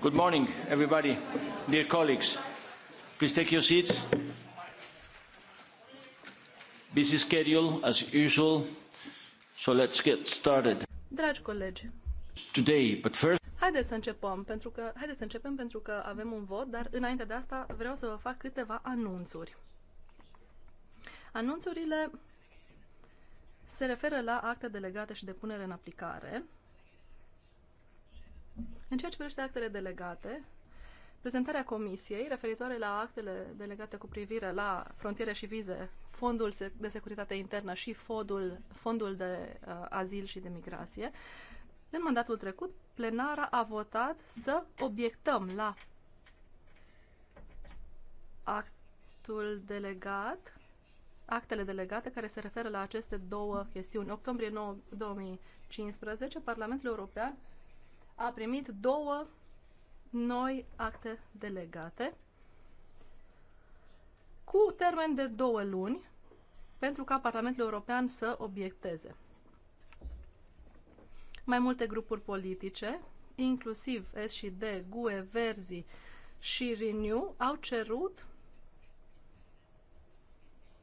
Good morning, everybody, dear colleagues. Please take your seats. Busy schedule, as usual, so let's get started. Dragi colegi, Today, but first... haideți să începem, pentru că, haideți să începem pentru că avem un vot, dar înainte de asta vreau să vă fac câteva anunțuri. Anunțurile se referă la acte delegate și depunere în aplicare. În ceea ce privește actele delegate, prezentarea Comisiei referitoare la actele delegate cu privire la frontiere și vize, Fondul de Securitate Internă și Fondul, fondul de uh, Azil și de Migrație, în mandatul trecut, plenara a votat să obiectăm la actul delegat, actele delegate care se referă la aceste două chestiuni. Octombrie 9, 2015, Parlamentul European a primit două noi acte delegate cu termen de două luni pentru ca Parlamentul European să obiecteze. Mai multe grupuri politice, inclusiv S&D, GUE, Verzi și Renew, au cerut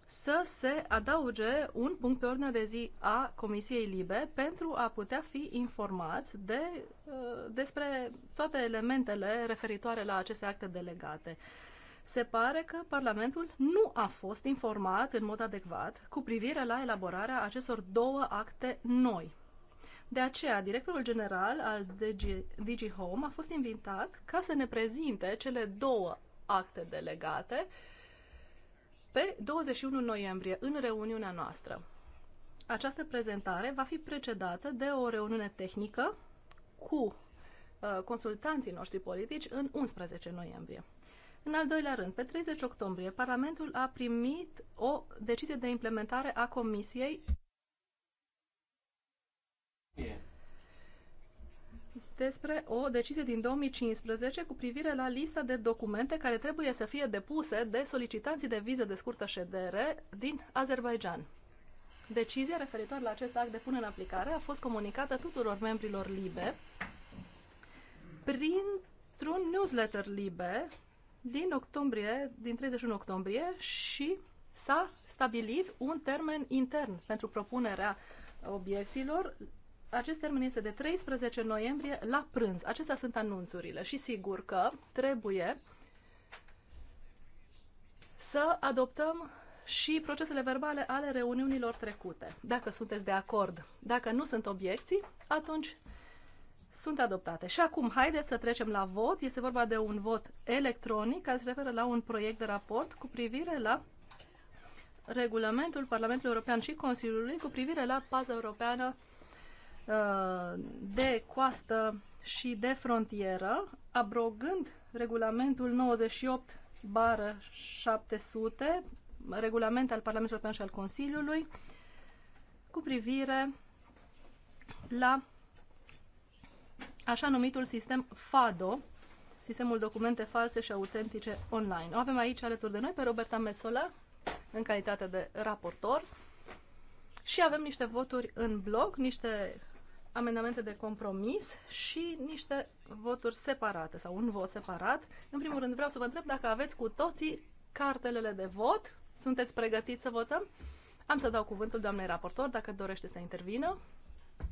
să se adauge un punct pe ordine de zi a Comisiei Libe pentru a putea fi informați de, uh, despre toate elementele referitoare la aceste acte delegate. Se pare că Parlamentul nu a fost informat în mod adecvat cu privire la elaborarea acestor două acte noi. De aceea, directorul general al Digi, DigiHome a fost invitat ca să ne prezinte cele două acte delegate uh, pe 21 noiembrie, în reuniunea noastră. Această prezentare va fi precedată de o reuniune tehnică cu uh, consultanții noștri politici în 11 noiembrie. În al doilea rând, pe 30 octombrie, Parlamentul a primit o decizie de implementare a Comisiei. Yeah despre o decizie din 2015 cu privire la lista de documente care trebuie să fie depuse de solicitanții de viză de scurtă ședere din Azerbaijan. Decizia referitor la acest act de punere în aplicare a fost comunicată tuturor membrilor LIBE printr-un newsletter LIBE din octombrie, din 31 octombrie și s-a stabilit un termen intern pentru propunerea obiecțiilor acest termen este de 13 noiembrie la prânz. Acestea sunt anunțurile și sigur că trebuie să adoptăm și procesele verbale ale reuniunilor trecute, dacă sunteți de acord. Dacă nu sunt obiecții, atunci sunt adoptate. Și acum, haideți să trecem la vot. Este vorba de un vot electronic care se referă la un proiect de raport cu privire la regulamentul Parlamentului European și Consiliului cu privire la paza europeană de coastă și de frontieră, abrogând regulamentul 98 bară 700, regulament al Parlamentului European și al Consiliului, cu privire la așa numitul sistem FADO, sistemul documente false și autentice online. O avem aici alături de noi pe Roberta Metzola, în calitate de raportor, și avem niște voturi în bloc, niște amendamente de compromis și niște voturi separate sau un vot separat. În primul rând vreau să vă întreb dacă aveți cu toții cartelele de vot. Sunteți pregătiți să votăm? Am să dau cuvântul doamnei raportor dacă dorește să intervină.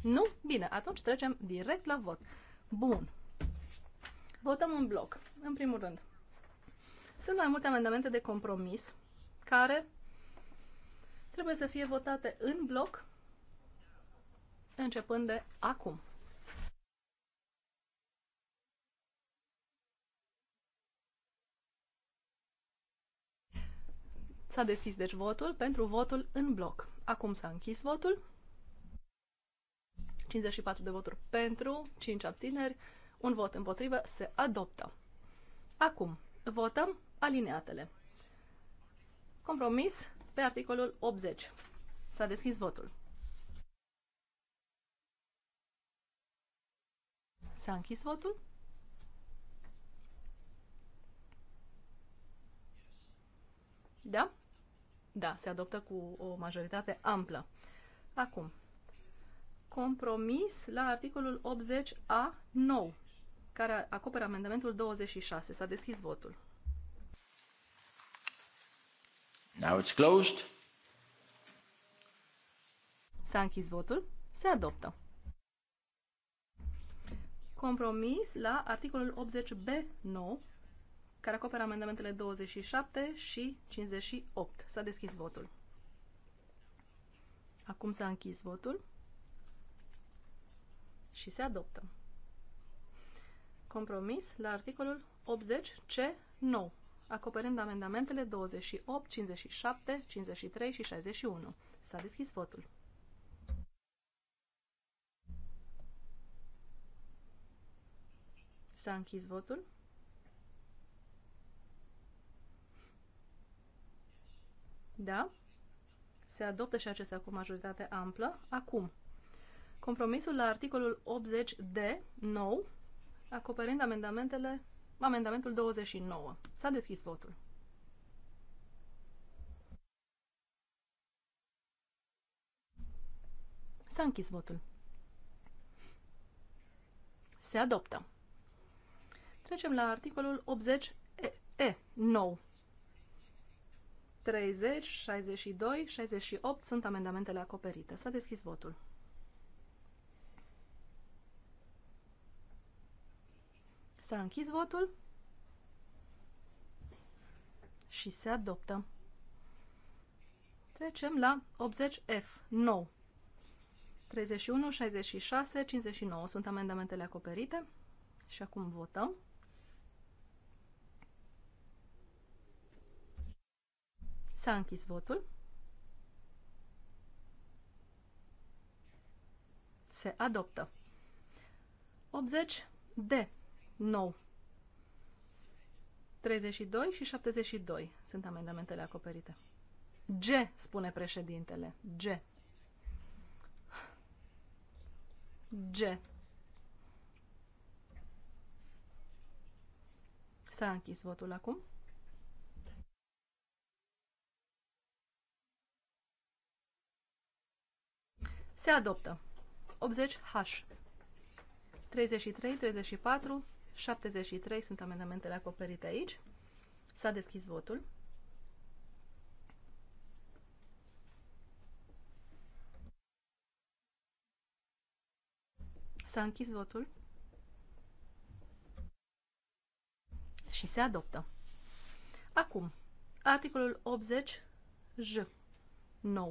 Nu? Bine, atunci trecem direct la vot. Bun. Votăm în bloc. În primul rând, sunt mai multe amendamente de compromis care trebuie să fie votate în bloc începând de acum. S-a deschis deci votul pentru votul în bloc. Acum s-a închis votul. 54 de voturi pentru, 5 abțineri, un vot împotrivă, se adoptă. Acum, votăm alineatele. Compromis pe articolul 80. S-a deschis votul. S-a închis votul? Da? Da, se adoptă cu o majoritate amplă. Acum, compromis la articolul 80A9, care acoperă amendamentul 26. S-a deschis votul. Now it's closed. S-a închis votul. Se adoptă compromis la articolul 80 b nou, care acoperă amendamentele 27 și 58. S-a deschis votul. Acum s-a închis votul și se adoptă. Compromis la articolul 80 c nou, acoperând amendamentele 28, 57, 53 și 61. S-a deschis votul. S-a închis votul. Da? Se adoptă și acesta cu majoritate amplă. Acum, compromisul la articolul 80D, nou, acoperind amendamentele, amendamentul 29. S-a deschis votul. S-a închis votul. Se adoptă. Trecem la articolul 80E, nou. 30, 62, 68 sunt amendamentele acoperite. S-a deschis votul. S-a închis votul și se adoptă. Trecem la 80F, nou. 31, 66, 59 sunt amendamentele acoperite și acum votăm. S-a închis votul. Se adoptă. 80 de nou. 32 și 72 sunt amendamentele acoperite. G, spune președintele. G. G. S-a închis votul acum. Se adoptă. 80H. 33, 34, 73 sunt amendamentele acoperite aici. S-a deschis votul. S-a închis votul. Și se adoptă. Acum, articolul 80 J. No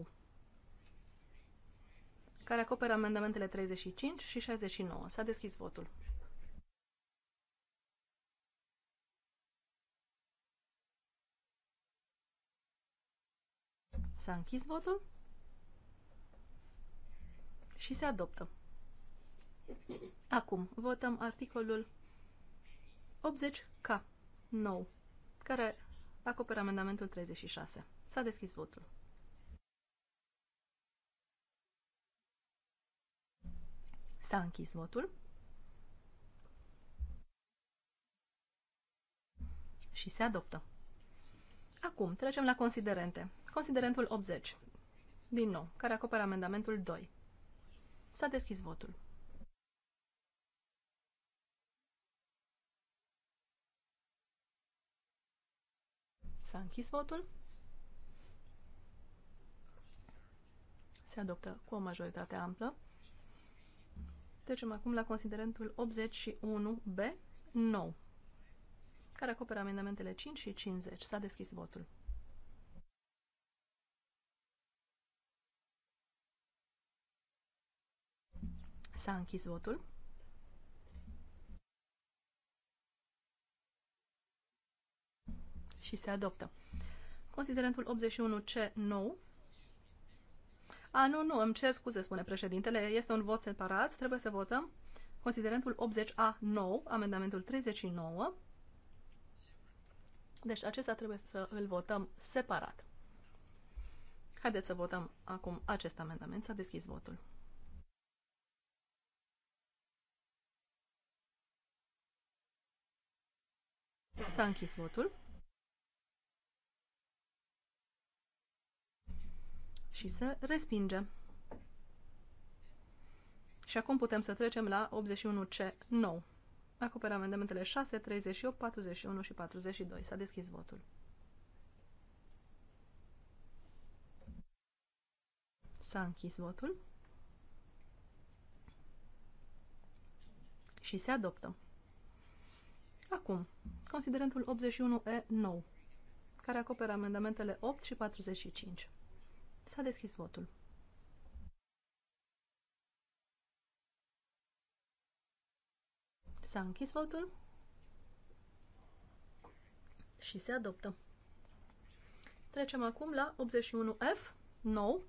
care acoperă amendamentele 35 și 69. S-a deschis votul. S-a închis votul și se adoptă. Acum votăm articolul 80K 9 care acoperă amendamentul 36. S-a deschis votul. S-a închis votul. Și se adoptă. Acum trecem la considerente. Considerentul 80. Din nou, care acoperă amendamentul 2. S-a deschis votul. S-a închis votul. Se adoptă cu o majoritate amplă. Trecem acum la considerentul 81B, nou, care acoperă amendamentele 5 și 50. S-a deschis votul. S-a închis votul. Și se adoptă. Considerentul 81C nou a, nu, nu, îmi cer scuze, spune președintele, este un vot separat, trebuie să votăm. Considerentul 80A9, amendamentul 39. Deci acesta trebuie să îl votăm separat. Haideți să votăm acum acest amendament. S-a deschis votul. S-a închis votul. și se respinge. Și acum putem să trecem la 81C 9 Acoperă amendamentele 6, 38, 41 și 42. S-a deschis votul. S-a închis votul. Și se adoptă. Acum, considerentul 81E 9 care acoperă amendamentele 8 și 45. S-a deschis votul. S-a închis votul și se adoptă. Trecem acum la 81F, nou,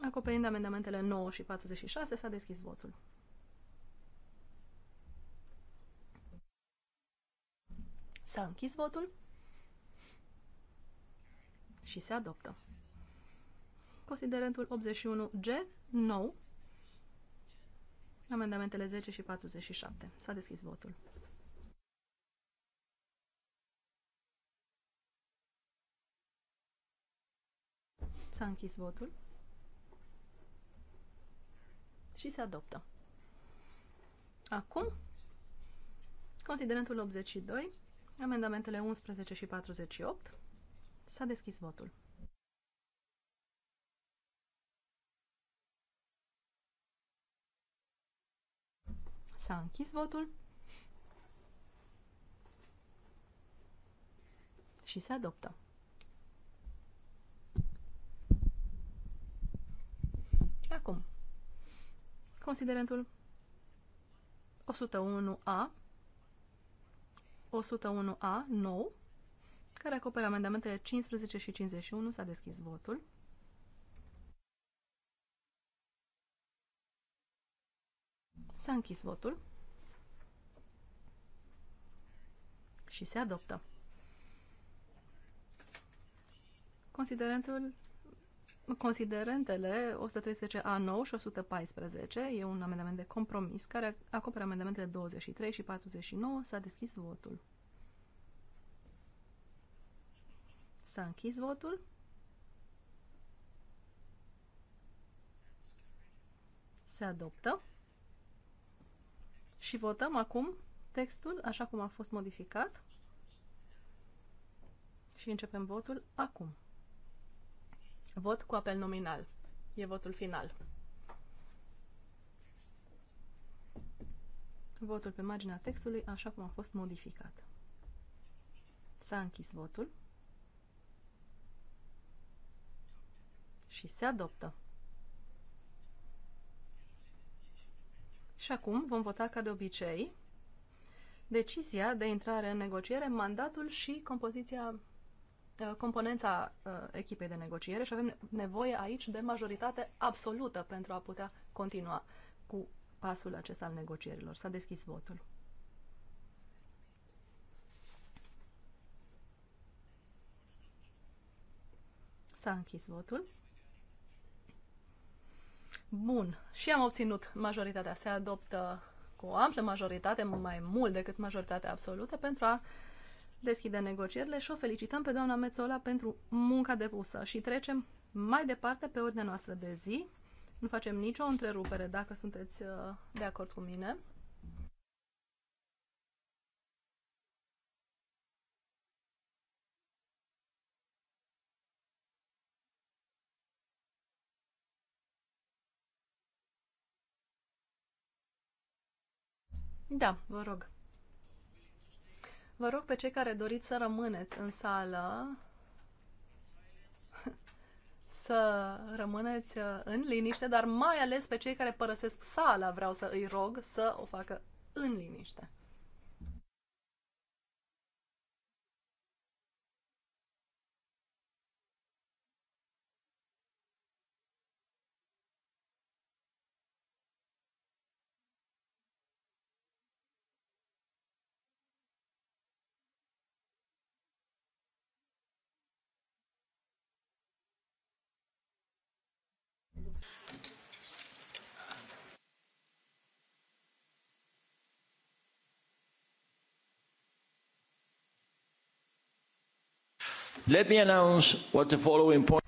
acoperind amendamentele 9 și 46, s-a deschis votul. S-a închis votul și se adoptă. Considerentul 81G, nou. Amendamentele 10 și 47. S-a deschis votul. S-a închis votul. Și se adoptă. Acum, considerentul 82, amendamentele 11 și 48, s-a deschis votul. S-a închis votul și se adoptă. Acum, considerentul 101A 101A nou, care acoperă amendamentele 15 și 51, s-a deschis votul. S-a închis votul. Și se adoptă. Considerentul Considerentele 113A9 și 114 e un amendament de compromis care acoperă amendamentele 23 și 49. S-a deschis votul. S-a închis votul. Se adoptă. Și votăm acum textul așa cum a fost modificat. Și începem votul acum. Vot cu apel nominal. E votul final. Votul pe marginea textului așa cum a fost modificat. S-a închis votul. Și se adoptă. Și acum vom vota ca de obicei decizia de intrare în negociere, mandatul și compoziția, uh, componența uh, echipei de negociere și avem nevoie aici de majoritate absolută pentru a putea continua cu pasul acesta al negocierilor. S-a deschis votul. S-a închis votul. Bun. Și am obținut majoritatea. Se adoptă cu o amplă majoritate, mai mult decât majoritatea absolută, pentru a deschide negocierile și o felicităm pe doamna Mețola pentru munca depusă și trecem mai departe pe ordinea noastră de zi. Nu facem nicio întrerupere dacă sunteți uh, de acord cu mine. Da, vă rog. Vă rog pe cei care doriți să rămâneți în sală să rămâneți uh, în liniște, dar mai ales pe cei care părăsesc sala vreau să îi rog să o facă în liniște. Let me announce what the following point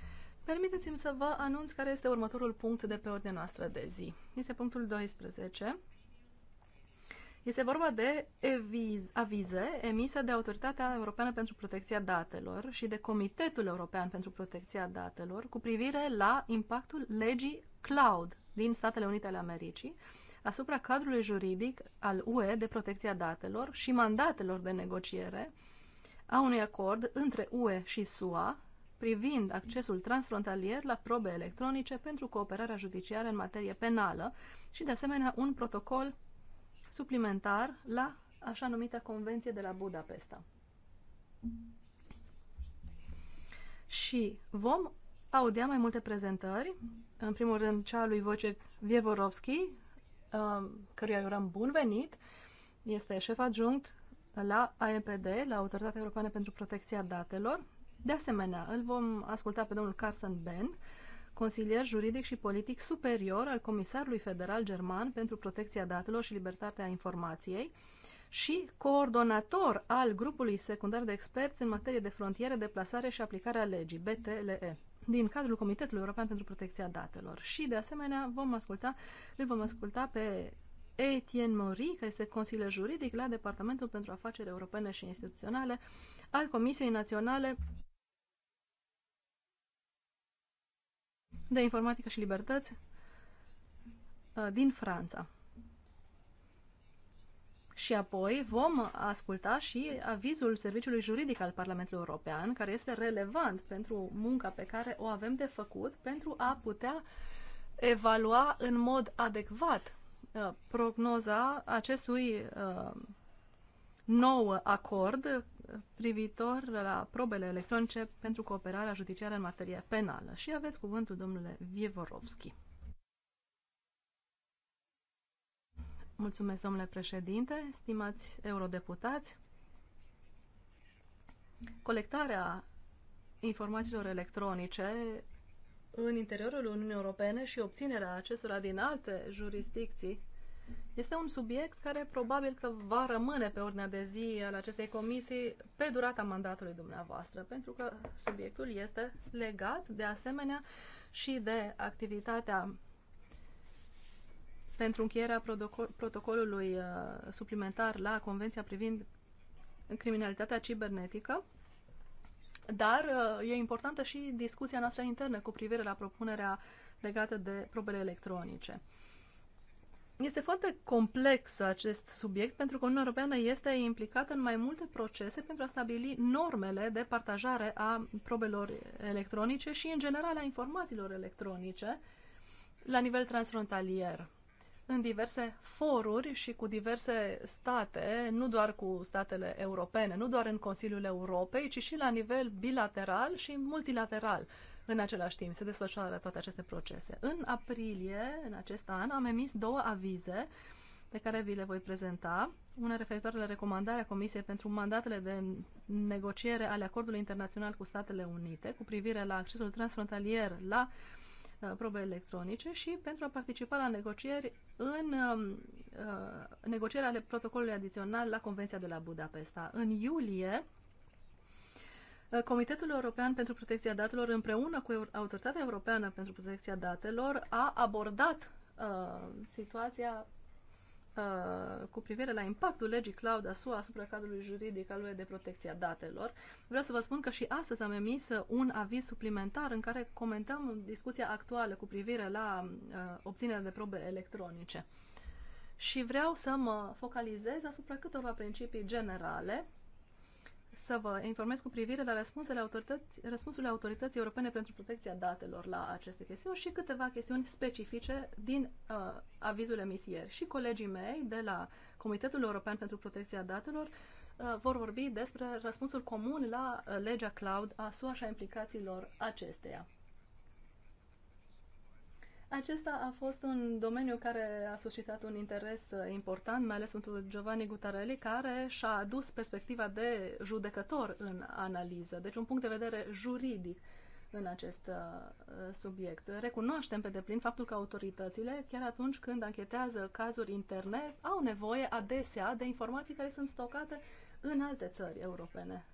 Permiteți-mi să vă anunț care este următorul punct de pe ordinea noastră de zi. Este punctul 12. Este vorba de eviz, avize emise de Autoritatea Europeană pentru Protecția Datelor și de Comitetul European pentru Protecția Datelor cu privire la impactul legii cloud din Statele Unite ale Americii asupra cadrului juridic al UE de protecția datelor și mandatelor de negociere a unui acord între UE și SUA privind accesul transfrontalier la probe electronice pentru cooperarea judiciară în materie penală și, de asemenea, un protocol suplimentar la așa numita Convenție de la Budapesta. Și vom audia mai multe prezentări, în primul rând cea lui Wojciech Vievorovski, uh, căruia îi urăm bun venit, este șef adjunct la AEPD, la Autoritatea Europeană pentru Protecția Datelor. De asemenea, îl vom asculta pe domnul Carson Ben, consilier juridic și politic superior al Comisarului Federal German pentru Protecția Datelor și Libertatea Informației și coordonator al grupului secundar de experți în materie de frontiere, deplasare și aplicare a legii, BTLE din cadrul Comitetului European pentru Protecția Datelor. Și, de asemenea, vom asculta, îl vom asculta pe Etienne Mori, care este consilier juridic la Departamentul pentru Afaceri Europene și Instituționale al Comisiei Naționale de Informatică și Libertăți uh, din Franța. Și apoi vom asculta și avizul Serviciului Juridic al Parlamentului European, care este relevant pentru munca pe care o avem de făcut pentru a putea evalua în mod adecvat Uh, prognoza acestui uh, nou acord privitor la probele electronice pentru cooperarea judiciară în materie penală. Și aveți cuvântul, domnule Vievorovski. Mulțumesc, domnule președinte, stimați eurodeputați. Colectarea informațiilor electronice în interiorul Uniunii Europene și obținerea acestora din alte jurisdicții este un subiect care probabil că va rămâne pe ordinea de zi al acestei comisii pe durata mandatului dumneavoastră, pentru că subiectul este legat de asemenea și de activitatea pentru încheierea protocol protocolului uh, suplimentar la Convenția privind criminalitatea cibernetică dar uh, e importantă și discuția noastră internă cu privire la propunerea legată de probele electronice. Este foarte complex acest subiect pentru că Uniunea Europeană este implicată în mai multe procese pentru a stabili normele de partajare a probelor electronice și, în general, a informațiilor electronice la nivel transfrontalier în diverse foruri și cu diverse state, nu doar cu statele europene, nu doar în Consiliul Europei, ci și la nivel bilateral și multilateral. În același timp se desfășoară toate aceste procese. În aprilie, în acest an, am emis două avize pe care vi le voi prezenta. Una referitoare la recomandarea Comisiei pentru mandatele de negociere ale acordului internațional cu Statele Unite cu privire la accesul transfrontalier la uh, Uh, probe electronice și pentru a participa la negocieri în um, uh, negocierea ale protocolului adițional la Convenția de la Budapesta. În iulie, uh, Comitetul European pentru Protecția Datelor împreună cu Autoritatea Europeană pentru Protecția Datelor a abordat uh, situația Uh, cu privire la impactul legii Cloud a SUA asupra cadrului juridic al lui de protecție a datelor. Vreau să vă spun că și astăzi am emis un aviz suplimentar în care comentăm discuția actuală cu privire la uh, obținerea de probe electronice. Și vreau să mă focalizez asupra câteva principii generale să vă informez cu privire la răspunsurile, autorități, răspunsurile Autorității Europene pentru Protecția Datelor la aceste chestiuni și câteva chestiuni specifice din uh, avizul emisier. Și colegii mei de la Comitetul European pentru Protecția Datelor uh, vor vorbi despre răspunsul comun la uh, legea cloud a SUA și a implicațiilor acesteia. Acesta a fost un domeniu care a suscitat un interes uh, important, mai ales pentru Giovanni Gutarelli, care și-a adus perspectiva de judecător în analiză, deci un punct de vedere juridic în acest uh, subiect. Recunoaștem pe deplin faptul că autoritățile, chiar atunci când anchetează cazuri interne, au nevoie adesea de informații care sunt stocate în alte țări europene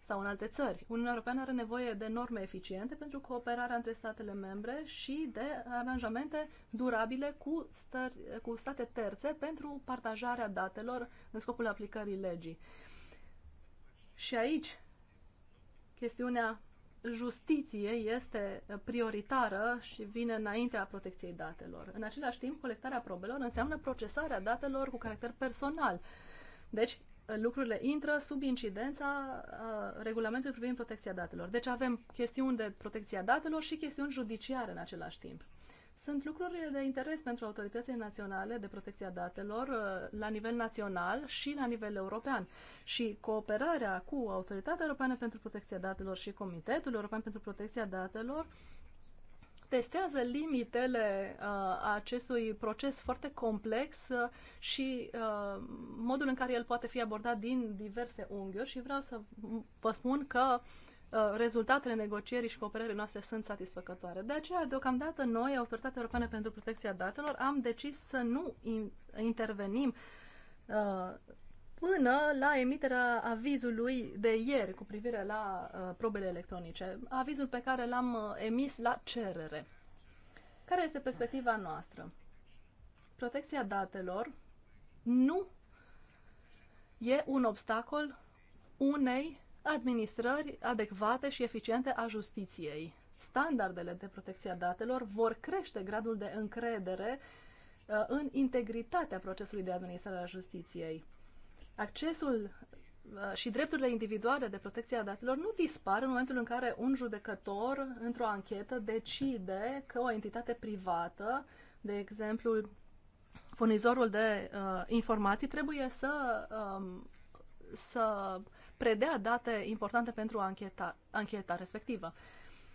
sau în alte țări. Uniunea Europeană are nevoie de norme eficiente pentru cooperarea între statele membre și de aranjamente durabile cu, stări, cu state terțe pentru partajarea datelor în scopul aplicării legii. Și aici, chestiunea justiției este prioritară și vine înaintea protecției datelor. În același timp, colectarea probelor înseamnă procesarea datelor cu caracter personal. Deci, lucrurile intră sub incidența uh, regulamentului privind protecția datelor. Deci avem chestiuni de protecția datelor și chestiuni judiciare în același timp. Sunt lucruri de interes pentru autoritățile naționale de protecția datelor uh, la nivel național și la nivel european. Și cooperarea cu Autoritatea Europeană pentru Protecția Datelor și Comitetul European pentru Protecția Datelor uh, testează limitele uh, acestui proces foarte complex uh, și uh, modul în care el poate fi abordat din diverse unghiuri și vreau să vă spun că uh, rezultatele negocierii și cooperării noastre sunt satisfăcătoare. De aceea, deocamdată, noi, Autoritatea Europeană pentru Protecția Datelor, am decis să nu in intervenim uh, până la emiterea avizului de ieri cu privire la uh, probele electronice, avizul pe care l-am uh, emis la cerere. Care este perspectiva noastră? Protecția datelor nu e un obstacol unei administrări adecvate și eficiente a justiției. Standardele de protecție a datelor vor crește gradul de încredere uh, în integritatea procesului de administrare a justiției accesul uh, și drepturile individuale de protecție a datelor nu dispar în momentul în care un judecător, într-o anchetă, decide că o entitate privată, de exemplu, furnizorul de uh, informații, trebuie să, um, să predea date importante pentru ancheta, ancheta respectivă.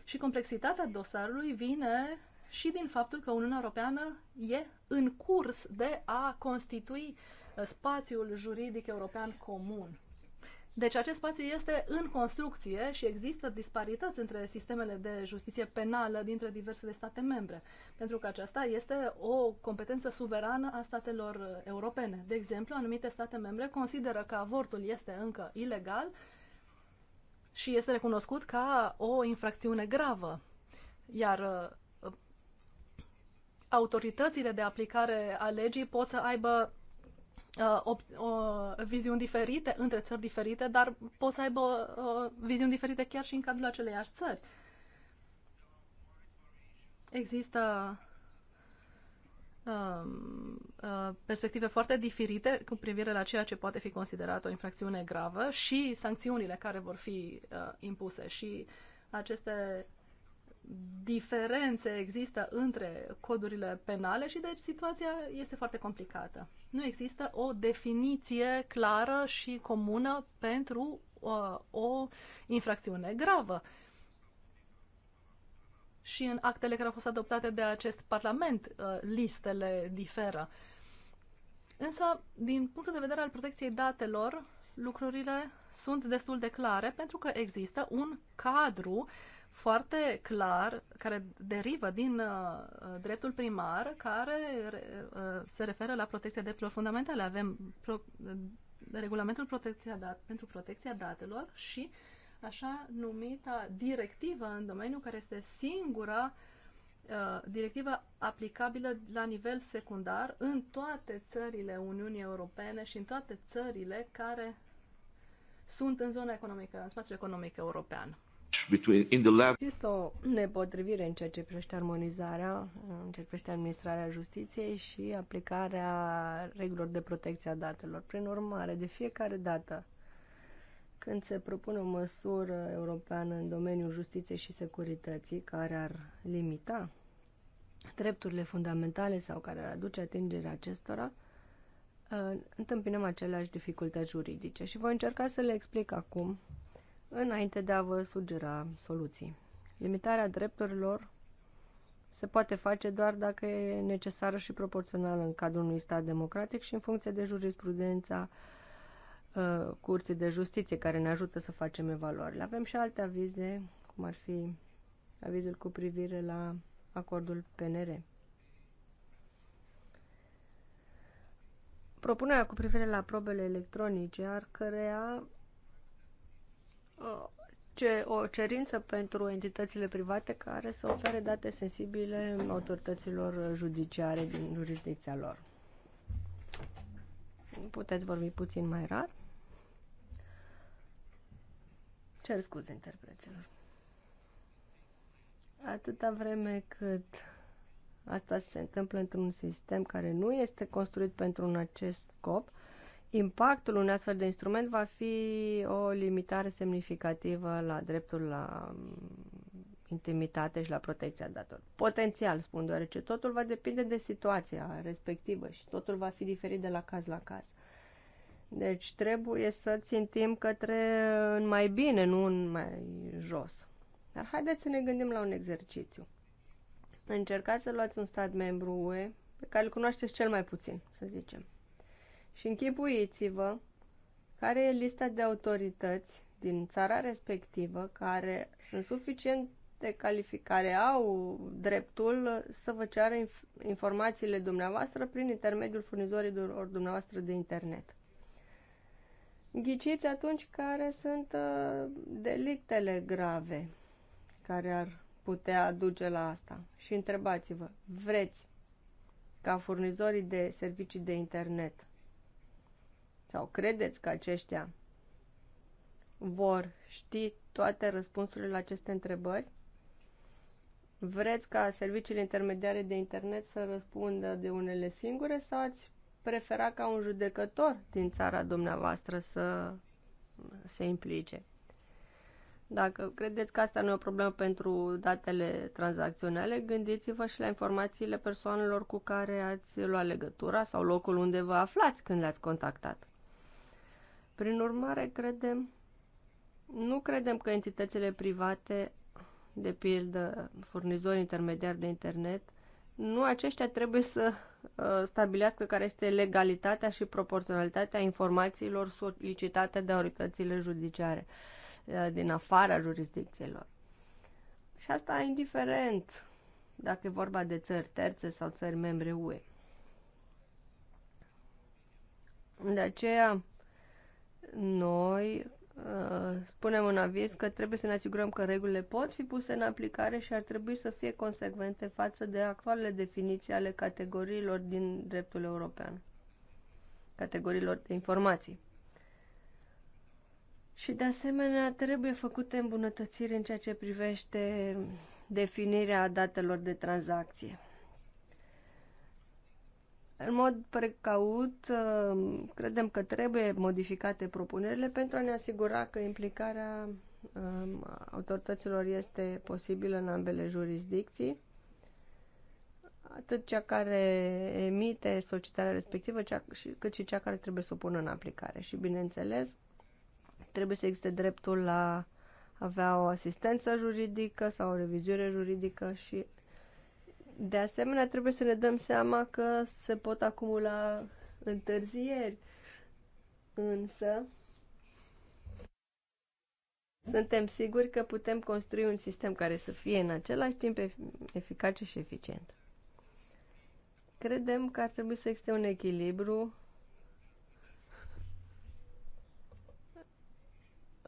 Și complexitatea dosarului vine și din faptul că Uniunea Europeană e în curs de a constitui uh, spațiul juridic european comun. Deci acest spațiu este în construcție și există disparități între sistemele de justiție penală dintre diversele state membre, pentru că aceasta este o competență suverană a statelor europene. De exemplu, anumite state membre consideră că avortul este încă ilegal și este recunoscut ca o infracțiune gravă. Iar uh, autoritățile de aplicare a legii pot să aibă uh, uh, viziuni diferite între țări diferite, dar pot să aibă uh, viziuni diferite chiar și în cadrul aceleiași țări. Există um, uh, perspective foarte diferite cu privire la ceea ce poate fi considerat o infracțiune gravă și sancțiunile care vor fi uh, impuse. Și aceste diferențe există între codurile penale și deci situația este foarte complicată. Nu există o definiție clară și comună pentru uh, o infracțiune gravă. Și în actele care au fost adoptate de acest Parlament, uh, listele diferă. Însă, din punctul de vedere al protecției datelor, lucrurile sunt destul de clare pentru că există un cadru uh, foarte clar, care derivă din uh, dreptul primar, care uh, se referă la protecția drepturilor fundamentale. Avem pro, uh, regulamentul protecția dat, pentru protecția datelor și așa numita directivă în domeniu, care este singura directiva uh, directivă aplicabilă la nivel secundar în toate țările Uniunii Europene și în toate țările care sunt în zona economică, în spațiul economic european. Există o nepotrivire în ceea ce privește armonizarea, în ceea ce privește administrarea justiției și aplicarea regulilor de protecție a datelor. Prin urmare, de fiecare dată când se propune o măsură europeană în domeniul justiției și securității care ar limita drepturile fundamentale sau care ar aduce atingerea acestora, uh, întâmpinăm aceleași dificultăți juridice. Și voi încerca să le explic acum înainte de a vă sugera soluții. Limitarea drepturilor se poate face doar dacă e necesară și proporțională în cadrul unui stat democratic și în funcție de jurisprudența uh, Curții de Justiție, care ne ajută să facem evaluările. Avem și alte avize, cum ar fi avizul cu privire la acordul PNR. Propunerea cu privire la probele electronice ar crea Uh, ce, o cerință pentru entitățile private care să ofere date sensibile autorităților judiciare din jurisdicția lor. Puteți vorbi puțin mai rar? Cer scuze interpreților. Atâta vreme cât asta se întâmplă într-un sistem care nu este construit pentru un acest scop, uh, Impactul unui astfel de instrument va fi o limitare semnificativă la dreptul la mm, intimitate și la protecția dator. Potențial, spun, deoarece totul va depinde de situația respectivă și totul va fi diferit de la caz la caz. Deci trebuie să țintim către în mai bine, nu în mai jos. Dar haideți să ne gândim la un exercițiu. Încercați să luați un stat membru UE pe care îl cunoașteți cel mai puțin, să zicem. Și închipuiți-vă care e lista de autorități din țara respectivă care sunt suficient de calificare, au dreptul să vă ceară inf- informațiile dumneavoastră prin intermediul furnizorilor dumneavoastră de internet. Ghiciți atunci care sunt uh, delictele grave care ar putea duce la asta și întrebați-vă, vreți ca furnizorii de servicii de internet sau credeți că aceștia vor ști toate răspunsurile la aceste întrebări? Vreți ca serviciile intermediare de internet să răspundă de unele singure sau ați prefera ca un judecător din țara dumneavoastră să se implice? Dacă credeți că asta nu e o problemă pentru datele tranzacționale, gândiți-vă și la informațiile persoanelor cu care ați luat legătura sau locul unde vă aflați când le-ați contactat. Prin urmare, credem, nu credem că entitățile private, de pildă furnizori intermediari de internet, nu aceștia trebuie să uh, stabilească care este legalitatea și proporționalitatea informațiilor solicitate de autoritățile judiciare uh, din afara jurisdicțiilor. Și asta indiferent dacă e vorba de țări terțe sau țări membre UE. De aceea, noi uh, spunem în aviz că trebuie să ne asigurăm că regulile pot fi puse în aplicare și ar trebui să fie consecvente față de actualele definiții ale categoriilor din dreptul european, categoriilor de informații. Și de asemenea trebuie făcute îmbunătățiri în ceea ce privește definirea datelor de tranzacție. În mod precaut, uh, credem că trebuie modificate propunerile pentru a ne asigura că implicarea um, autorităților este posibilă în ambele jurisdicții, atât cea care emite solicitarea respectivă, cât și cea care trebuie să o pună în aplicare. Și, bineînțeles, trebuie să existe dreptul la avea o asistență juridică sau o revizuire juridică și de asemenea, trebuie să ne dăm seama că se pot acumula întârzieri. Însă, suntem siguri că putem construi un sistem care să fie în același timp eficace și eficient. Credem că ar trebui să existe un echilibru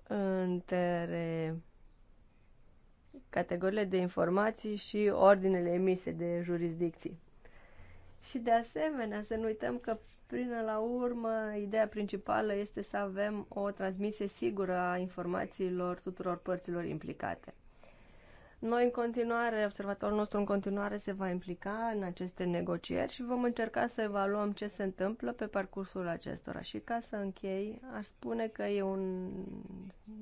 între categoriile de informații și ordinele emise de jurisdicții. Și de asemenea, să nu uităm că până la urmă ideea principală este să avem o transmisie sigură a informațiilor tuturor părților implicate. Noi în continuare, observatorul nostru în continuare se va implica în aceste negocieri și vom încerca să evaluăm ce se întâmplă pe parcursul acestora. Și ca să închei, aș spune că e un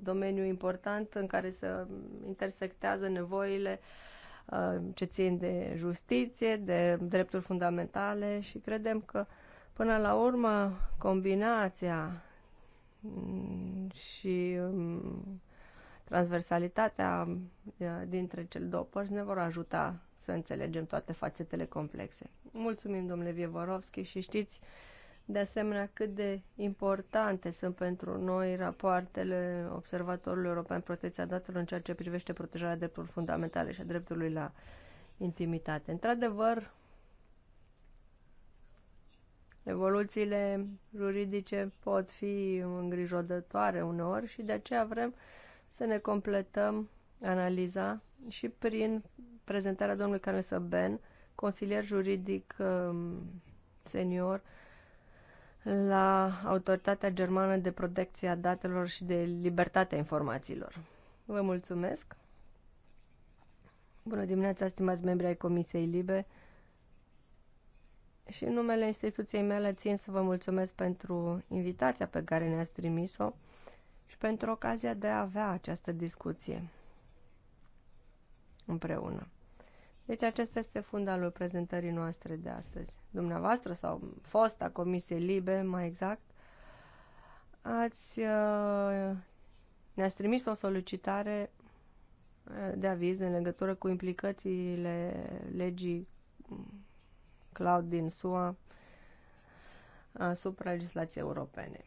domeniu important în care se intersectează nevoile uh, ce țin de justiție, de drepturi fundamentale și credem că până la urmă combinația mm, și mm, transversalitatea dintre cele două părți ne vor ajuta să înțelegem toate fațetele complexe. Mulțumim, domnule Vievorovski, și știți de asemenea cât de importante sunt pentru noi rapoartele Observatorului European Protecția Datelor în ceea ce privește protejarea drepturilor fundamentale și a dreptului la intimitate. Într-adevăr, evoluțiile juridice pot fi îngrijorătoare uneori și de aceea vrem să ne completăm analiza și prin prezentarea domnului Canesa Ben, consilier juridic um, senior la Autoritatea Germană de Protecție a Datelor și de Libertatea Informațiilor. Vă mulțumesc! Bună dimineața, stimați membri ai Comisiei Libe! Și în numele instituției mele țin să vă mulțumesc pentru invitația pe care ne-ați trimis-o și pentru ocazia de a avea această discuție împreună. Deci acesta este fundalul prezentării noastre de astăzi. Dumneavoastră sau fosta comisie libe, mai exact, ați, uh, ne-ați trimis o solicitare uh, de aviz în legătură cu implicațiile legii cloud din SUA asupra legislației europene.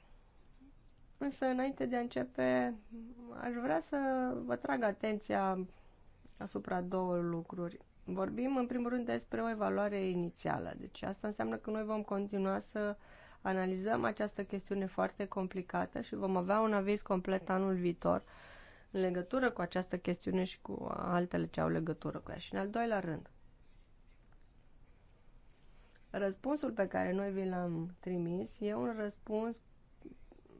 Însă, înainte de a începe, aș vrea să vă trag atenția asupra două lucruri. Vorbim, în primul rând, despre o evaluare inițială. Deci asta înseamnă că noi vom continua să analizăm această chestiune foarte complicată și vom avea un aviz complet anul viitor în legătură cu această chestiune și cu altele ce au legătură cu ea. Și în al doilea rând, răspunsul pe care noi vi l-am trimis e un răspuns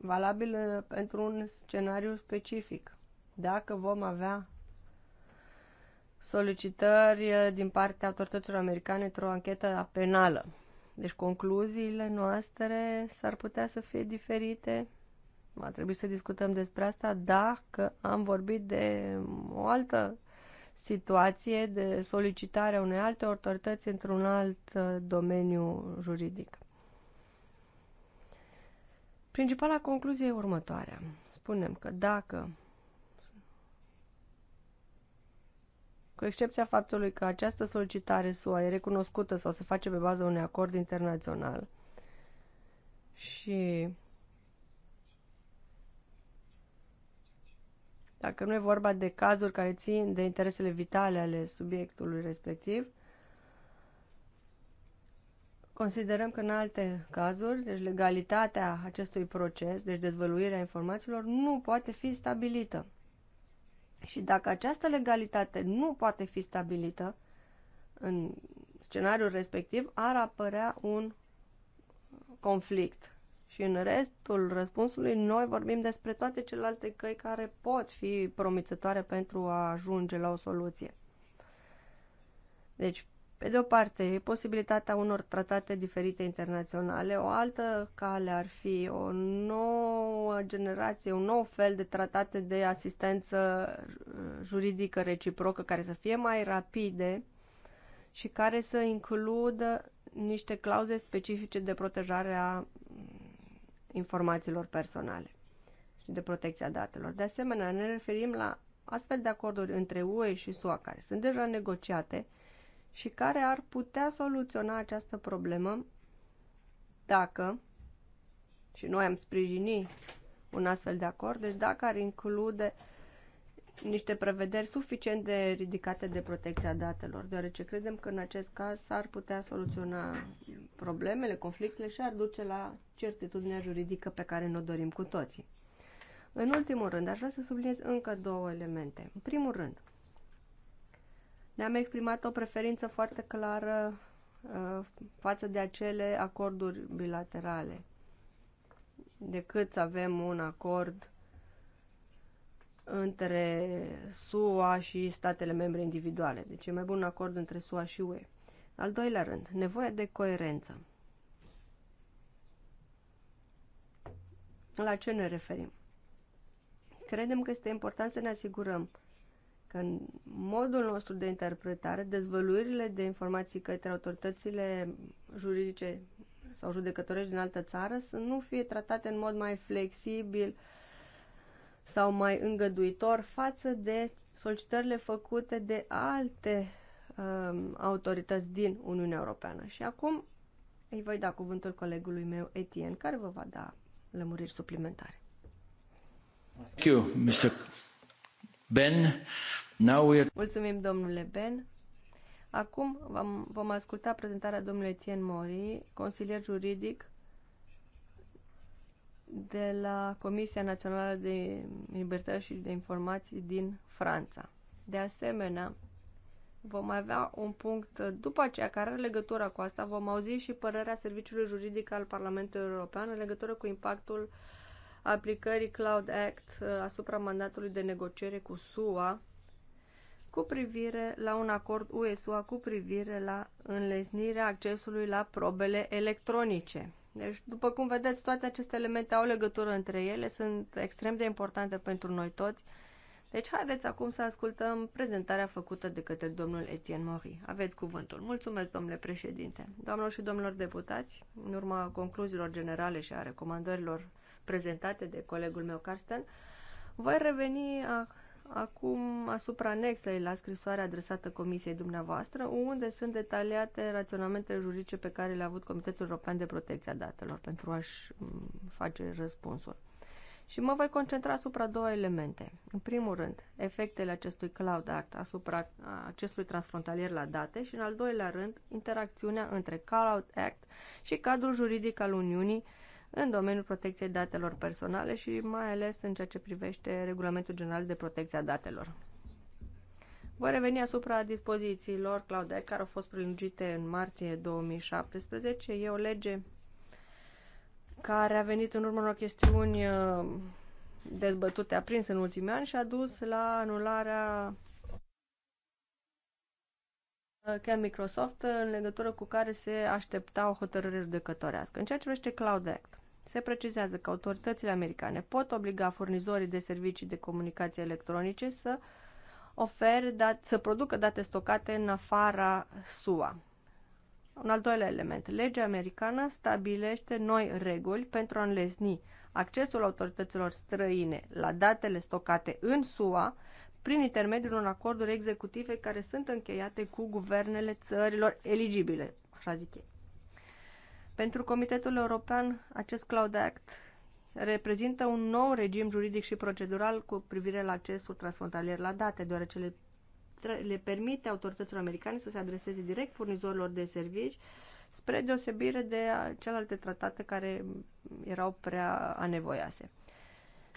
valabil pentru un scenariu specific. Dacă vom avea solicitări eh, din partea autorităților americane într-o anchetă penală. Deci concluziile noastre s-ar putea să fie diferite. Va trebui să discutăm despre asta dacă am vorbit de o altă situație de solicitare a unei alte autorități într-un alt eh, domeniu juridic. Principala concluzie e următoarea. Spunem că dacă, cu excepția faptului că această solicitare SUA e recunoscută sau se face pe baza unui acord internațional și dacă nu e vorba de cazuri care țin de interesele vitale ale subiectului respectiv, Considerăm că în alte cazuri, deci legalitatea acestui proces, deci dezvăluirea informațiilor, nu poate fi stabilită. Și dacă această legalitate nu poate fi stabilită în scenariul respectiv, ar apărea un conflict. Și în restul răspunsului, noi vorbim despre toate celelalte căi care pot fi promițătoare pentru a ajunge la o soluție. Deci, pe de o parte, e posibilitatea unor tratate diferite internaționale, o altă cale ar fi o nouă generație, un nou fel de tratate de asistență juridică reciprocă care să fie mai rapide și care să includă niște clauze specifice de protejare a informațiilor personale și de protecția datelor. De asemenea, ne referim la astfel de acorduri între UE și SUA care sunt deja negociate – și care ar putea soluționa această problemă dacă, și noi am sprijini un astfel de acord, deci dacă ar include niște prevederi suficient de ridicate de protecția datelor, deoarece credem că în acest caz s-ar putea soluționa problemele, conflictele și ar duce la certitudinea juridică pe care ne-o dorim cu toții. În ultimul rând, aș vrea să subliniez încă două elemente. În primul rând, ne-am exprimat o preferință foarte clară uh, față de acele acorduri bilaterale, decât să avem un acord între SUA și statele membre individuale. Deci e mai bun un acord între SUA și UE. Al doilea rând, nevoia de coerență. La ce ne referim? Credem că este important să ne asigurăm că în modul nostru de interpretare, dezvăluirile de informații către autoritățile juridice sau judecătorești din altă țară să nu fie tratate în mod mai flexibil sau mai îngăduitor față de solicitările făcute de alte um, autorități din Uniunea Europeană. Și acum îi voi da cuvântul colegului meu, Etienne, care vă va da lămuriri suplimentare. Thank you, Mr. Ben. Now we are... Mulțumim, domnule Ben. Acum vom, vom asculta prezentarea domnului Etienne Mori, consilier juridic de la Comisia Națională de Libertate și de Informații din Franța. De asemenea, vom avea un punct după aceea care are legătură cu asta. Vom auzi și părerea Serviciului Juridic al Parlamentului European în legătură cu impactul uh, aplicării Cloud Act uh, asupra mandatului de negociere cu SUA cu privire la un acord UE-SUA cu privire la înlesnirea accesului la probele electronice. Deci, după cum vedeți, toate aceste elemente au legătură între ele, sunt extrem de importante pentru noi toți. Deci, haideți acum să ascultăm prezentarea făcută de către domnul Etienne Mori. Aveți cuvântul. Mulțumesc, domnule președinte. Doamnelor și domnilor deputați, în urma concluziilor generale și a recomandărilor prezentate de colegul meu, Carsten, voi reveni a, acum asupra anexei la scrisoarea adresată Comisiei dumneavoastră, unde sunt detaliate raționamentele juridice pe care le-a avut Comitetul European de Protecție a Datelor pentru a-și face răspunsul. Și mă voi concentra asupra două elemente. În primul rând, efectele acestui Cloud Act asupra acestui transfrontalier la date și, în al doilea rând, interacțiunea între Cloud Act și cadrul juridic al Uniunii uh, în domeniul protecției datelor personale și mai ales în ceea ce privește Regulamentul General de Protecție a Datelor. Voi reveni asupra dispozițiilor, Act care au fost prelungite în martie 2017. E o lege care a venit în urmă unor chestiuni uh, dezbătute, aprins în ultimii ani și a dus la anularea uh, că Microsoft în legătură cu care se aștepta o hotărâre judecătorească. În ceea ce privește Cloud Act, se precizează că autoritățile americane pot obliga furnizorii de servicii de comunicații electronice să ofere dat, să producă date stocate în afara SUA. Un al doilea element. Legea americană stabilește noi reguli pentru a înlesni accesul autorităților străine la datele stocate în SUA prin intermediul unor acorduri executive care sunt încheiate cu guvernele țărilor eligibile, așa zic ei. Pentru Comitetul European, acest Cloud Act reprezintă un nou regim juridic și procedural cu privire la accesul transfrontalier la date, deoarece le, le permite autorităților americane să se adreseze direct furnizorilor de servici, spre deosebire de celelalte tratate care erau prea anevoiase.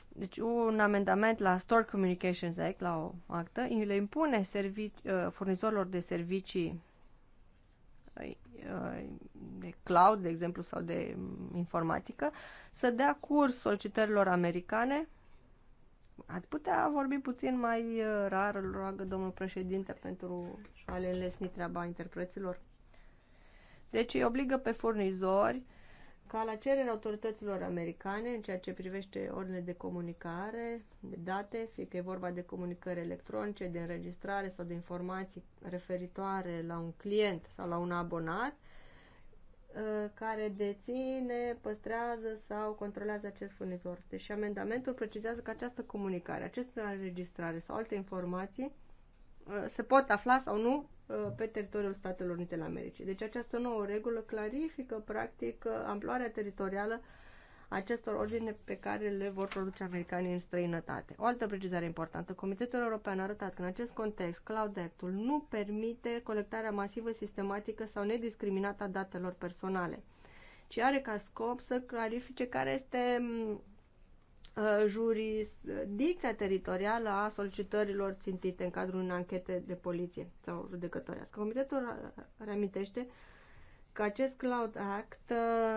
Deci un amendament la Store Communications Act, la o actă, le impune servici, uh, furnizorilor de servicii de cloud, de exemplu, sau de informatică, să dea curs solicitărilor americane. Ați putea vorbi puțin mai uh, rar, îl roagă domnul președinte, pentru a le înlesni treaba interpreților. Deci îi obligă pe furnizori ca la cererea autorităților americane în ceea ce privește ordine de comunicare, de date, fie că e vorba de comunicări electronice, de înregistrare sau de informații referitoare la un client sau la un abonat, ă, care deține, păstrează sau controlează acest furnizor. Deci amendamentul precizează că această comunicare, această înregistrare sau alte informații ă, se pot afla sau nu Uh, pe teritoriul Statelor Unite ale Americii. Deci această nouă regulă clarifică, practic, uh, amploarea teritorială acestor ordine pe care le vor produce americanii în străinătate. O altă precizare importantă. Comitetul European a arătat că în acest context Cloud Act-ul nu permite colectarea masivă, sistematică sau nediscriminată a datelor personale, ci are ca scop să clarifice care este mm, Uh, jurisdicția teritorială a solicitărilor țintite în cadrul unei anchete de poliție sau judecătorească. Comitetul reamintește că acest Cloud Act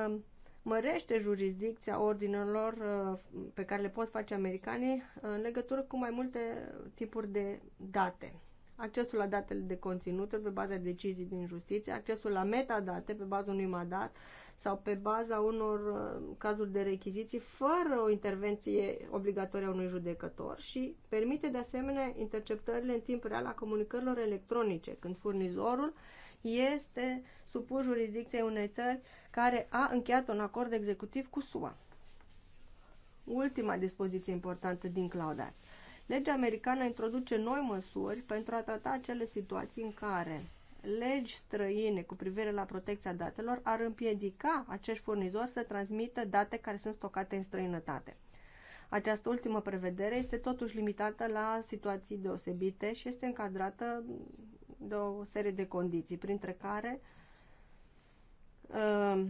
uh, mărește jurisdicția ordinelor uh, pe care le pot face americanii în legătură cu mai multe tipuri de date accesul la datele de conținuturi pe baza decizii din justiție, accesul la metadate pe baza unui mandat sau pe baza unor uh, cazuri de rechiziții fără o intervenție obligatorie a unui judecător și permite de asemenea interceptările în timp real a comunicărilor electronice când furnizorul este supus jurisdicției unei țări care a încheiat un acord executiv cu SUA. Ultima dispoziție importantă din Claudat Legea americană introduce noi măsuri pentru a trata acele situații în care legi străine cu privire la protecția datelor ar împiedica acești furnizori să transmită date care sunt stocate în străinătate. Această ultimă prevedere este totuși limitată la situații deosebite și este încadrată de o serie de condiții, printre care uh,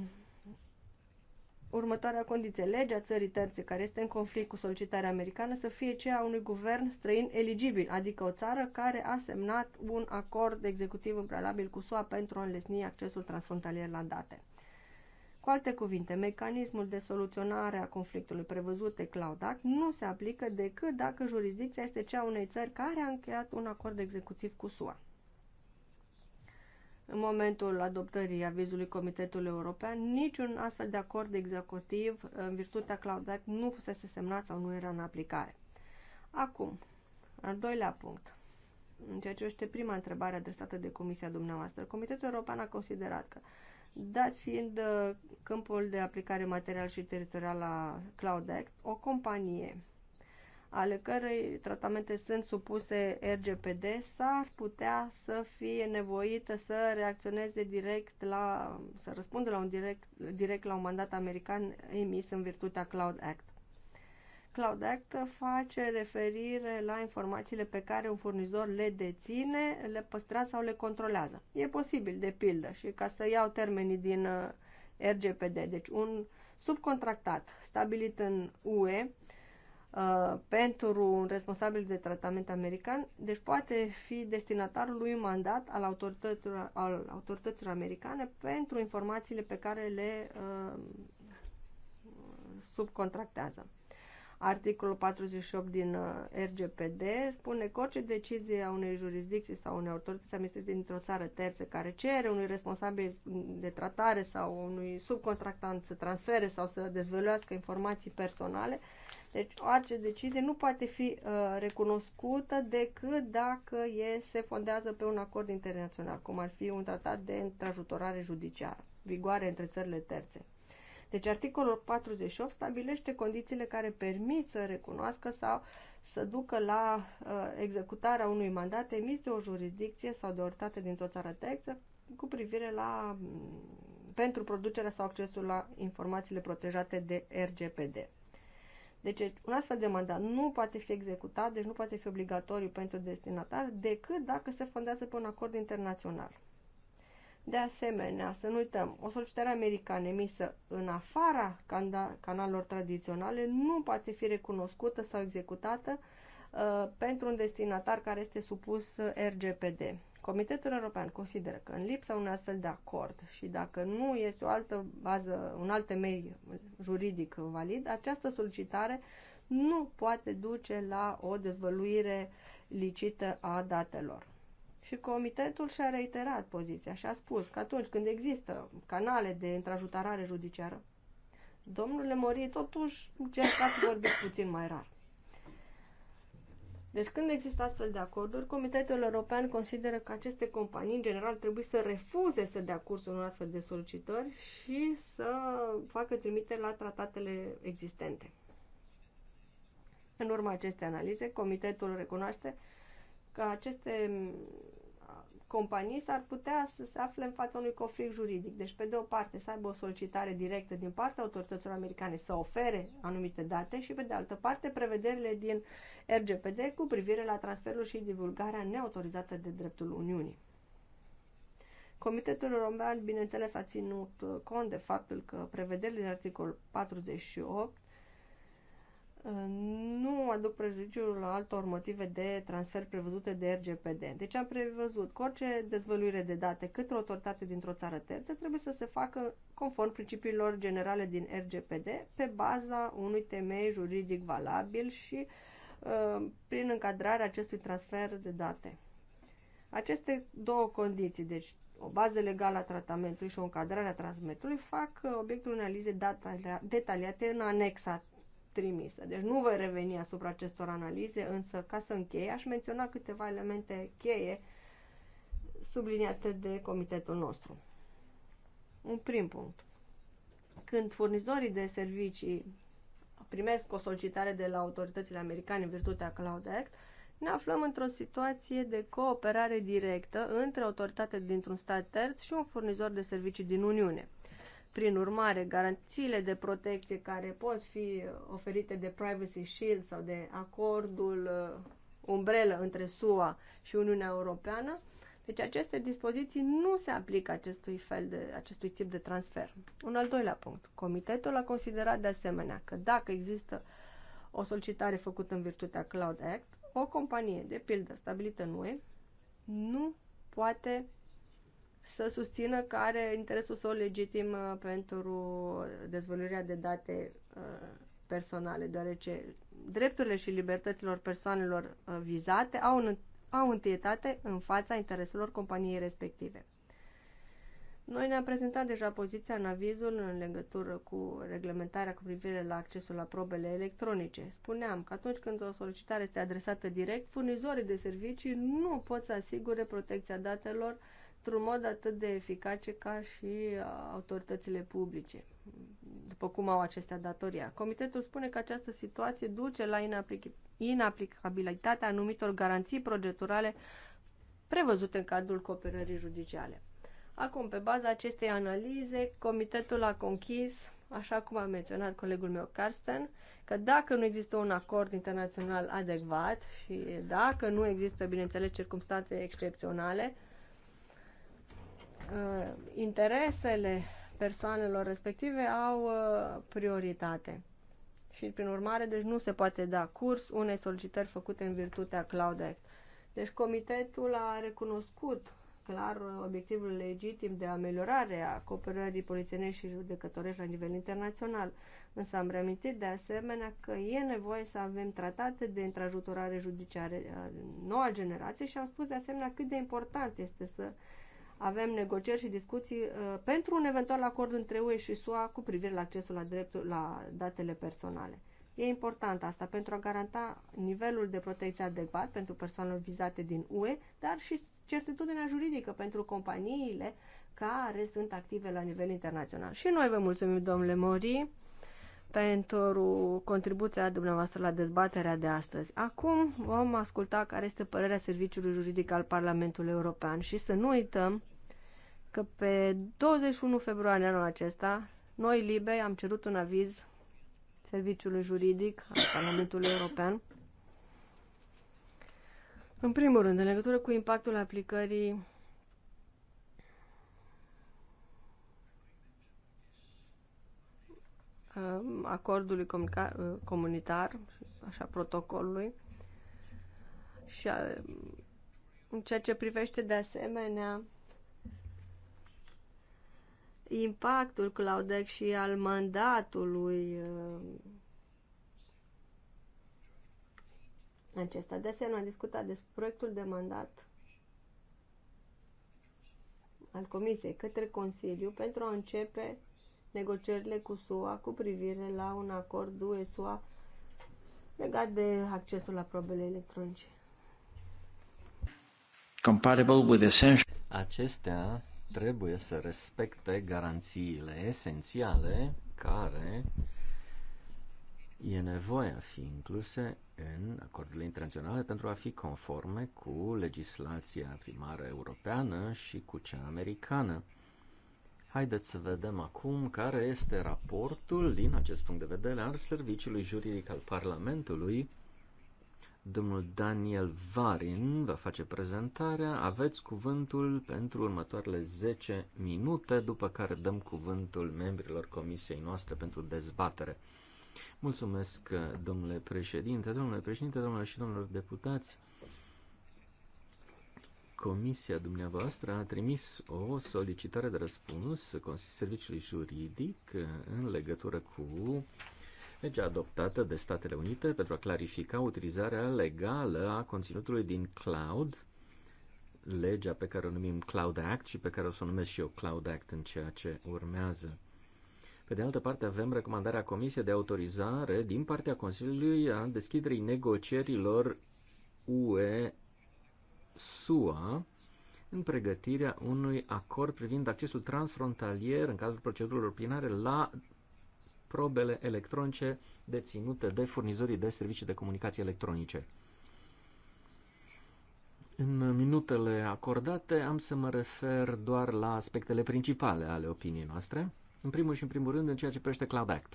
următoarea condiție. Legea țării terțe care este în conflict cu solicitarea americană să fie cea a unui guvern străin eligibil, adică o țară care a semnat un acord executiv în prealabil cu SUA pentru a înlesni accesul transfrontalier la date. Cu alte cuvinte, mecanismul de soluționare a conflictului prevăzut de Claudac nu se aplică decât dacă jurisdicția este cea unei țări care a încheiat un acord executiv cu SUA în momentul adoptării avizului Comitetului European, niciun astfel de acord executiv în virtutea Cloud Act nu fusese semnat sau nu era în aplicare. Acum, al doilea punct. În ceea ce este prima întrebare adresată de Comisia dumneavoastră, Comitetul European a considerat că, dat fiind uh, câmpul de aplicare material și teritorial la Cloud Act, o companie ale cărei tratamente sunt supuse RGPD, s-ar putea să fie nevoită să reacționeze direct la, să răspundă la un direct, direct la un mandat american emis în virtutea Cloud Act. Cloud Act face referire la informațiile pe care un furnizor le deține, le păstrează sau le controlează. E posibil, de pildă, și ca să iau termenii din uh, RGPD, deci un subcontractat stabilit în UE, uh, pentru un responsabil de tratament american, deci poate fi destinatarul lui un mandat al autorităților, al autorităților americane pentru informațiile pe care le uh, subcontractează. Articolul 48 din uh, RGPD spune că orice decizie a unei jurisdicții sau unei autorități administrative dintr-o țară terță care cere unui responsabil de tratare sau unui subcontractant să transfere sau să dezvăluiască informații personale deci orice decizie nu poate fi uh, recunoscută decât dacă e, se fondează pe un acord internațional, cum ar fi un tratat de întrajutorare judiciară, vigoare între țările terțe. Deci articolul 48 stabilește condițiile care permit să recunoască sau să ducă la uh, executarea unui mandat emis de o jurisdicție sau de o unitate din o țară terță cu privire la mm, pentru producerea sau accesul la informațiile protejate de RGPD. Deci un astfel de mandat nu poate fi executat, deci nu poate fi obligatoriu pentru destinatar, decât dacă se fondează pe un acord internațional. De asemenea, să nu uităm, o solicitare americană emisă în afara canalelor tradiționale nu poate fi recunoscută sau executată uh, pentru un destinatar care este supus uh, RGPD. Comitetul European consideră că în lipsa unui astfel de acord și dacă nu este o altă bază, un alt temei juridic valid, această solicitare nu poate duce la o dezvăluire licită a datelor. Și comitetul și-a reiterat poziția și a spus că atunci când există canale de intrajutarare judiciară, domnule Mori, totuși încerca să vorbiți puțin mai rar. Deci când există astfel de acorduri, Comitetul European consideră că aceste companii, în general, trebuie să refuze să dea curs unor astfel de solicitări și să facă trimitere la tratatele existente. În urma acestei analize, Comitetul recunoaște că aceste companii s-ar putea să se afle în fața unui conflict juridic. Deci, pe de o parte, să aibă o solicitare directă din partea autorităților americane să ofere anumite date și, pe de altă parte, prevederile din RGPD cu privire la transferul și divulgarea neautorizată de dreptul Uniunii. Comitetul European, bineînțeles, a ținut cont de faptul că prevederile din articolul 48 nu aduc prejudiciul altor motive de transfer prevăzute de RGPD. Deci am prevăzut că orice dezvăluire de date către o autoritate dintr-o țară terță trebuie să se facă conform principiilor generale din RGPD pe baza unui temei juridic valabil și uh, prin încadrarea acestui transfer de date. Aceste două condiții, deci o bază legală a tratamentului și o încadrare a transmetului fac uh, obiectul unei analize detaliate în anexa Trimisă, Deci nu voi reveni asupra acestor analize, însă ca să închei, aș menționa câteva elemente cheie subliniate de comitetul nostru. Un prim punct. Când furnizorii de servicii primesc o solicitare de la autoritățile americane în virtutea Cloud Act, ne aflăm într-o situație de cooperare directă între autoritatea dintr-un stat terț și un furnizor de servicii din Uniune – prin urmare, garanțiile de protecție care pot fi oferite de Privacy Shield sau de acordul uh, umbrelă între SUA și Uniunea Europeană, deci aceste dispoziții nu se aplică acestui, fel de, acestui tip de transfer. Un al doilea punct. Comitetul a considerat de asemenea că dacă există o solicitare făcută în virtutea Cloud Act, o companie, de pildă stabilită în UE, nu poate să susțină că are interesul său legitim uh, pentru dezvăluirea de date uh, personale, deoarece drepturile și libertăților persoanelor uh, vizate au, în, au întâietate în fața intereselor companiei respective. Noi ne-am prezentat deja poziția în avizul în legătură cu reglementarea cu privire la accesul la probele electronice. Spuneam că atunci când o solicitare este adresată direct, furnizorii de servicii nu pot să asigure protecția datelor uh, într-un mod atât de eficace ca și uh, autoritățile publice, după cum au acestea datoria. Comitetul spune că această situație duce la inaplic- inaplicabilitatea anumitor garanții procedurale prevăzute în cadrul cooperării judiciale. Acum, pe baza acestei analize, comitetul a conchis, așa cum a menționat colegul meu Carsten, că dacă nu există un acord internațional adecvat și dacă nu există, bineînțeles, circumstanțe excepționale, Uh, interesele persoanelor respective au uh, prioritate. Și, prin urmare, deci nu se poate da curs unei solicitări făcute în virtutea Cloud Act. Deci comitetul a recunoscut clar obiectivul legitim de ameliorare a cooperării polițienești și judecătorești la nivel internațional. Însă am reamintit de asemenea că e nevoie să avem tratate de întrajutorare judiciare uh, noua generație și am spus de asemenea cât de important este să uh, avem negocieri și discuții uh, pentru un eventual acord între UE și SUA cu privire la accesul la dreptul la datele personale. E important asta pentru a garanta nivelul de protecție adecvat pentru persoanele vizate din UE, dar și certitudinea juridică pentru companiile care sunt active la nivel internațional. Și noi vă mulțumim, domnule Mori pentru contribuția dumneavoastră la dezbaterea de astăzi. Acum vom asculta care este părerea Serviciului Juridic al Parlamentului European și să nu uităm că pe 21 februarie anul acesta, noi, libei am cerut un aviz Serviciului Juridic al Parlamentului European. În primul rând, în legătură cu impactul aplicării Um, acordului uh, comunitar, așa, protocolului. Și uh, în ceea ce privește de asemenea impactul Claudec și al mandatului uh, acesta. De asemenea, am discutat despre proiectul de mandat al Comisiei către Consiliu pentru a începe negocierile cu SUA cu privire la un acord UE-SUA legat de accesul la probele electronice. Compatible with essential... Acestea trebuie să respecte garanțiile esențiale care e nevoie a fi incluse în acordurile internaționale pentru a fi conforme cu legislația primară europeană și cu cea americană. Haideți să vedem acum care este raportul, din acest punct de vedere, al Serviciului Juridic al Parlamentului. Domnul Daniel Varin va face prezentarea. Aveți cuvântul pentru următoarele 10 minute, după care dăm cuvântul membrilor comisiei noastre pentru dezbatere. Mulțumesc, domnule președinte, domnule președinte, domnule și domnilor deputați. Comisia dumneavoastră a trimis o solicitare de răspuns Serviciului Juridic în legătură cu legea adoptată de Statele Unite pentru a clarifica utilizarea legală a conținutului din cloud, legea pe care o numim Cloud Act și pe care o să o numesc și eu Cloud Act în ceea ce urmează. Pe de altă parte, avem recomandarea Comisiei de autorizare din partea Consiliului a deschiderii negocierilor UE SUA în pregătirea unui acord privind accesul transfrontalier în cazul procedurilor plinare la probele electronice deținute de furnizorii de servicii de comunicații electronice. În minutele acordate am să mă refer doar la aspectele principale ale opiniei noastre, în primul și în primul rând în ceea ce privește Cloud Act.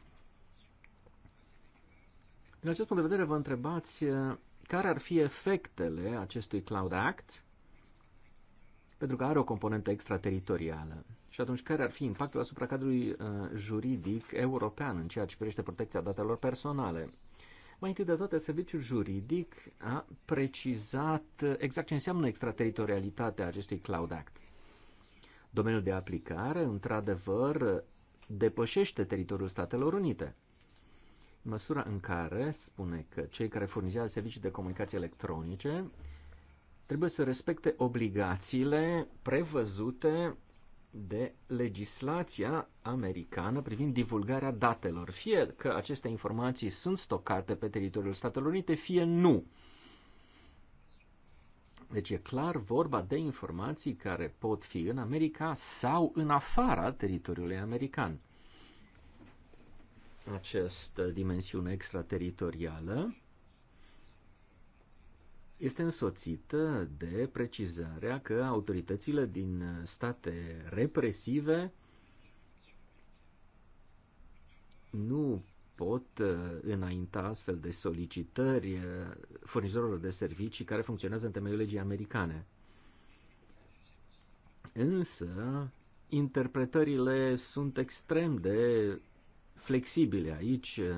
Din acest punct de vedere vă întrebați care ar fi efectele acestui Cloud Act, pentru că are o componentă extrateritorială. Și atunci, care ar fi impactul asupra cadrului uh, juridic european în ceea ce privește protecția datelor personale? Mai întâi de toate, serviciul juridic a precizat exact ce înseamnă extrateritorialitatea acestui Cloud Act. Domeniul de aplicare, într-adevăr, depășește teritoriul Statelor Unite măsura în care spune că cei care furnizează servicii de comunicații electronice trebuie să respecte obligațiile prevăzute de legislația americană privind divulgarea datelor, fie că aceste informații sunt stocate pe teritoriul Statelor Unite, fie nu. Deci e clar vorba de informații care pot fi în America sau în afara teritoriului american această dimensiune extrateritorială este însoțită de precizarea că autoritățile din state represive nu pot uh, înainta astfel de solicitări uh, furnizorilor de servicii care funcționează în temeiul legii americane. Însă, interpretările sunt extrem de flexibile. Aici eh,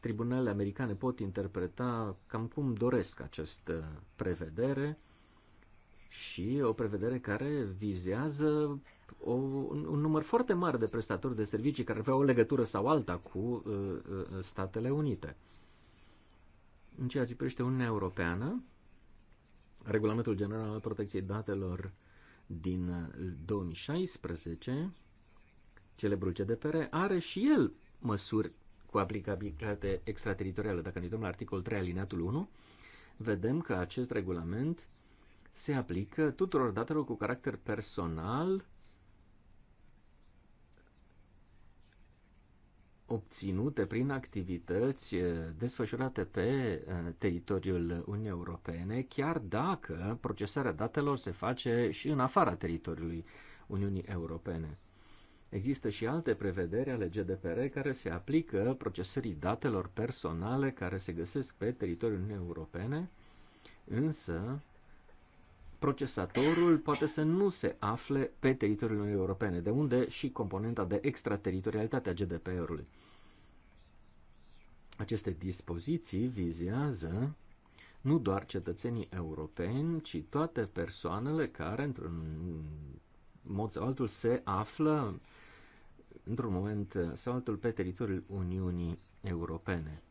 tribunalele americane pot interpreta cam cum doresc această prevedere și o prevedere care vizează o, un, număr foarte mare de prestatori de servicii care aveau o legătură sau alta cu uh, Statele Unite. În ceea ce privește Uniunea Europeană, Regulamentul General al Protecției Datelor din 2016 celebrul CDPR, are și el măsuri cu aplicabilitate extrateritorială. Dacă ne uităm la articolul 3 alineatul 1, vedem că acest regulament se aplică tuturor datelor cu caracter personal obținute prin activități eh, desfășurate pe eh, teritoriul Uniunii Europene, chiar dacă procesarea datelor se face și în afara teritoriului Uniunii Europene. Există și alte prevederi ale GDPR care se aplică procesării datelor personale care se găsesc pe teritoriul Uniunii Europene, însă procesatorul poate să nu se afle pe teritoriul Uniunii Europene, de unde și componenta de extraterritorialitate a GDPR-ului. Aceste dispoziții vizează nu doar cetățenii europeni, ci toate persoanele care, într-un mod sau altul, se află într-un moment uh, sau altul pe teritoriul Uniunii Europene.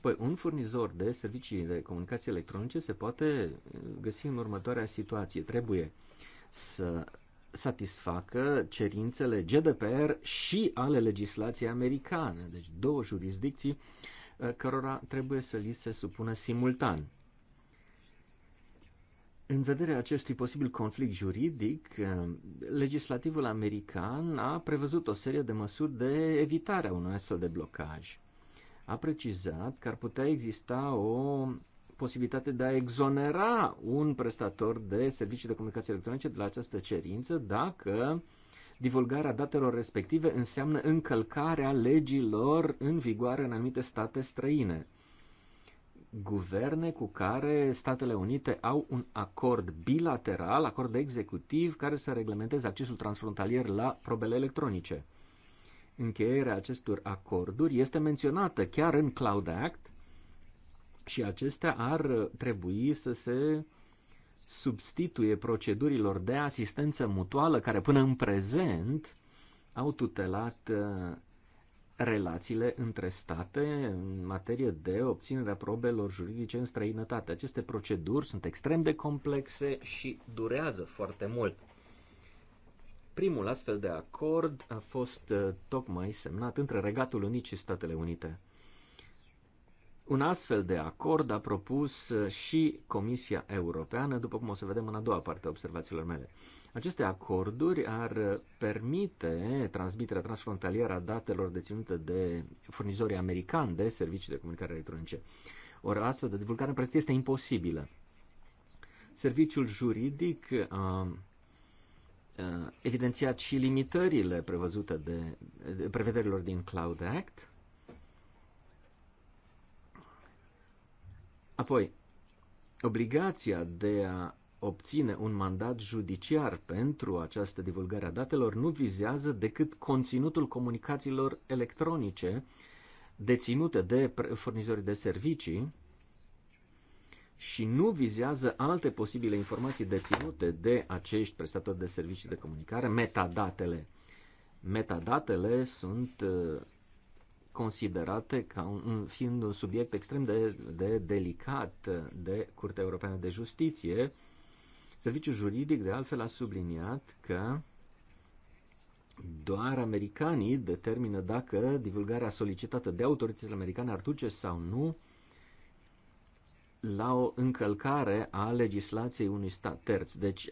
Păi, un furnizor de servicii de comunicații electronice se poate uh, găsi în următoarea situație. Trebuie să satisfacă cerințele GDPR și ale legislației americane, deci două jurisdicții uh, cărora trebuie să li se supună simultan. În vederea acestui posibil conflict juridic, eh, legislativul american a prevăzut o serie de măsuri de evitare a unui astfel de blocaj. A precizat că ar putea exista o posibilitate de a exonera un prestator de servicii de comunicații electronice de la această cerință dacă divulgarea datelor respective înseamnă încălcarea legilor în vigoare în anumite state străine guverne cu care Statele Unite au un acord bilateral, acord executiv, care să reglementeze accesul transfrontalier la probele electronice. Încheierea acestor acorduri este menționată chiar în Cloud Act și acestea ar trebui să se substituie procedurilor de asistență mutuală care până în prezent au tutelat relațiile între state în materie de obținerea probelor juridice în străinătate. Aceste proceduri sunt extrem de complexe și durează foarte mult. Primul astfel de acord a fost uh, tocmai semnat între Regatul Unit și Statele Unite. Un astfel de acord a propus uh, și Comisia Europeană, după cum o să vedem în a doua parte a observațiilor mele. Aceste acorduri ar uh, permite transmiterea transfrontalieră a datelor deținute de furnizorii americani de servicii de comunicare electronice. Ori astfel de divulgare în prezent este imposibilă. Serviciul juridic a evidențiat și limitările prevăzute de, de prevederilor din Cloud Act, Apoi, obligația de a obține un mandat judiciar pentru această divulgare a datelor nu vizează decât conținutul comunicațiilor electronice deținute de furnizorii de servicii și nu vizează alte posibile informații deținute de acești prestatori de servicii de comunicare, metadatele. Metadatele sunt uh, considerate ca un, fiind un subiect extrem de, de delicat de Curtea Europeană de Justiție. Serviciul juridic, de altfel, a subliniat că doar americanii determină dacă divulgarea solicitată de autoritățile americane ar duce sau nu la o încălcare a legislației unui stat terț. Deci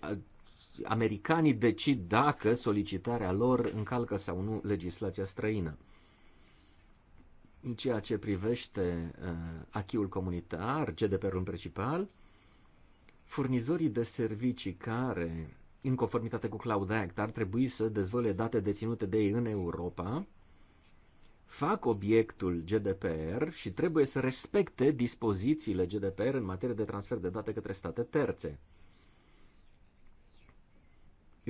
americanii decid dacă solicitarea lor încalcă sau nu legislația străină în ceea ce privește uh, achiul comunitar, GDPR-ul în principal, furnizorii de servicii care, în conformitate cu Cloud Act, ar trebui să dezvolte date deținute de ei în Europa, fac obiectul GDPR și trebuie să respecte dispozițiile GDPR în materie de transfer de date către state terțe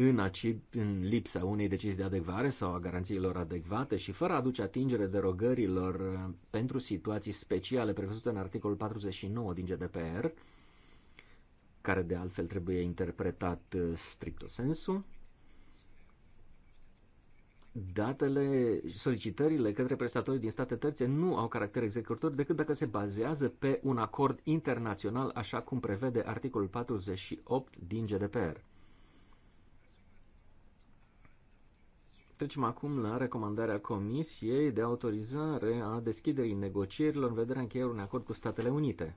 în, aci, în lipsa unei decizii de adecvare sau a garanțiilor adecvate și fără a aduce atingere derogărilor uh, pentru situații speciale prevăzute în articolul 49 din GDPR, care de altfel trebuie interpretat uh, stricto sensu, datele, solicitările către prestatorii din state terțe nu au caracter executor decât dacă se bazează pe un acord internațional, așa cum prevede articolul 48 din GDPR. Trecem acum la recomandarea Comisiei de autorizare a deschiderii negocierilor în vederea încheierii unui acord cu Statele Unite.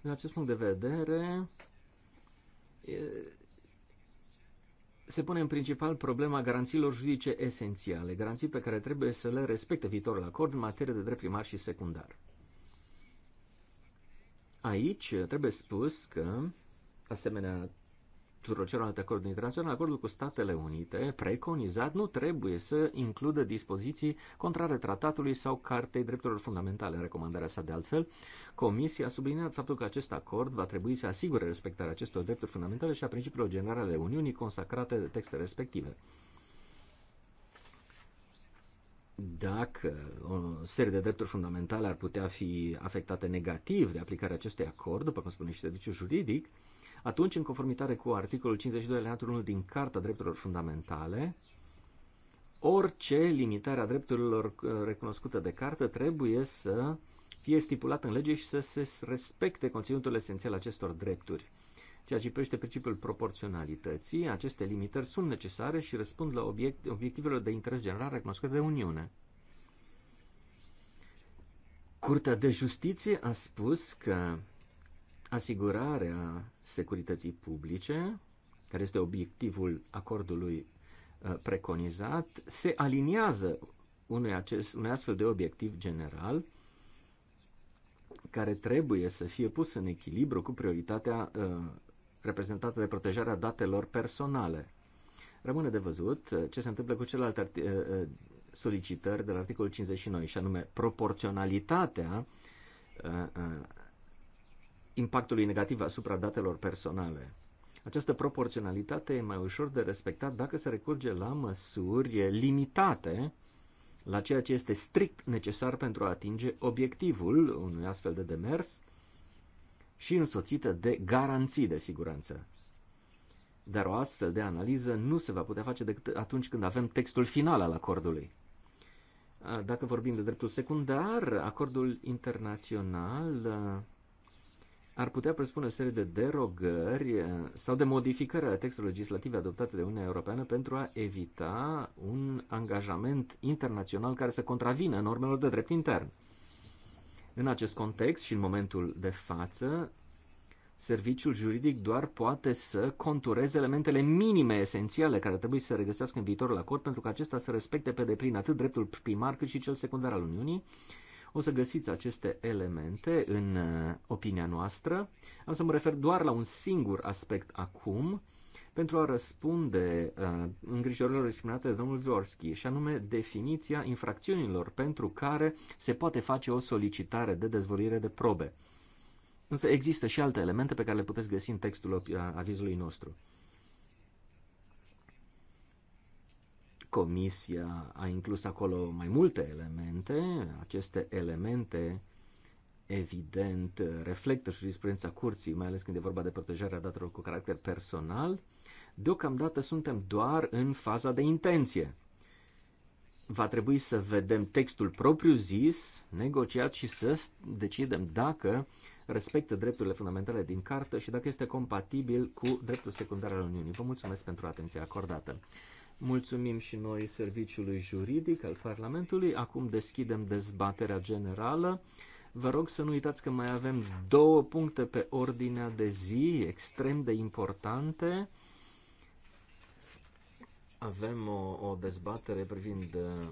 Din acest punct de vedere, se pune în principal problema garanțiilor juridice esențiale, garanții pe care trebuie să le respecte viitorul acord în materie de drept primar și secundar. Aici trebuie spus că asemenea tuturor celorlalte acorduri internaționale, acordul cu Statele Unite, preconizat, nu trebuie să includă dispoziții contrare tratatului sau Cartei Drepturilor Fundamentale. În recomandarea sa, de altfel, Comisia a subliniat faptul că acest acord va trebui să asigure respectarea acestor drepturi fundamentale și a principiilor generale ale Uniunii consacrate de textele respective dacă o serie de drepturi fundamentale ar putea fi afectate negativ de aplicarea acestui acord, după cum spune și serviciul juridic, atunci, în conformitate cu articolul 52 alineatul 1 din Carta Drepturilor Fundamentale, orice limitare a drepturilor uh, recunoscută de carte trebuie să fie stipulată în lege și să se respecte conținutul esențial acestor drepturi. Ceea ce privește principiul proporționalității, aceste limitări sunt necesare și răspund la obiect, obiectivele de interes general recunoscute de Uniune. Curtea de Justiție a spus că asigurarea securității publice, care este obiectivul acordului uh, preconizat, se aliniază unui, acest, unui astfel de obiectiv general care trebuie să fie pus în echilibru cu prioritatea uh, reprezentată de protejarea datelor personale. Rămâne de văzut uh, ce se întâmplă cu celelalte uh, uh, solicitări de la articolul 59, și anume proporționalitatea uh, impactului negativ asupra datelor personale. Această proporționalitate e mai ușor de respectat dacă se recurge la măsuri limitate la ceea ce este strict necesar pentru a atinge obiectivul unui astfel de demers și însoțită de garanții de siguranță. Dar o astfel de analiză nu se va putea face decât atunci când avem textul final al acordului. Dacă vorbim de dreptul secundar, acordul internațional ar putea presupune o serie de derogări eh, sau de modificări ale textelor legislative adoptate de Uniunea Europeană pentru a evita un angajament internațional care să contravină normelor de drept intern. În acest context și în momentul de față, serviciul juridic doar poate să contureze elementele minime esențiale care trebuie să se regăsească în viitorul acord pentru că acesta să respecte pe deplin atât dreptul primar cât și cel secundar al Uniunii, o să găsiți aceste elemente în uh, opinia noastră. Am să mă refer doar la un singur aspect acum pentru a răspunde uh, îngrijorilor exprimate de domnul Viorski, și anume definiția infracțiunilor pentru care se poate face o solicitare de dezvoluire de probe. Însă există și alte elemente pe care le puteți găsi în textul avizului nostru. Comisia a inclus acolo mai multe elemente. Aceste elemente, evident, reflectă jurisprudența curții, mai ales când e vorba de protejarea datelor cu caracter personal. Deocamdată suntem doar în faza de intenție. Va trebui să vedem textul propriu-zis, negociat și să decidem dacă respectă drepturile fundamentale din cartă și dacă este compatibil cu dreptul secundar al Uniunii. Vă mulțumesc pentru atenția acordată. Mulțumim și noi serviciului juridic al Parlamentului. Acum deschidem dezbaterea generală. Vă rog să nu uitați că mai avem două puncte pe ordinea de zi extrem de importante. Avem o, o dezbatere privind uh,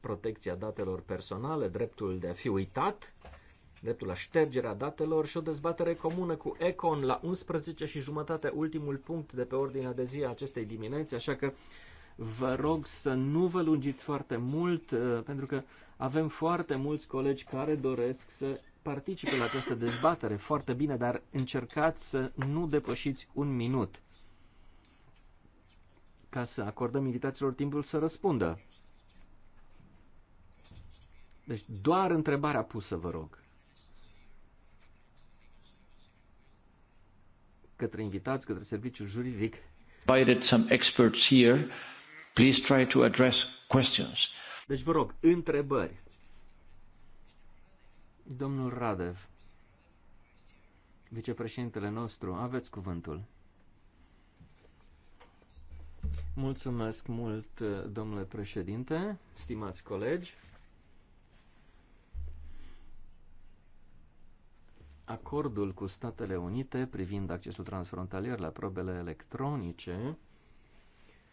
protecția datelor personale, dreptul de a fi uitat, dreptul la ștergerea datelor și o dezbatere comună cu Econ la 11 și jumătate, ultimul punct de pe ordinea de zi a acestei dimineți, așa că Vă rog să nu vă lungiți foarte mult, uh, pentru că avem foarte mulți colegi care doresc să participe la această dezbatere. Foarte bine, dar încercați să nu depășiți un minut ca să acordăm invitaților timpul să răspundă. Deci doar întrebarea pusă, vă rog. Către invitați, către serviciul juridic. Invited some experts here Please try to address questions. Deci vă rog, întrebări. Domnul Radev, vicepreședintele nostru, aveți cuvântul. Mulțumesc mult, domnule președinte, stimați colegi. Acordul cu Statele Unite privind accesul transfrontalier la probele electronice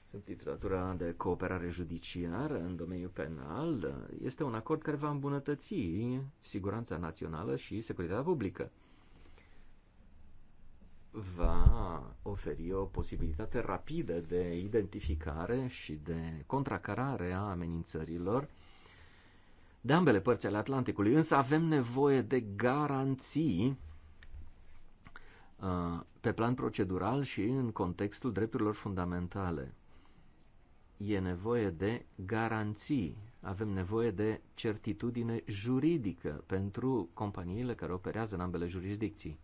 Subtitulatura de cooperare judiciară în domeniul penal este un acord care va îmbunătăți siguranța națională și securitatea publică. Va oferi o posibilitate rapidă de identificare și de contracarare a amenințărilor de ambele părți ale Atlanticului, însă avem nevoie de garanții uh, pe plan procedural și în contextul drepturilor fundamentale e nevoie de garanții, avem nevoie de certitudine juridică pentru companiile care operează în ambele jurisdicții.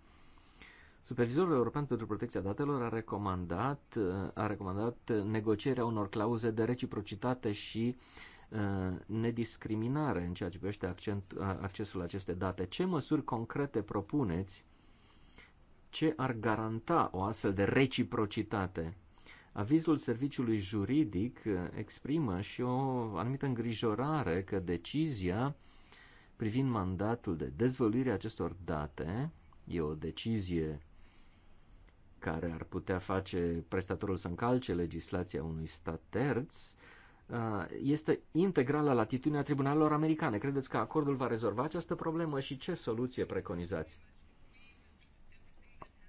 Supervizorul European pentru Protecția Datelor a recomandat, a recomandat negocierea unor clauze de reciprocitate și uh, nediscriminare în ceea ce privește accent, accesul la aceste date. Ce măsuri concrete propuneți ce ar garanta o astfel de reciprocitate Avizul serviciului juridic uh, exprimă și o anumită îngrijorare că decizia privind mandatul de dezvăluire acestor date e o decizie care ar putea face prestatorul să încalce legislația unui stat terț, uh, este integrală la latitudinea tribunalelor americane. Credeți că acordul va rezolva această problemă și ce soluție preconizați?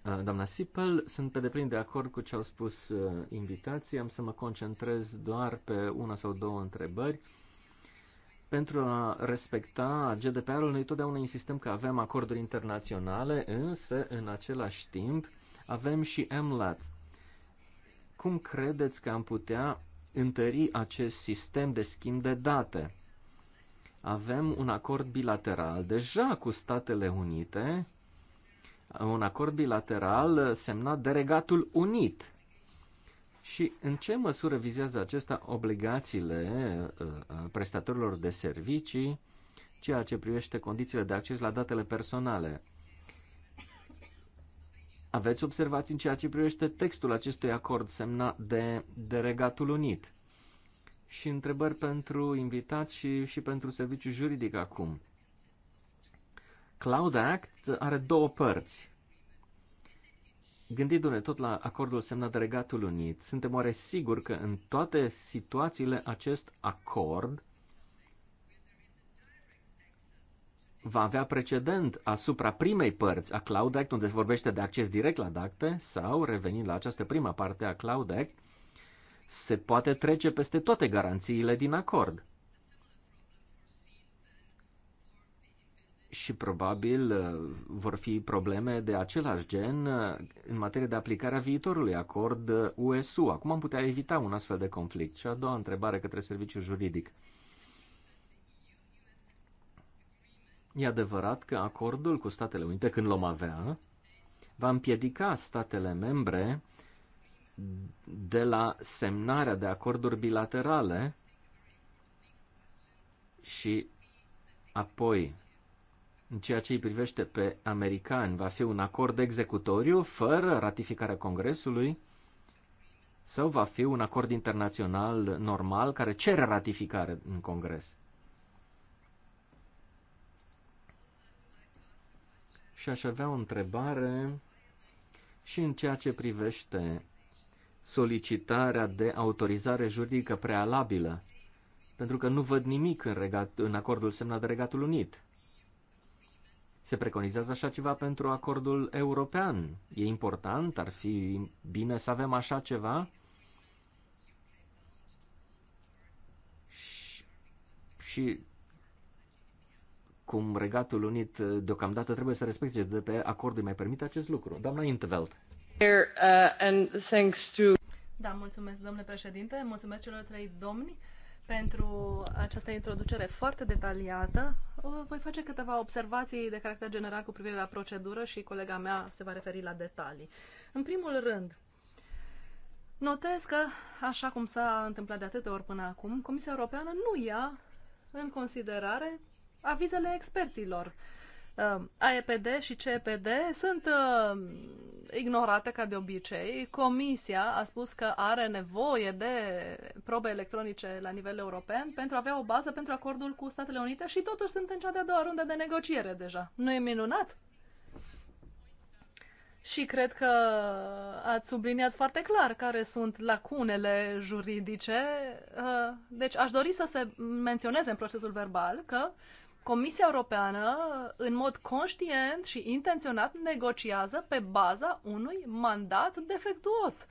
Uh, doamna Sipel, sunt pe deplin de acord cu ce au spus uh, invitații. Am să mă concentrez doar pe una sau două întrebări. Pentru a respecta GDPR-ul, noi totdeauna insistăm că avem acorduri internaționale, însă, în același timp, avem și MLAT. Cum credeți că am putea întări acest sistem de schimb de date? Avem un acord bilateral deja cu Statele Unite, un acord bilateral uh, semnat de Regatul Unit. Și în ce măsură vizează acesta obligațiile uh, prestatorilor de servicii, ceea ce privește condițiile de acces la datele personale? Aveți observații în ceea ce privește textul acestui acord semnat de, de Regatul Unit? Și întrebări pentru invitați și, și pentru serviciu juridic acum. Cloud Act are două părți. Gândindu-ne tot la acordul semnat de Regatul Unit, suntem oare siguri că în toate situațiile acest acord va avea precedent asupra primei părți a Cloud Act, unde se vorbește de acces direct la date, sau, revenind la această prima parte a Cloud Act, se poate trece peste toate garanțiile din acord. și probabil uh, vor fi probleme de același gen uh, în materie de aplicare a viitorului acord USU. Uh, Acum am putea evita un astfel de conflict? Și a doua întrebare către serviciul juridic. E adevărat că acordul cu Statele Unite, când l-om avea, va împiedica statele membre de la semnarea de acorduri bilaterale și apoi în ceea ce îi privește pe americani, va fi un acord executoriu fără ratificarea Congresului sau va fi un acord internațional normal care cere ratificare în Congres? Și aș avea o întrebare și în ceea ce privește solicitarea de autorizare juridică prealabilă, pentru că nu văd nimic în, regat, în acordul semnat de Regatul Unit. Se preconizează așa ceva pentru acordul european. E important? Ar fi bine să avem așa ceva? Și, și cum Regatul Unit deocamdată trebuie să respecte de pe acordul mai permite acest lucru. Doamna Intveld. Uh, da, mulțumesc, domnule președinte, mulțumesc celor trei domni pentru această introducere foarte detaliată. Voi face câteva observații de caracter general cu privire la procedură și colega mea se va referi la detalii. În primul rând, notez că, așa cum s-a întâmplat de atâtea ori până acum, Comisia Europeană nu ia în considerare avizele experților Um, AEPD și CEPD sunt um, ignorate ca de obicei. Comisia a spus că are nevoie de probe electronice la nivel european pentru a avea o bază pentru acordul cu Statele Unite și totuși sunt în cea de-a doua rundă de negociere deja. Nu e minunat? Și cred că ați subliniat foarte clar care sunt lacunele juridice. Uh, deci aș dori să se menționeze în procesul verbal că Comisia Europeană, în mod conștient și intenționat, negociază pe baza unui mandat defectuos.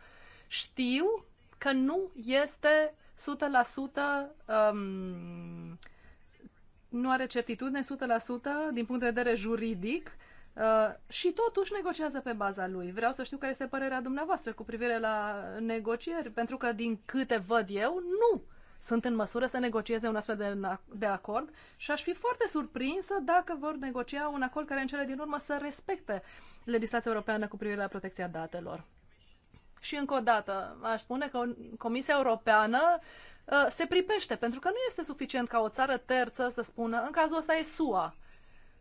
Știu că nu este 100% um, nu are certitudine 100% din punct de vedere juridic uh, și totuși negociază pe baza lui. Vreau să știu care este părerea dumneavoastră cu privire la negocieri, pentru că din câte văd eu, nu sunt în măsură să negocieze un astfel de, de acord și aș fi foarte surprinsă dacă vor negocia un acord care în cele din urmă să respecte legislația europeană cu privire la protecția datelor. Și încă o dată, aș spune că Comisia Europeană uh, se pripește, pentru că nu este suficient ca o țară terță să spună, în cazul ăsta e SUA.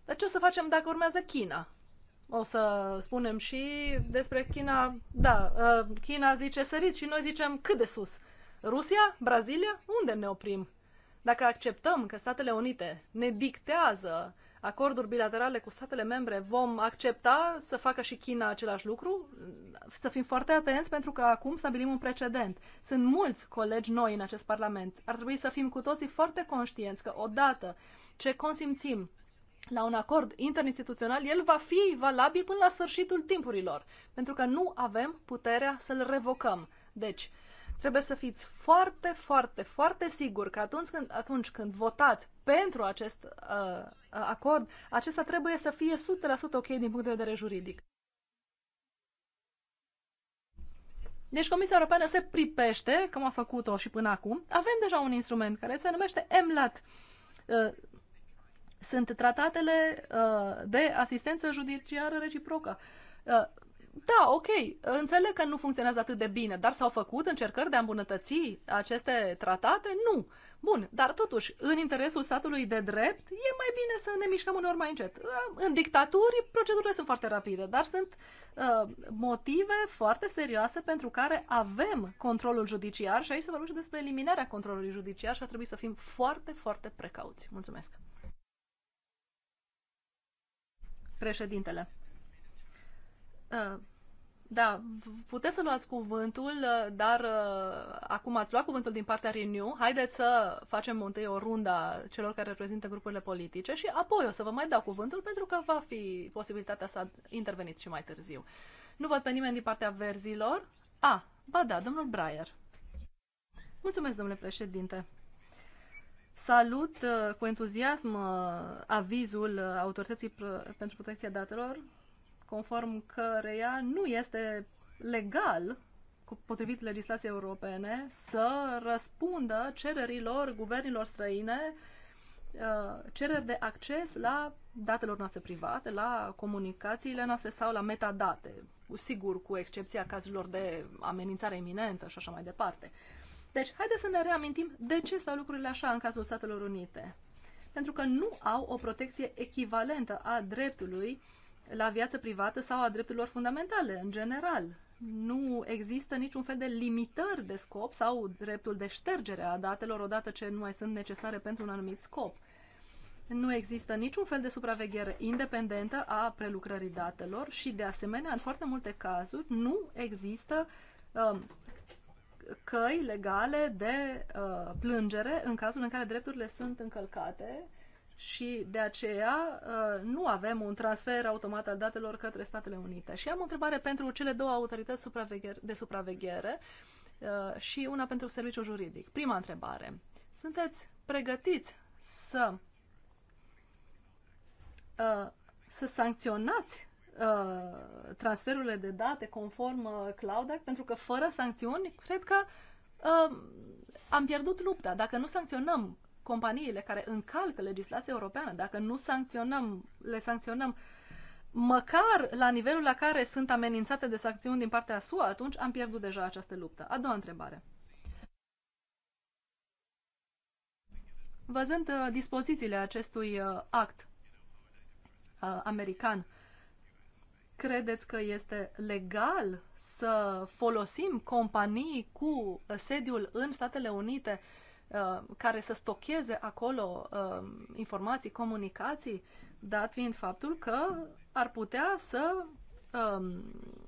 Dar ce o să facem dacă urmează China? O să spunem și despre China, da, uh, China zice sărit și noi zicem cât de sus. Uh, Rusia? Brazilia? Unde ne oprim? Dacă acceptăm că Statele Unite ne dictează acorduri bilaterale cu statele membre, vom accepta să facă și China același lucru? Să fim foarte atenți pentru că acum stabilim un precedent. Sunt mulți colegi noi în acest Parlament. Ar trebui să fim cu toții foarte conștienți că odată ce consimțim la un acord interinstituțional, el va fi valabil până la sfârșitul timpurilor, pentru că nu avem puterea să-l revocăm. Deci, Trebuie să fiți foarte, foarte, foarte siguri că atunci când, atunci când votați pentru acest uh, acord, acesta trebuie să fie 100% ok din punct de vedere juridic. Deci Comisia Europeană se pripește, cum a făcut-o și până acum. Avem deja un instrument care se numește EMLAT. Uh, sunt tratatele uh, de asistență judiciară reciprocă. Uh, da, ok, înțeleg că nu funcționează atât de bine, dar s-au făcut încercări de a îmbunătăți aceste tratate? Nu. Bun, dar totuși, în interesul statului de drept, e mai bine să ne mișcăm uneori mai încet. Uh, în dictaturi, procedurile sunt foarte rapide, dar sunt uh, motive foarte serioase pentru care avem controlul judiciar și aici se vorbește despre eliminarea controlului judiciar și a trebuit să fim foarte, foarte precauți. Mulțumesc. Președintele. Da, puteți să luați cuvântul, uh, dar uh, acum ați luat cuvântul din partea Renew. Haideți să facem întâi o rundă celor care reprezintă grupurile politice și apoi o să vă mai dau cuvântul pentru că va fi posibilitatea să interveniți și mai târziu. Nu văd pe nimeni din partea verzilor. A, ba da, domnul Breyer. Mulțumesc, domnule președinte. Salut uh, cu entuziasm avizul Autorității pentru Protecția Datelor conform căreia nu este legal potrivit legislației europene, să răspundă cererilor guvernilor străine uh, cereri de acces la datelor noastre private, la comunicațiile noastre sau la metadate, sigur cu excepția cazurilor de amenințare iminentă și așa mai departe. Deci, haideți să ne reamintim de ce stau lucrurile așa în cazul Statelor Unite. Pentru că nu au o protecție echivalentă a dreptului uh, la viață privată sau a drepturilor fundamentale, în general. Nu există niciun fel de limitări de scop sau dreptul de ștergere a datelor odată ce nu mai sunt necesare pentru un anumit scop. Nu există niciun fel de supraveghere independentă a prelucrării datelor și, de asemenea, în foarte multe cazuri, nu există um, căi legale de uh, plângere în cazul în care drepturile sunt încălcate și de aceea uh, nu avem un transfer automat al datelor către Statele Unite. Și am o întrebare pentru cele două autorități de supraveghere uh, și una pentru serviciul juridic. Prima întrebare. Sunteți pregătiți să uh, să sancționați transferurile de date conform Cloud Act, pentru că fără sancțiuni, cred că am pierdut lupta. Dacă nu sancționăm companiile care încalcă legislația europeană, dacă nu sancționăm, le sancționăm măcar la nivelul la care sunt amenințate de sancțiuni din partea SUA, atunci am pierdut deja această luptă. A doua întrebare. Văzând uh, dispozițiile acestui uh, act uh, american, credeți că este legal să folosim companii cu sediul în Statele Unite uh, Uh, care să stocheze acolo uh, informații, comunicații, dat fiind faptul că ar putea să um,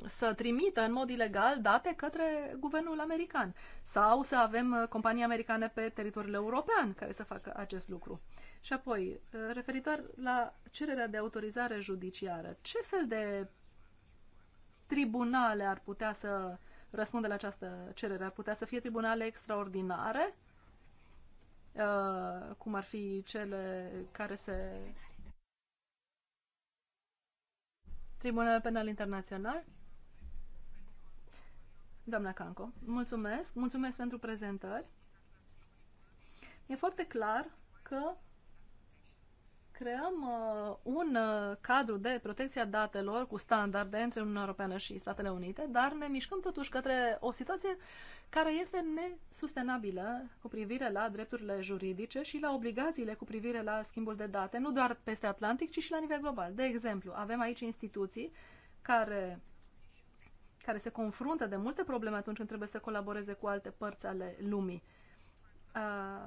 să trimită în mod ilegal date către guvernul american sau să avem uh, companii americane pe teritoriul european care să facă acest lucru. Și apoi, referitor la cererea de autorizare judiciară, ce fel de tribunale ar putea să răspundă la această cerere? Ar putea să fie tribunale extraordinare Uh, cum ar fi cele care se... Tribunal Penal Internațional. Doamna Canco, mulțumesc. Mulțumesc pentru prezentări. E foarte clar că creăm uh, un uh, cadru de protecție a datelor cu standarde între Uniunea Europeană și Statele Unite, dar ne mișcăm totuși către o situație care este nesustenabilă cu privire la drepturile juridice și la obligațiile cu privire la schimbul de date, nu doar peste Atlantic, ci și la nivel global. De exemplu, avem aici instituții care care se confruntă de multe probleme atunci când trebuie să colaboreze cu alte părți ale lumii. Uh,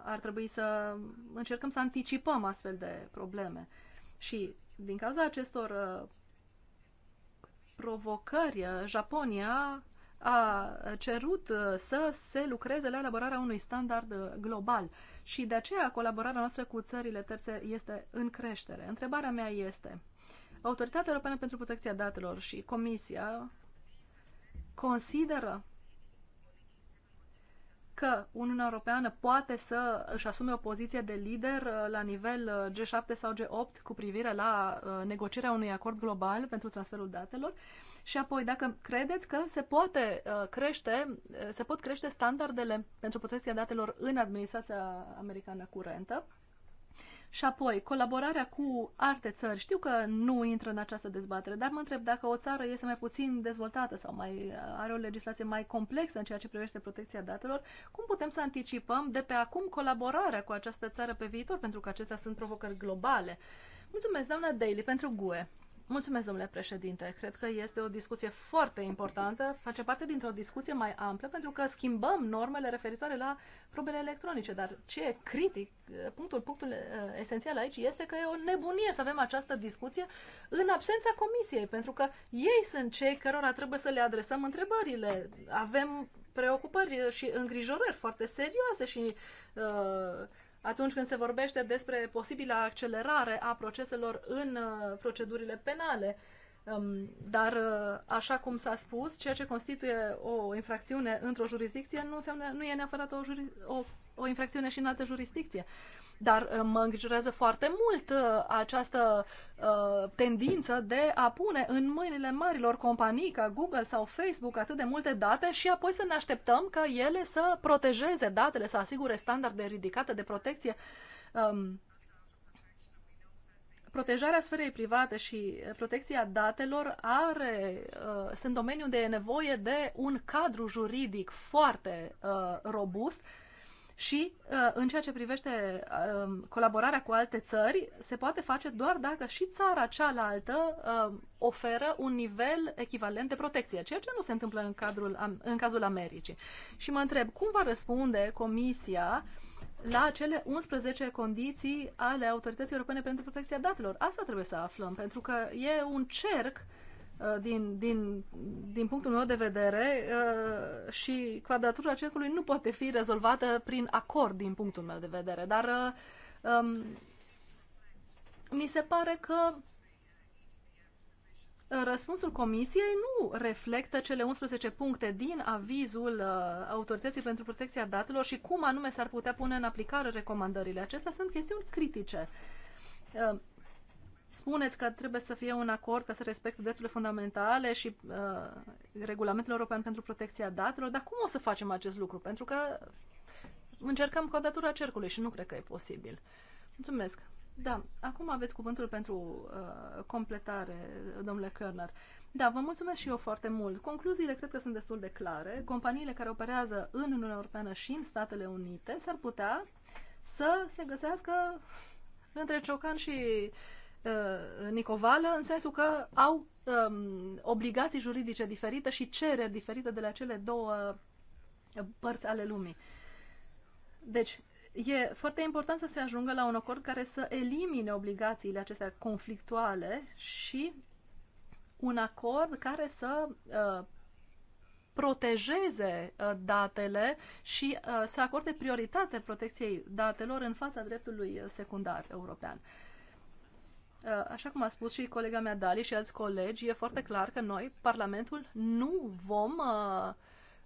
ar trebui să încercăm să anticipăm astfel de probleme. Și din cauza acestor provocări, Japonia a cerut să se lucreze la elaborarea unui standard global și de aceea colaborarea noastră cu țările terțe este în creștere. Întrebarea mea este, Autoritatea Europeană pentru Protecția Datelor și Comisia consideră că Uniunea Europeană poate să își asume o poziție de lider uh, la nivel uh, G7 sau G8 cu privire la uh, negocierea unui acord global pentru transferul datelor și apoi dacă credeți că se poate crește, se pot crește standardele pentru protecția datelor în administrația americană curentă și apoi, colaborarea cu alte țări. Știu că nu intră în această dezbatere, dar mă întreb dacă o țară este mai puțin dezvoltată sau mai are o legislație mai complexă în ceea ce privește protecția datelor, cum putem să anticipăm de pe acum colaborarea cu această țară pe viitor, pentru că acestea sunt provocări globale. Mulțumesc, doamna Daly, pentru GUE. Mulțumesc, domnule președinte. Cred că este o discuție foarte importantă. Face parte dintr-o discuție mai amplă pentru că schimbăm normele referitoare la probele electronice. Dar ce e critic, punctul, punctul eh, esențial aici este că e o nebunie să avem această discuție în absența comisiei, pentru că ei sunt cei cărora trebuie să le adresăm întrebările. Avem preocupări și îngrijorări foarte serioase și uh, atunci când se vorbește despre posibilă accelerare a proceselor în uh, procedurile penale. Um, dar, uh, așa cum s-a spus, ceea ce constituie o infracțiune într-o jurisdicție nu, înseamnă, nu e neapărat o, juri, o, o infracțiune și în altă jurisdicție. Dar uh, mă îngrijorează foarte mult uh, această uh, tendință de a pune în mâinile marilor companii ca Google sau Facebook atât de multe date și apoi să ne așteptăm ca ele să protejeze datele, să asigure standarde ridicate de protecție um, protejarea sferei private și protecția datelor are, sunt domeniul de nevoie de un cadru juridic foarte robust și uh, în ceea ce privește uh, colaborarea cu alte țări, se poate face doar dacă și țara cealaltă uh, oferă un nivel echivalent de protecție, ceea ce nu se întâmplă în, cadrul, în cazul Americii. Și mă întreb, cum va răspunde Comisia la cele 11 condiții ale Autorității Europene pentru Protecția Datelor? Asta trebuie să aflăm, pentru că e un cerc uh, Uh, din, din, din punctul meu de vedere, uh, și quadratura cercului nu poate fi rezolvată prin acord din punctul meu de vedere, dar uh, um, mi se pare că răspunsul comisiei nu reflectă cele 11 puncte din avizul Autorității pentru Protecția Datelor și cum anume s-ar putea pune în aplicare recomandările. Acestea sunt chestiuni critice spuneți că trebuie să fie un acord ca să respecte drepturile fundamentale și uh, regulamentul european pentru protecția datelor, dar cum o să facem acest lucru? Pentru că încercăm codatura cercului și nu cred că e posibil. Mulțumesc. Da, acum aveți cuvântul pentru uh, completare, domnule Körner. Da, vă mulțumesc și eu foarte mult. Concluziile cred că sunt destul de clare. Companiile care operează în Uniunea Europeană și în Statele Unite s-ar putea să se găsească între ciocan și uh, Uh, nicovală în sensul că au um, obligații juridice diferite și cereri diferite de la cele două uh, părți ale lumii. Deci, e foarte important să se ajungă la un acord care să elimine obligațiile acestea conflictuale și un acord care să uh, protejeze uh, datele și uh, să acorde prioritate protecției datelor în fața dreptului uh, secundar european. Uh, Uh, așa cum a spus și colega mea Dali și alți colegi, e foarte clar că noi, Parlamentul, nu vom uh,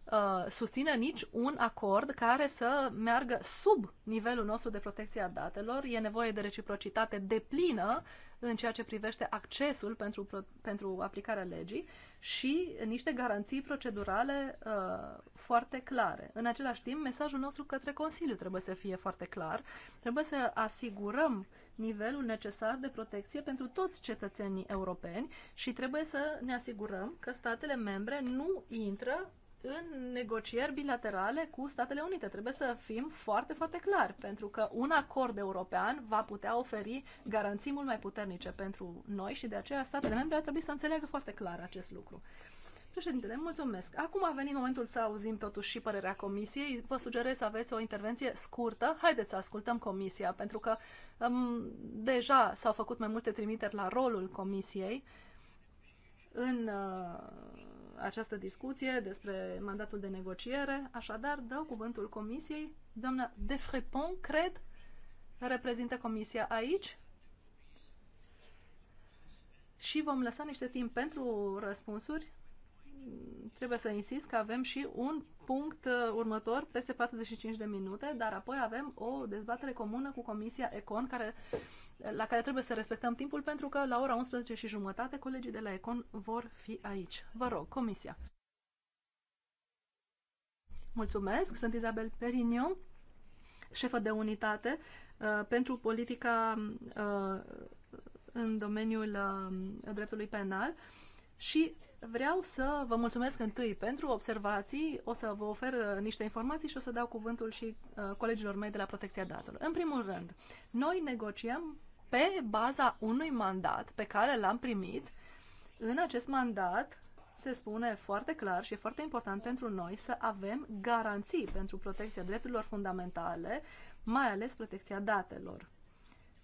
uh, susține nici un acord care să meargă sub nivelul nostru de protecție a datelor. E nevoie de reciprocitate deplină în ceea ce privește accesul pentru, pentru aplicarea legii și niște garanții procedurale uh, foarte clare. În același timp, mesajul nostru către Consiliu trebuie să fie foarte clar. Trebuie să asigurăm nivelul necesar de protecție pentru toți cetățenii europeni și trebuie să ne asigurăm că statele membre nu intră în negocieri bilaterale cu Statele Unite. Trebuie să fim foarte, foarte clari, pentru că un acord european va putea oferi garanții mult mai puternice pentru noi și de aceea statele membre ar trebui să înțeleagă foarte clar acest lucru. Președintele, mulțumesc. Acum a venit momentul să auzim totuși și părerea comisiei. Vă sugerez să aveți o intervenție scurtă. Haideți să ascultăm comisia, pentru că um, deja s-au făcut mai multe trimiteri la rolul comisiei în uh, această discuție despre mandatul de negociere. Așadar, dau cuvântul comisiei. Doamna Frepon, cred, reprezintă comisia aici și vom lăsa niște timp pentru răspunsuri trebuie să insist că avem și un punct uh, următor, peste 45 de minute, dar apoi avem o dezbatere comună cu Comisia Econ, care, la care trebuie să respectăm timpul, pentru că la ora 11 și jumătate colegii de la Econ vor fi aici. Vă rog, Comisia. Mulțumesc, sunt Isabel Perignon, șefă de unitate uh, pentru politica uh, în domeniul uh, dreptului penal și Vreau să vă mulțumesc întâi pentru observații, o să vă ofer uh, niște informații și o să dau cuvântul și uh, colegilor mei de la Protecția Datelor. În primul rând, noi negociem pe baza unui mandat pe care l-am primit. În acest mandat se spune foarte clar și e foarte important pentru noi să avem garanții pentru protecția drepturilor fundamentale, mai ales protecția datelor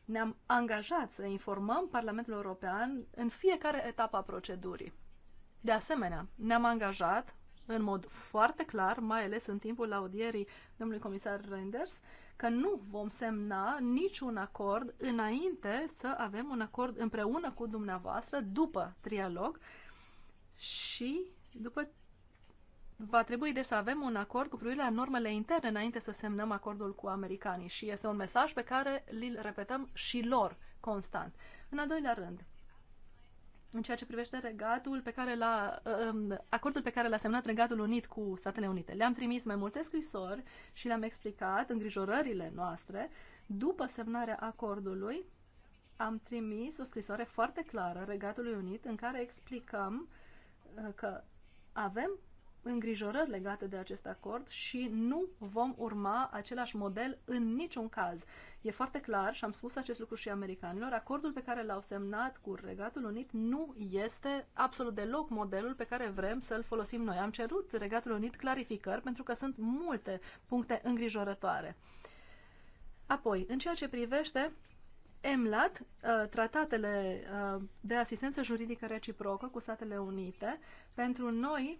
ne-am angajat să informăm Parlamentul European în fiecare etapă a procedurii. De asemenea, ne-am angajat în mod foarte clar, mai ales în timpul audierii domnului comisar Reinders, că nu vom semna niciun acord înainte să avem un acord împreună cu dumneavoastră după trialog și după va trebui deci să avem un acord cu privire la normele interne înainte să semnăm acordul cu americanii și este un mesaj pe care îl repetăm și lor constant. În al doilea rând, în ceea ce privește regatul pe care l-a, um, acordul pe care l-a semnat Regatul Unit cu Statele Unite. Le-am trimis mai multe scrisori și le-am explicat îngrijorările noastre. După semnarea acordului, am trimis o scrisoare foarte clară Regatului Unit în care explicăm uh, că avem îngrijorări legate de acest acord și nu vom urma același model în niciun caz. E foarte clar și am spus acest lucru și americanilor, acordul pe care l-au semnat cu Regatul Unit nu este absolut deloc modelul pe care vrem să-l folosim noi. Am cerut Regatul Unit clarificări pentru că sunt multe puncte îngrijorătoare. Apoi, în ceea ce privește EMLAT, uh, tratatele uh, de asistență juridică reciprocă cu Statele Unite, pentru noi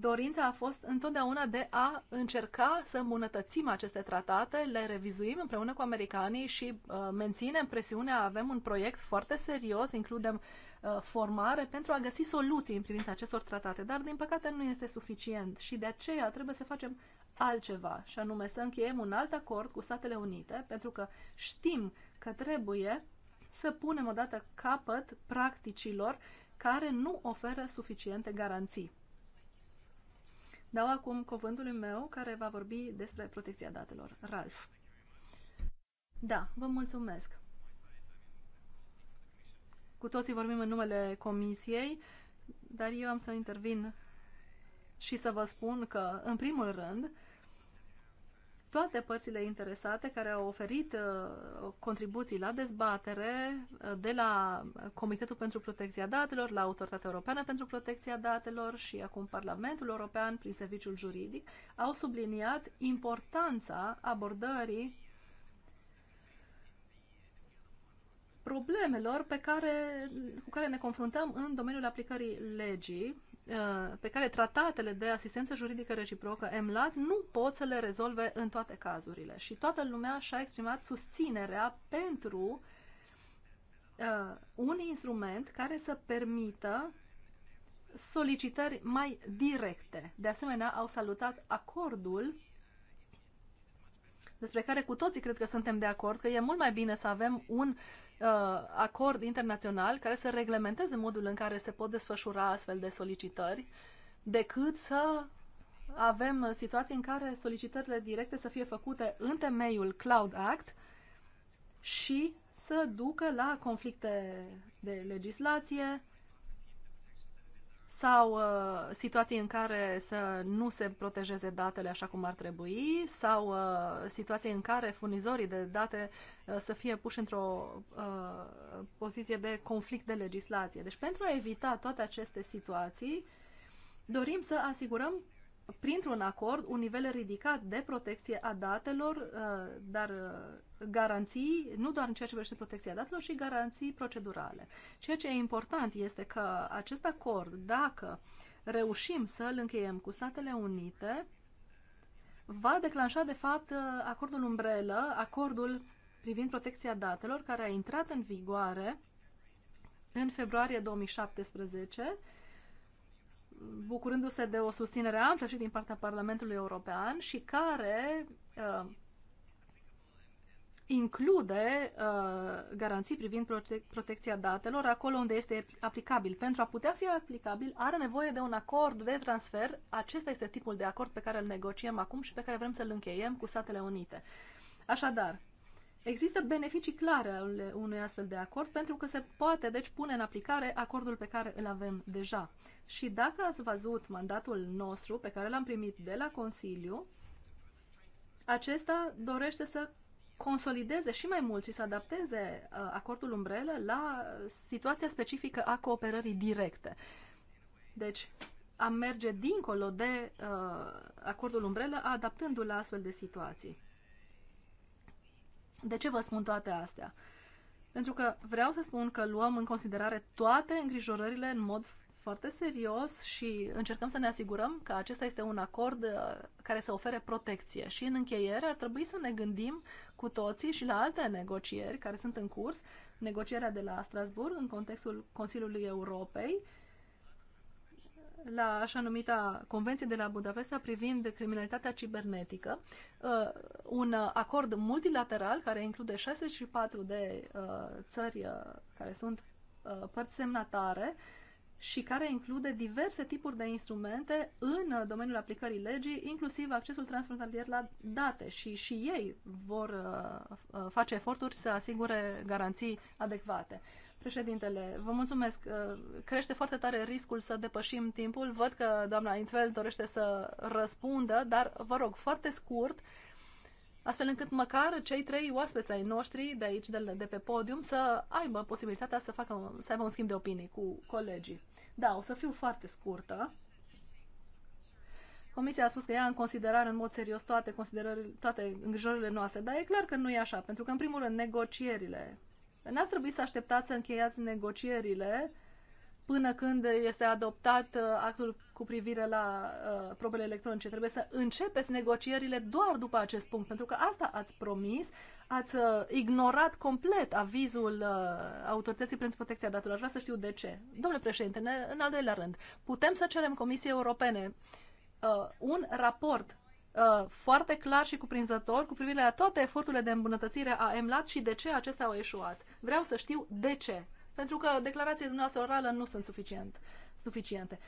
dorința a fost întotdeauna de a încerca să îmbunătățim aceste tratate, le revizuim împreună cu americanii și uh, menținem presiunea, avem un proiect foarte serios, includem uh, formare pentru a găsi soluții în privința acestor tratate, dar din păcate nu este suficient și de aceea trebuie să facem altceva, și anume să încheiem un alt acord cu Statele Unite, pentru că știm că trebuie să punem odată capăt practicilor care nu oferă suficiente garanții Dau acum cuvântul meu care va vorbi despre protecția datelor. Ralf. Da, vă mulțumesc. Cu toții vorbim în numele Comisiei, dar eu am să intervin și să vă spun că, în primul rând, toate părțile interesate care au oferit uh, contribuții la dezbatere, uh, de la Comitetul pentru Protecția Datelor, la Autoritatea Europeană pentru Protecția Datelor și acum Parlamentul European prin Serviciul Juridic, au subliniat importanța abordării problemelor pe care, cu care ne confruntăm în domeniul aplicării legii Uh, pe care tratatele de asistență juridică reciprocă MLAT nu pot să le rezolve în toate cazurile. Și toată lumea și-a exprimat susținerea pentru uh, un instrument care să permită solicitări mai directe. De asemenea, au salutat acordul despre care cu toții cred că suntem de acord, că e mult mai bine să avem un uh, acord internațional care să reglementeze modul în care se pot desfășura astfel de solicitări, decât să avem situații în care solicitările directe să fie făcute în temeiul Cloud Act și să ducă la conflicte de legislație, sau uh, situații în care să nu se protejeze datele așa cum ar trebui, sau uh, situații în care furnizorii de date uh, să fie puși într-o uh, poziție de conflict de legislație. Deci pentru a evita toate aceste situații, dorim să asigurăm printr-un acord un nivel ridicat de protecție a datelor, uh, dar uh, garanții, nu doar în ceea ce privește protecția datelor, ci garanții procedurale. Ceea ce e important este că acest acord, dacă reușim să îl încheiem cu Statele Unite, va declanșa, de fapt, acordul umbrelă, acordul privind protecția datelor, care a intrat în vigoare în februarie 2017, bucurându-se de o susținere amplă și din partea Parlamentului European și care uh, include uh, garanții privind prote protecția datelor acolo unde este aplicabil. Pentru a putea fi aplicabil, are nevoie de un acord de transfer. Acesta este tipul de acord pe care îl negociem acum și pe care vrem să-l încheiem cu Statele Unite. Așadar, există beneficii clare ale unui astfel de acord pentru că se poate, deci, pune în aplicare acordul pe care îl avem deja. Și dacă ați văzut mandatul nostru pe care l-am primit de la Consiliu, acesta dorește să consolideze și mai mult și să adapteze uh, acordul umbrelă la uh, situația specifică a cooperării directe. Deci, a merge dincolo de uh, acordul umbrelă, adaptându-l la astfel de situații. De ce vă spun toate astea? Pentru că vreau să spun că luăm în considerare toate îngrijorările în mod foarte serios și încercăm să ne asigurăm că acesta este un acord uh, care să ofere protecție. Și în încheiere ar trebui să ne gândim cu toții și la alte negocieri care sunt în curs, negocierea de la Strasburg în contextul Consiliului Europei, la așa numita Convenție de la Budapesta privind criminalitatea cibernetică, uh, un acord multilateral care include 64 de uh, țări care sunt părți semnatare, și care include diverse tipuri de instrumente în domeniul aplicării legii, inclusiv accesul transfrontalier la date și și ei vor uh, uh, face eforturi să asigure garanții adecvate. Președintele, vă mulțumesc. Uh, crește foarte tare riscul să depășim timpul. Văd că doamna Intfel dorește să răspundă, dar vă rog, foarte scurt, astfel încât măcar cei trei oaspeți ai noștri de aici, de, de pe podium, să aibă posibilitatea să, facă, să aibă un schimb de opinii cu colegii. Da, o să fiu foarte scurtă. Comisia a spus că ia în considerare în mod serios toate, toate îngrijorările noastre, dar e clar că nu e așa, pentru că, în primul rând, negocierile. N-ar trebui să așteptați să încheiați negocierile până când este adoptat uh, actul cu privire la uh, probele electronice. Trebuie să începeți negocierile doar după acest punct, pentru că asta ați promis ați uh, ignorat complet avizul uh, Autorității pentru Protecția Datelor. Aș vrea să știu de ce. Domnule președinte, ne, în al doilea rând, putem să cerem Comisiei Europene uh, un raport uh, foarte clar și cuprinzător cu privire la toate eforturile de îmbunătățire a EMLAT și de ce acestea au eșuat. Vreau să știu de ce. Pentru că declarațiile dumneavoastră orală nu sunt suficient, suficiente.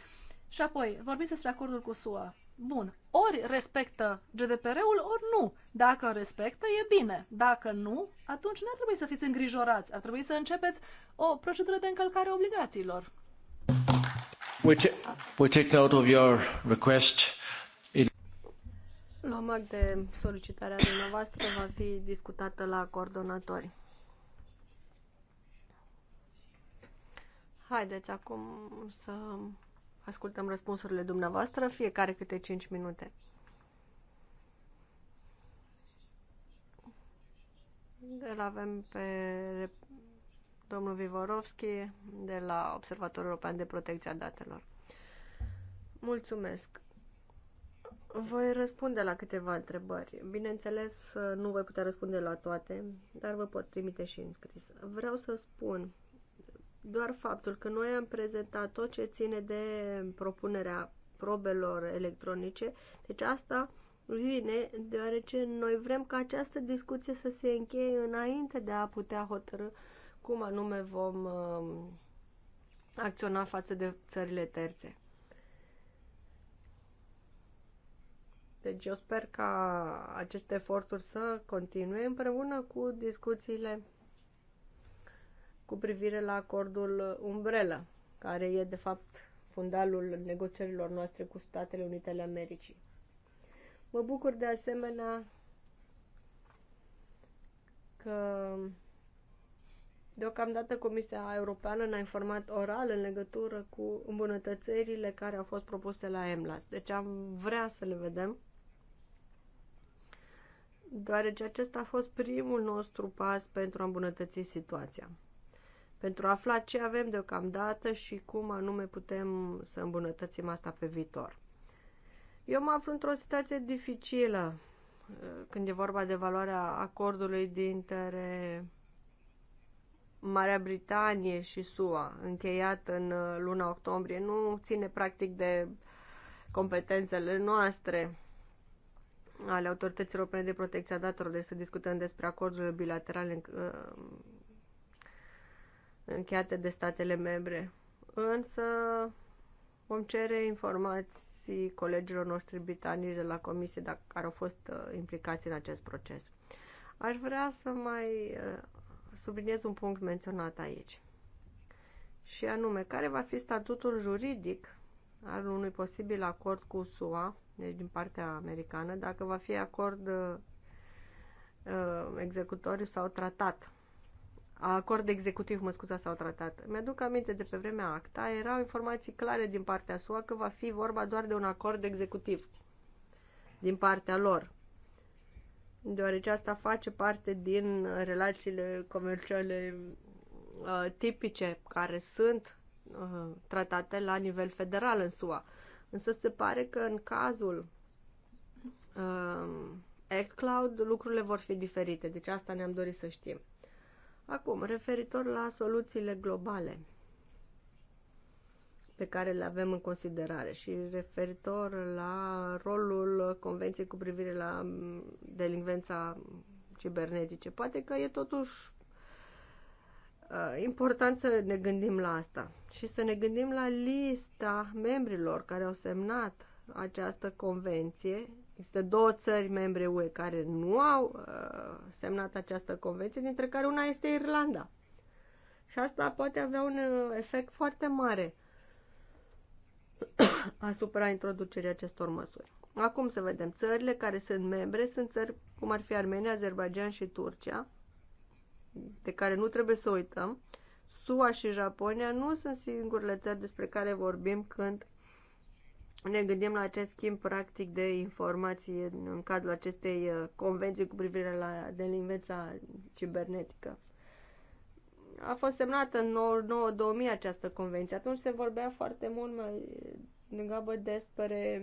Și apoi, vorbiți despre acordul cu SUA. Bun. Ori respectă GDPR-ul, ori nu. Dacă respectă, e bine. Dacă nu, atunci nu ar trebui să fiți îngrijorați. Ar trebui să începeți o procedură de încălcare a obligațiilor. We, take note of your request. Luăm act de solicitarea dumneavoastră, va fi discutată la coordonatori. Haideți acum să ascultăm răspunsurile dumneavoastră, fiecare câte 5 minute. Îl avem pe domnul Vivorovski de la Observatorul European de Protecție a Datelor. Mulțumesc! Voi răspunde la câteva întrebări. Bineînțeles, nu voi putea răspunde la toate, dar vă pot trimite și înscris. Vreau să spun doar faptul că noi am prezentat tot ce ține de propunerea probelor electronice, deci asta vine deoarece noi vrem ca această discuție să se încheie înainte de a putea hotărâ cum anume vom uh, acționa față de țările terțe. Deci eu sper ca aceste eforturi să continue împreună cu discuțiile cu privire la acordul Umbrella, care e de fapt fundalul negocierilor noastre cu Statele Unite ale Americii. Mă bucur de asemenea că deocamdată Comisia Europeană ne-a informat oral în legătură cu îmbunătățirile care au fost propuse la EMLAS. Deci am vrea să le vedem deoarece acesta a fost primul nostru pas pentru a îmbunătăți situația pentru a afla ce avem deocamdată și cum anume putem să îmbunătățim asta pe viitor. Eu mă aflu într-o situație dificilă uh, când e vorba de valoarea acordului dintre Marea Britanie și SUA, încheiat în uh, luna octombrie, nu ține practic de competențele noastre ale autorităților europene de protecție a datelor, deci să discutăm despre acordurile bilaterale uh, încheiate de statele membre. Însă vom cere informații colegilor noștri britanici de la comisie dacă care au fost uh, implicați în acest proces. Aș vrea să mai uh, subliniez un punct menționat aici. Și anume, care va fi statutul juridic al unui posibil acord cu SUA, deci din partea americană, dacă va fi acord uh, uh executoriu sau tratat acord executiv, mă scuza, s-au tratat. Mi-aduc aminte de pe vremea acta, erau informații clare din partea SUA că va fi vorba doar de un acord executiv din partea lor. Deoarece asta face parte din relațiile comerciale uh, tipice care sunt uh, tratate la nivel federal în SUA. Însă se pare că în cazul uh, ActCloud lucrurile vor fi diferite, deci asta ne-am dorit să știm. Acum, referitor la soluțiile globale pe care le avem în considerare și referitor la rolul Convenției cu privire la mm, delinvența cibernetice, poate că e totuși ă, important să ne gândim la asta și să ne gândim la lista membrilor care au semnat această convenție Există două țări membre UE care nu au uh, semnat această convenție, dintre care una este Irlanda. Și asta poate avea un uh, efect foarte mare asupra introducerii acestor măsuri. Acum să vedem. Țările care sunt membre sunt țări cum ar fi Armenia, Azerbaijan și Turcia, de care nu trebuie să uităm. SUA și Japonia nu sunt singurele țări despre care vorbim când ne gândim la acest schimb practic de informații în, cadrul acestei uh, convenții cu privire la delinvența cibernetică. A fost semnată în 9-2000 această convenție. Atunci se vorbea foarte mult mai degrabă despre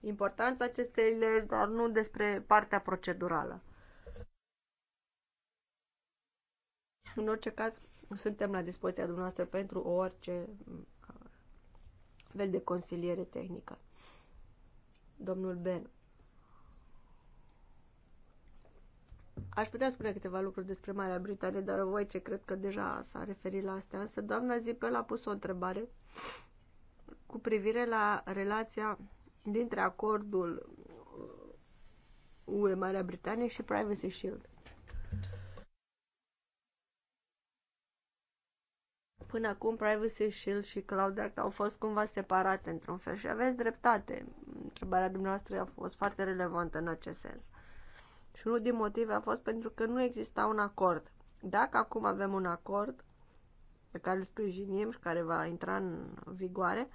importanța acestei legi, dar nu despre partea procedurală. În orice caz, suntem la dispoziția dumneavoastră pentru orice fel de consiliere tehnică. Domnul Ben. Aș putea spune câteva lucruri despre Marea Britanie, dar voi ce cred că deja s-a referit la astea. Însă doamna Zipel a pus o întrebare cu privire la relația dintre acordul UE uh, Marea Britanie și Privacy Shield. Până acum, Privacy Shield și Cloud Act au fost cumva separate într-un fel și aveți dreptate. Întrebarea dumneavoastră a fost foarte relevantă în acest sens. Și unul din motive a fost pentru că nu exista un acord. Dacă acum avem un acord pe care îl sprijinim și care va intra în vigoare,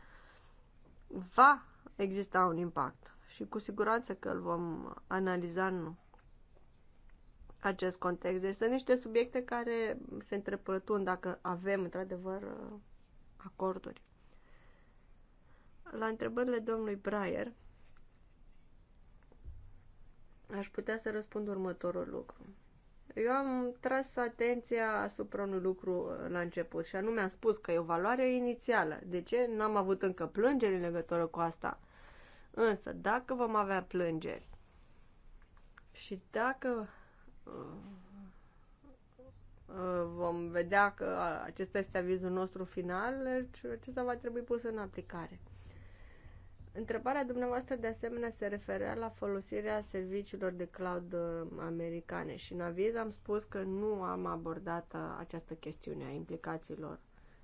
va exista un impact și cu siguranță că îl vom analiza în acest context. Deci sunt niște subiecte care se întrepătun dacă avem într-adevăr uh, acorduri. La întrebările domnului Breyer, aș putea să răspund următorul lucru. Eu am tras atenția asupra unui lucru uh, la început și anume am spus că e o valoare inițială. De ce? N-am avut încă plângeri în legătură cu asta. Însă, dacă vom avea plângeri și dacă Uh, vom vedea că acesta este avizul nostru final, deci acesta va trebui pus în aplicare. Întrebarea dumneavoastră de asemenea se referea la folosirea serviciilor de cloud uh, americane și în aviz am spus că nu am abordat uh, această chestiune a implicațiilor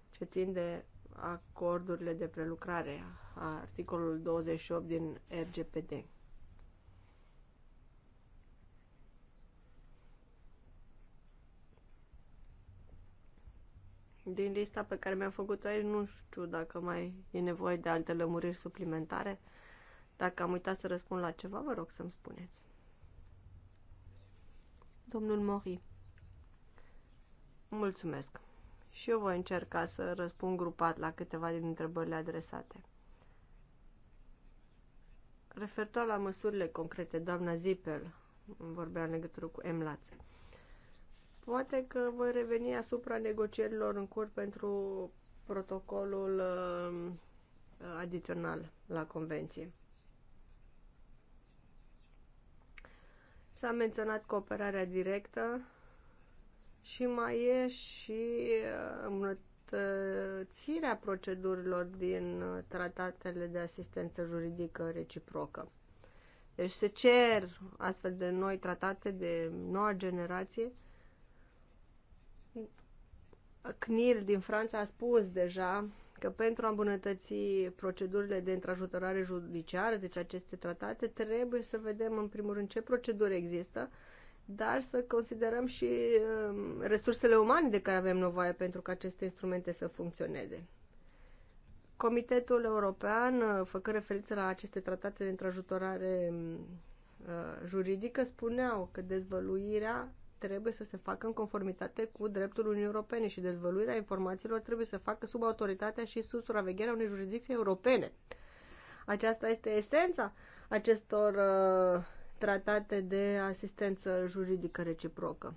ce țin de acordurile de prelucrare a articolul 28 din RGPD. Din lista pe care mi-am făcut-o aici, nu știu dacă mai e nevoie de alte lămuriri suplimentare. Dacă am uitat să răspund la ceva, vă rog să-mi spuneți. Domnul Mori, mulțumesc. Și eu voi încerca să răspund grupat la câteva din întrebările adresate. Referitor la măsurile concrete, doamna Zipel vorbea în legătură cu MLATS. Poate că voi reveni asupra negocierilor în curs pentru protocolul uh, adițional la convenție. S-a menționat cooperarea directă și mai e și uh, îmbunătățirea procedurilor din uh, tratatele de asistență juridică reciprocă. Deci se cer astfel de noi tratate de noua generație CNIL din Franța a spus deja că pentru a îmbunătăți procedurile de întrajutorare judiciară, deci aceste tratate, trebuie să vedem în primul rând ce proceduri există, dar să considerăm și um, resursele umane de care avem nevoie pentru ca aceste instrumente să funcționeze. Comitetul European, uh, făcând referință la aceste tratate de întrajutorare um, uh, juridică, spuneau că dezvăluirea trebuie să se facă în conformitate cu dreptul Uniunii Europene și dezvăluirea informațiilor trebuie să se facă sub autoritatea și sub supravegherea unei jurisdicții europene. Aceasta este esența acestor uh, tratate de asistență juridică reciprocă.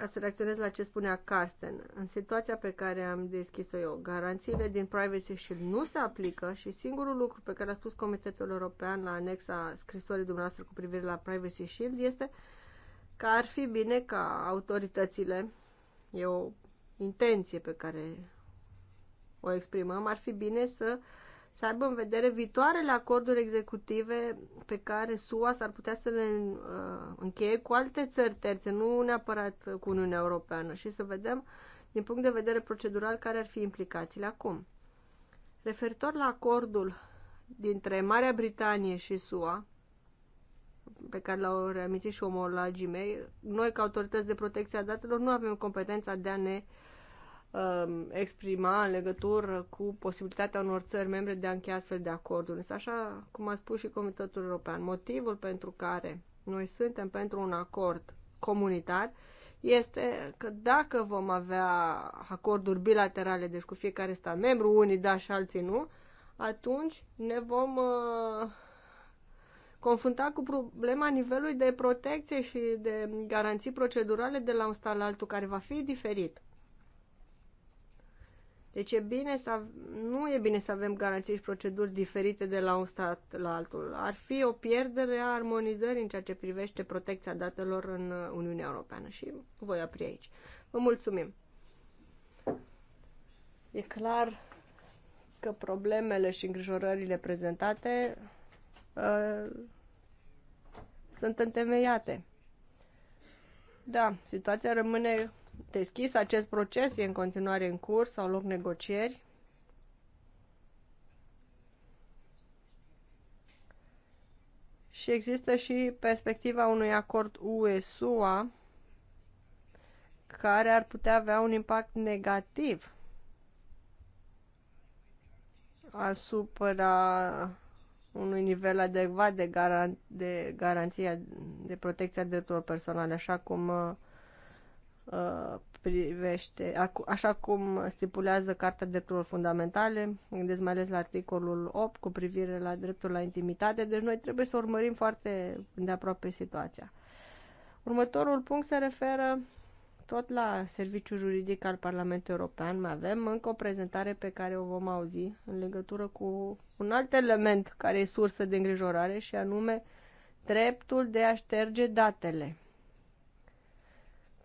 ca să reacționez la ce spunea Carsten, în situația pe care am deschis-o eu, garanțiile din Privacy Shield nu se aplică și singurul lucru pe care a spus Comitetul European la anexa scrisorii dumneavoastră cu privire la Privacy Shield este că ar fi bine ca autoritățile, e o intenție pe care o exprimăm, ar fi bine să uh, să aibă în vedere viitoarele acorduri executive pe care SUA s-ar putea să le uh, încheie cu alte țări terțe, nu neapărat cu Uniunea Europeană, și să vedem din punct de vedere procedural care ar fi implicațiile acum. Referitor la acordul dintre Marea Britanie și SUA, pe care l-au reamintit și omologii mei, noi ca autorități de protecție a datelor nu avem competența de a ne uh, Um, exprima în legătură cu posibilitatea unor țări membre de a încheia astfel de acorduri. Însă, așa cum a spus și Comitetul European, motivul pentru care noi suntem pentru un acord comunitar este că dacă vom avea acorduri bilaterale, deci cu fiecare stat membru, unii da și alții nu, atunci ne vom uh, confrunta cu problema nivelului de protecție și de garanții procedurale de la un stat la altul, care va fi diferit. Deci e bine să, nu e bine să avem garanții și proceduri diferite de la un stat la altul. Ar fi o pierdere a armonizării în ceea ce privește protecția datelor în Uniunea Europeană și voi opri aici. Vă mulțumim! E clar că problemele și îngrijorările prezentate uh, sunt întemeiate. Da, situația rămâne deschis acest proces, e în continuare în curs, au loc negocieri. Și există și perspectiva unui acord USUA care ar putea avea un impact negativ asupra unui nivel adecvat de, garan- de garanție de protecția drepturilor personale, așa cum uh, Uh, privește, așa cum stipulează Carta Drepturilor Fundamentale, gândesc mai ales la articolul 8 cu privire la dreptul la intimitate, deci noi trebuie să urmărim foarte de aproape situația. Următorul punct se referă tot la Serviciul Juridic al Parlamentului European. Mai avem încă o prezentare pe care o vom auzi în legătură cu un alt element care e sursă de îngrijorare și anume dreptul de a șterge datele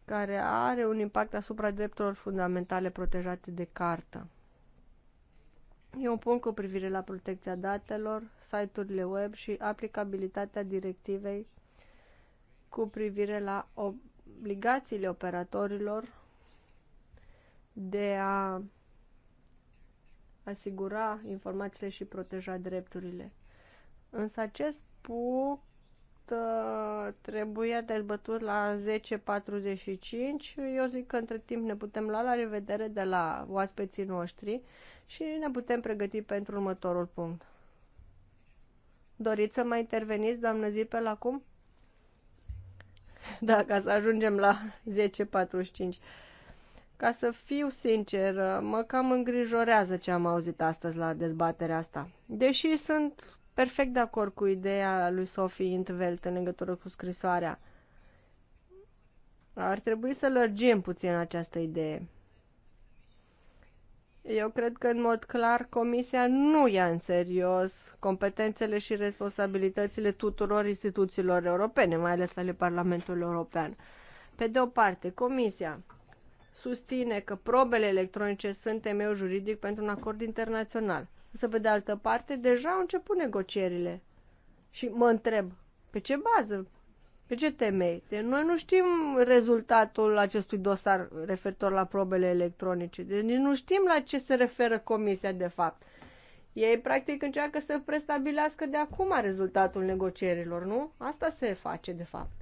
care are un impact asupra drepturilor fundamentale protejate de cartă. E un punct cu privire la protecția datelor, site-urile web și aplicabilitatea directivei cu privire la obligațiile operatorilor de a asigura informațiile și proteja drepturile. Însă acest punct Uh, trebuia dezbătut la 10.45. Eu zic că între timp ne putem lua la revedere de la oaspeții noștri și ne putem pregăti pentru următorul punct. Doriți să mai interveniți, doamnă Zipel, acum? Da, ca să ajungem la 10.45. Ca să fiu sincer, mă cam îngrijorează ce am auzit astăzi la dezbaterea asta. Deși sunt perfect de acord cu ideea lui Sophie Intveld în legătură cu scrisoarea. Ar trebui să lărgim puțin această idee. Eu cred că, în mod clar, Comisia nu ia în serios competențele și responsabilitățile tuturor instituțiilor europene, mai ales ale Parlamentului European. Pe de o parte, Comisia susține că probele electronice sunt temeiul juridic pentru un acord internațional. Însă, pe de altă parte, deja au început negocierile. Și mă întreb, pe ce bază? Pe ce temei? De noi nu știm rezultatul acestui dosar referitor la probele electronice. Deci nu știm la ce se referă comisia de fapt. Ei practic încearcă să prestabilească de acum rezultatul negocierilor, nu? Asta se face de fapt.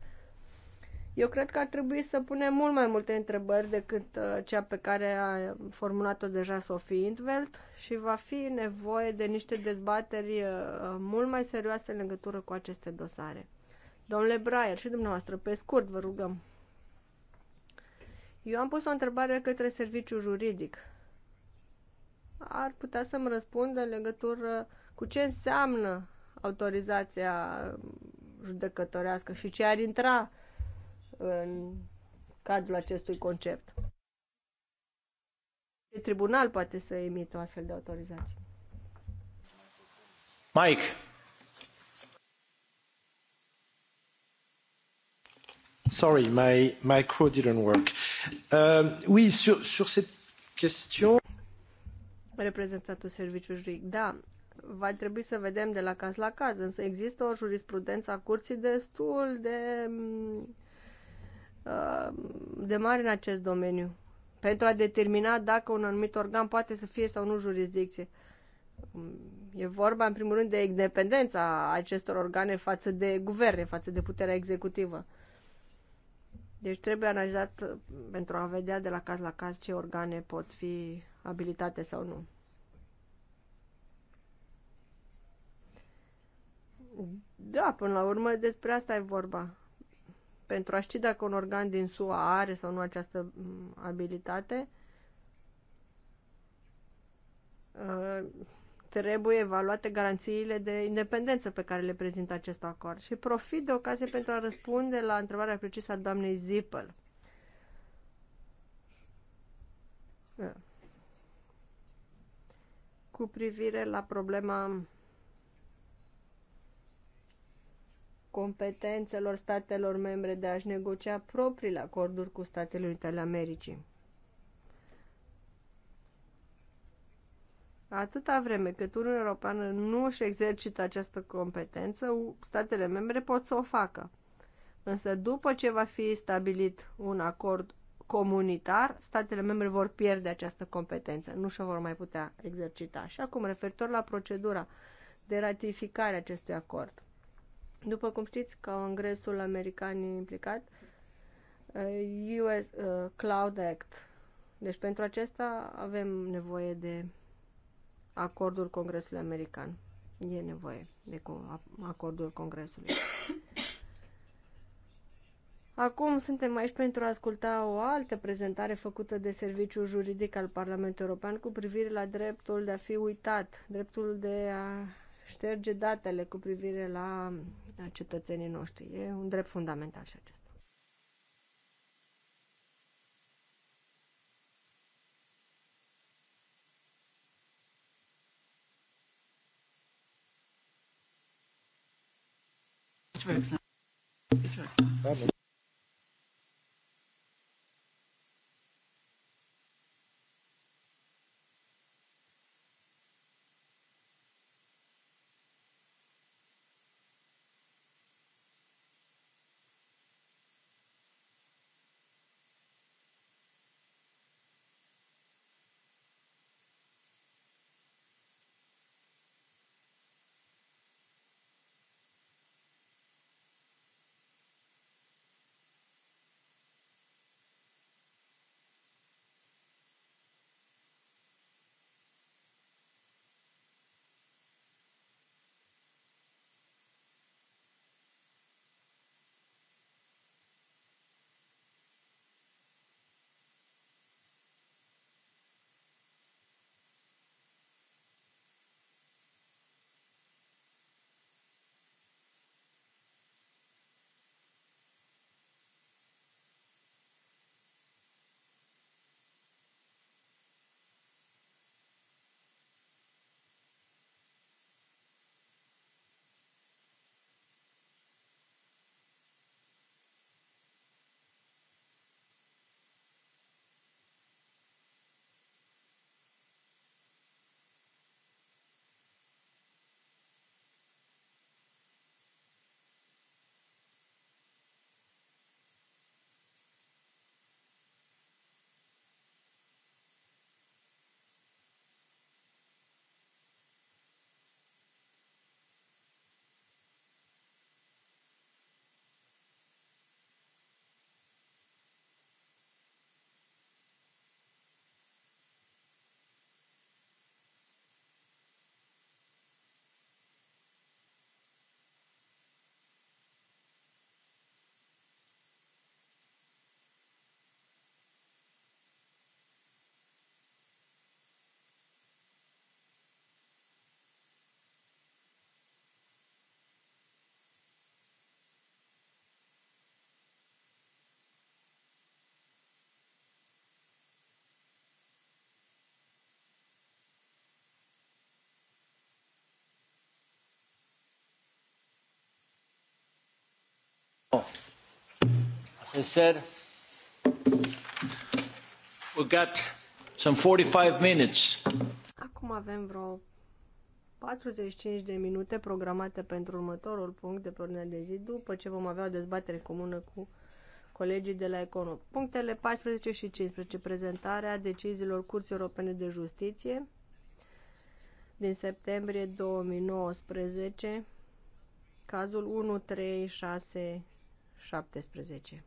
Eu cred că ar trebui să punem mult mai multe întrebări decât uh, cea pe care a formulat-o deja Sophie Intveld și va fi nevoie de niște dezbateri uh, mult mai serioase în legătură cu aceste dosare. Domnule Braier, și dumneavoastră, pe scurt, vă rugăm. Eu am pus o întrebare către serviciul juridic. Ar putea să-mi răspundă în legătură cu ce înseamnă autorizația judecătorească și ce ar intra în cadrul acestui concept. De tribunal poate să emită o astfel de autorizație. Mike. Sorry, my micro didn't work. Uh, oui, sur, sur cette question... Reprezentatul serviciului juridic. Da, va trebui să vedem de la caz la caz, însă există o jurisprudență a curții destul de Uh, de mare în acest domeniu pentru a determina dacă un anumit organ poate să fie sau nu jurisdicție. Um, e vorba, în primul rând, de independența acestor organe față de guverne, față de puterea executivă. Deci trebuie analizat uh, pentru a vedea de la caz la caz ce organe pot fi abilitate sau nu. Da, până la urmă despre asta e vorba pentru a ști dacă un organ din SUA are sau nu această mm, abilitate, uh, trebuie evaluate garanțiile de independență pe care le prezintă acest acord. Și profit de ocazie pentru a răspunde la întrebarea precisă a doamnei Zippel. Uh. Cu privire la problema competențelor statelor membre de a-și negocia propriile acorduri cu Statele Unite ale Americii. Atâta vreme cât Uniunea Europeană nu își exercită această competență, statele membre pot să o facă. Însă după ce va fi stabilit un acord comunitar, statele membre vor pierde această competență, nu și-o vor mai putea exercita. Și acum, referitor la procedura de ratificare a acestui acord. După cum știți, Congresul American e implicat, US uh, uh, Cloud Act. Deci pentru acesta avem nevoie de acordul Congresului American. E nevoie de acordul Congresului. Acum suntem aici pentru a asculta o altă prezentare făcută de Serviciul Juridic al Parlamentului European cu privire la dreptul de a fi uitat, dreptul de a șterge datele cu privire la cetățenii noștri. E un drept fundamental și acesta. It works Oh. As I said, got some 45 minutes. Acum avem vreo 45 de minute programate pentru următorul punct de pe ordinea de zi, după ce vom avea o dezbatere comună cu colegii de la Econo. Punctele 14 și 15, prezentarea deciziilor Curții Europene de Justiție din septembrie 2019, cazul 136. 17.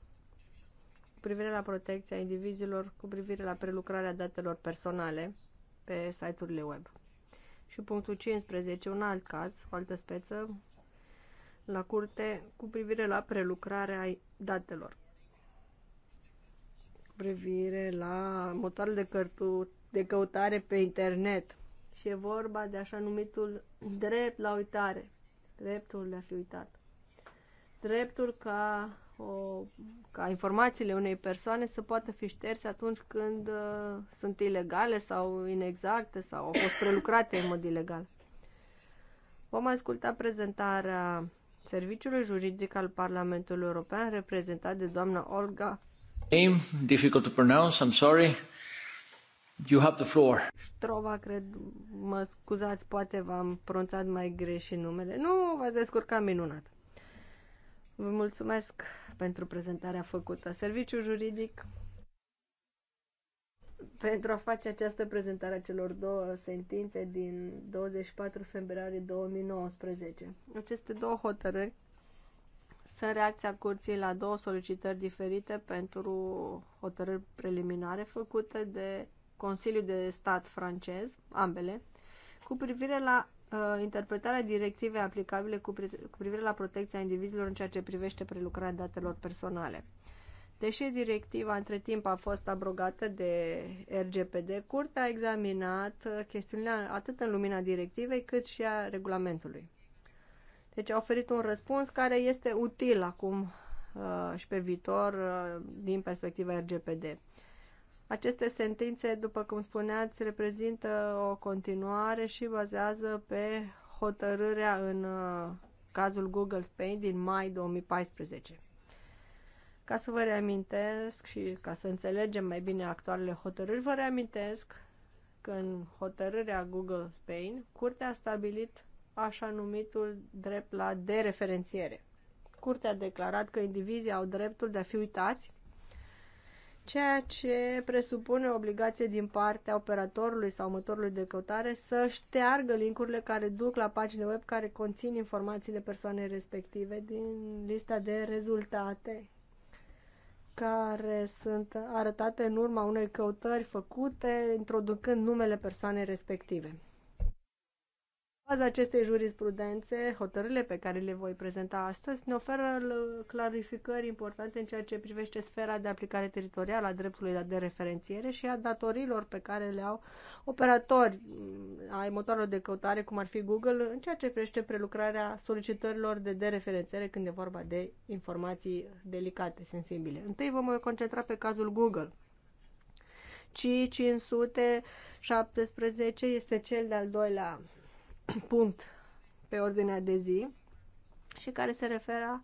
Cu privire la protecția indivizilor, cu privire la prelucrarea datelor personale pe site-urile web. Și punctul 15, un alt caz, o altă speță, la curte, cu privire la prelucrarea datelor. Cu privire la motoarele de, cărtu- de căutare pe internet. Și e vorba de așa numitul drept la uitare, dreptul de a fi uitat dreptul ca, o, ca informațiile unei persoane să poată fi șterse atunci când uh, sunt ilegale sau inexacte sau au fost prelucrate în mod ilegal. Vom asculta prezentarea Serviciului Juridic al Parlamentului European, reprezentat de doamna Olga. Name, difficult to pronounce, I'm sorry. You have the floor. Strova, cred, mă scuzați, poate v-am pronunțat mai greșit numele. Nu, v-ați descurcat minunat. Vă mulțumesc pentru prezentarea făcută. Serviciul juridic pentru a face această prezentare a celor două sentințe din 24 februarie 2019. Aceste două hotărâri sunt reacția curții la două solicitări diferite pentru hotărâri preliminare făcute de Consiliul de Stat francez, ambele, cu privire la Uh, interpretarea directivei aplicabile cu, pri cu privire la protecția indivizilor în ceea ce privește prelucrarea datelor personale. Deși directiva între timp a fost abrogată de RGPD, Curtea a examinat uh, chestiunile atât în lumina directivei cât și a regulamentului. Deci a oferit un răspuns care este util acum uh, și pe viitor uh, din perspectiva RGPD. Aceste sentințe, după cum spuneați, reprezintă o continuare și bazează pe hotărârea în uh, cazul Google Spain din mai 2014. Ca să vă reamintesc și ca să înțelegem mai bine actualele hotărâri, vă reamintesc că în hotărârea Google Spain, curtea a stabilit așa numitul drept la dereferențiere. Curtea a declarat că indivizii au dreptul de a fi uitați ceea ce presupune obligație din partea operatorului sau motorului de căutare să șteargă linkurile care duc la pagine web care conțin informațiile persoanei respective din lista de rezultate care sunt arătate în urma unei căutări făcute introducând numele persoanei respective baza acestei jurisprudențe, hotărârile pe care le voi prezenta astăzi ne oferă clarificări importante în ceea ce privește sfera de aplicare teritorială a dreptului de referențiere și a datorilor pe care le au operatori mm, ai motoarelor de căutare, cum ar fi Google, în ceea ce privește prelucrarea solicitărilor de dereferențiere când e vorba de informații delicate, sensibile. Întâi vom concentra pe cazul Google. C517 este cel de-al doilea punct pe ordinea de zi și care se refera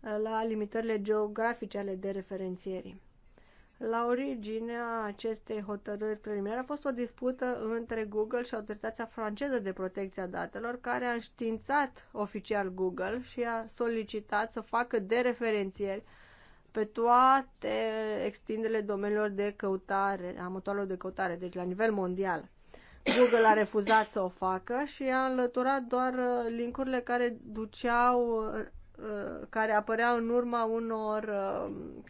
uh, la limitările geografice ale de La originea acestei hotărâri preliminare a fost o dispută între Google și Autoritatea franceză de protecție a datelor, care a înștiințat oficial Google și a solicitat să facă dereferențieri pe toate extinderile domeniilor de căutare, a motoarelor de căutare, deci la nivel mondial. Google a refuzat să o facă și a înlăturat doar uh, linkurile care duceau uh, uh, care apăreau în urma unor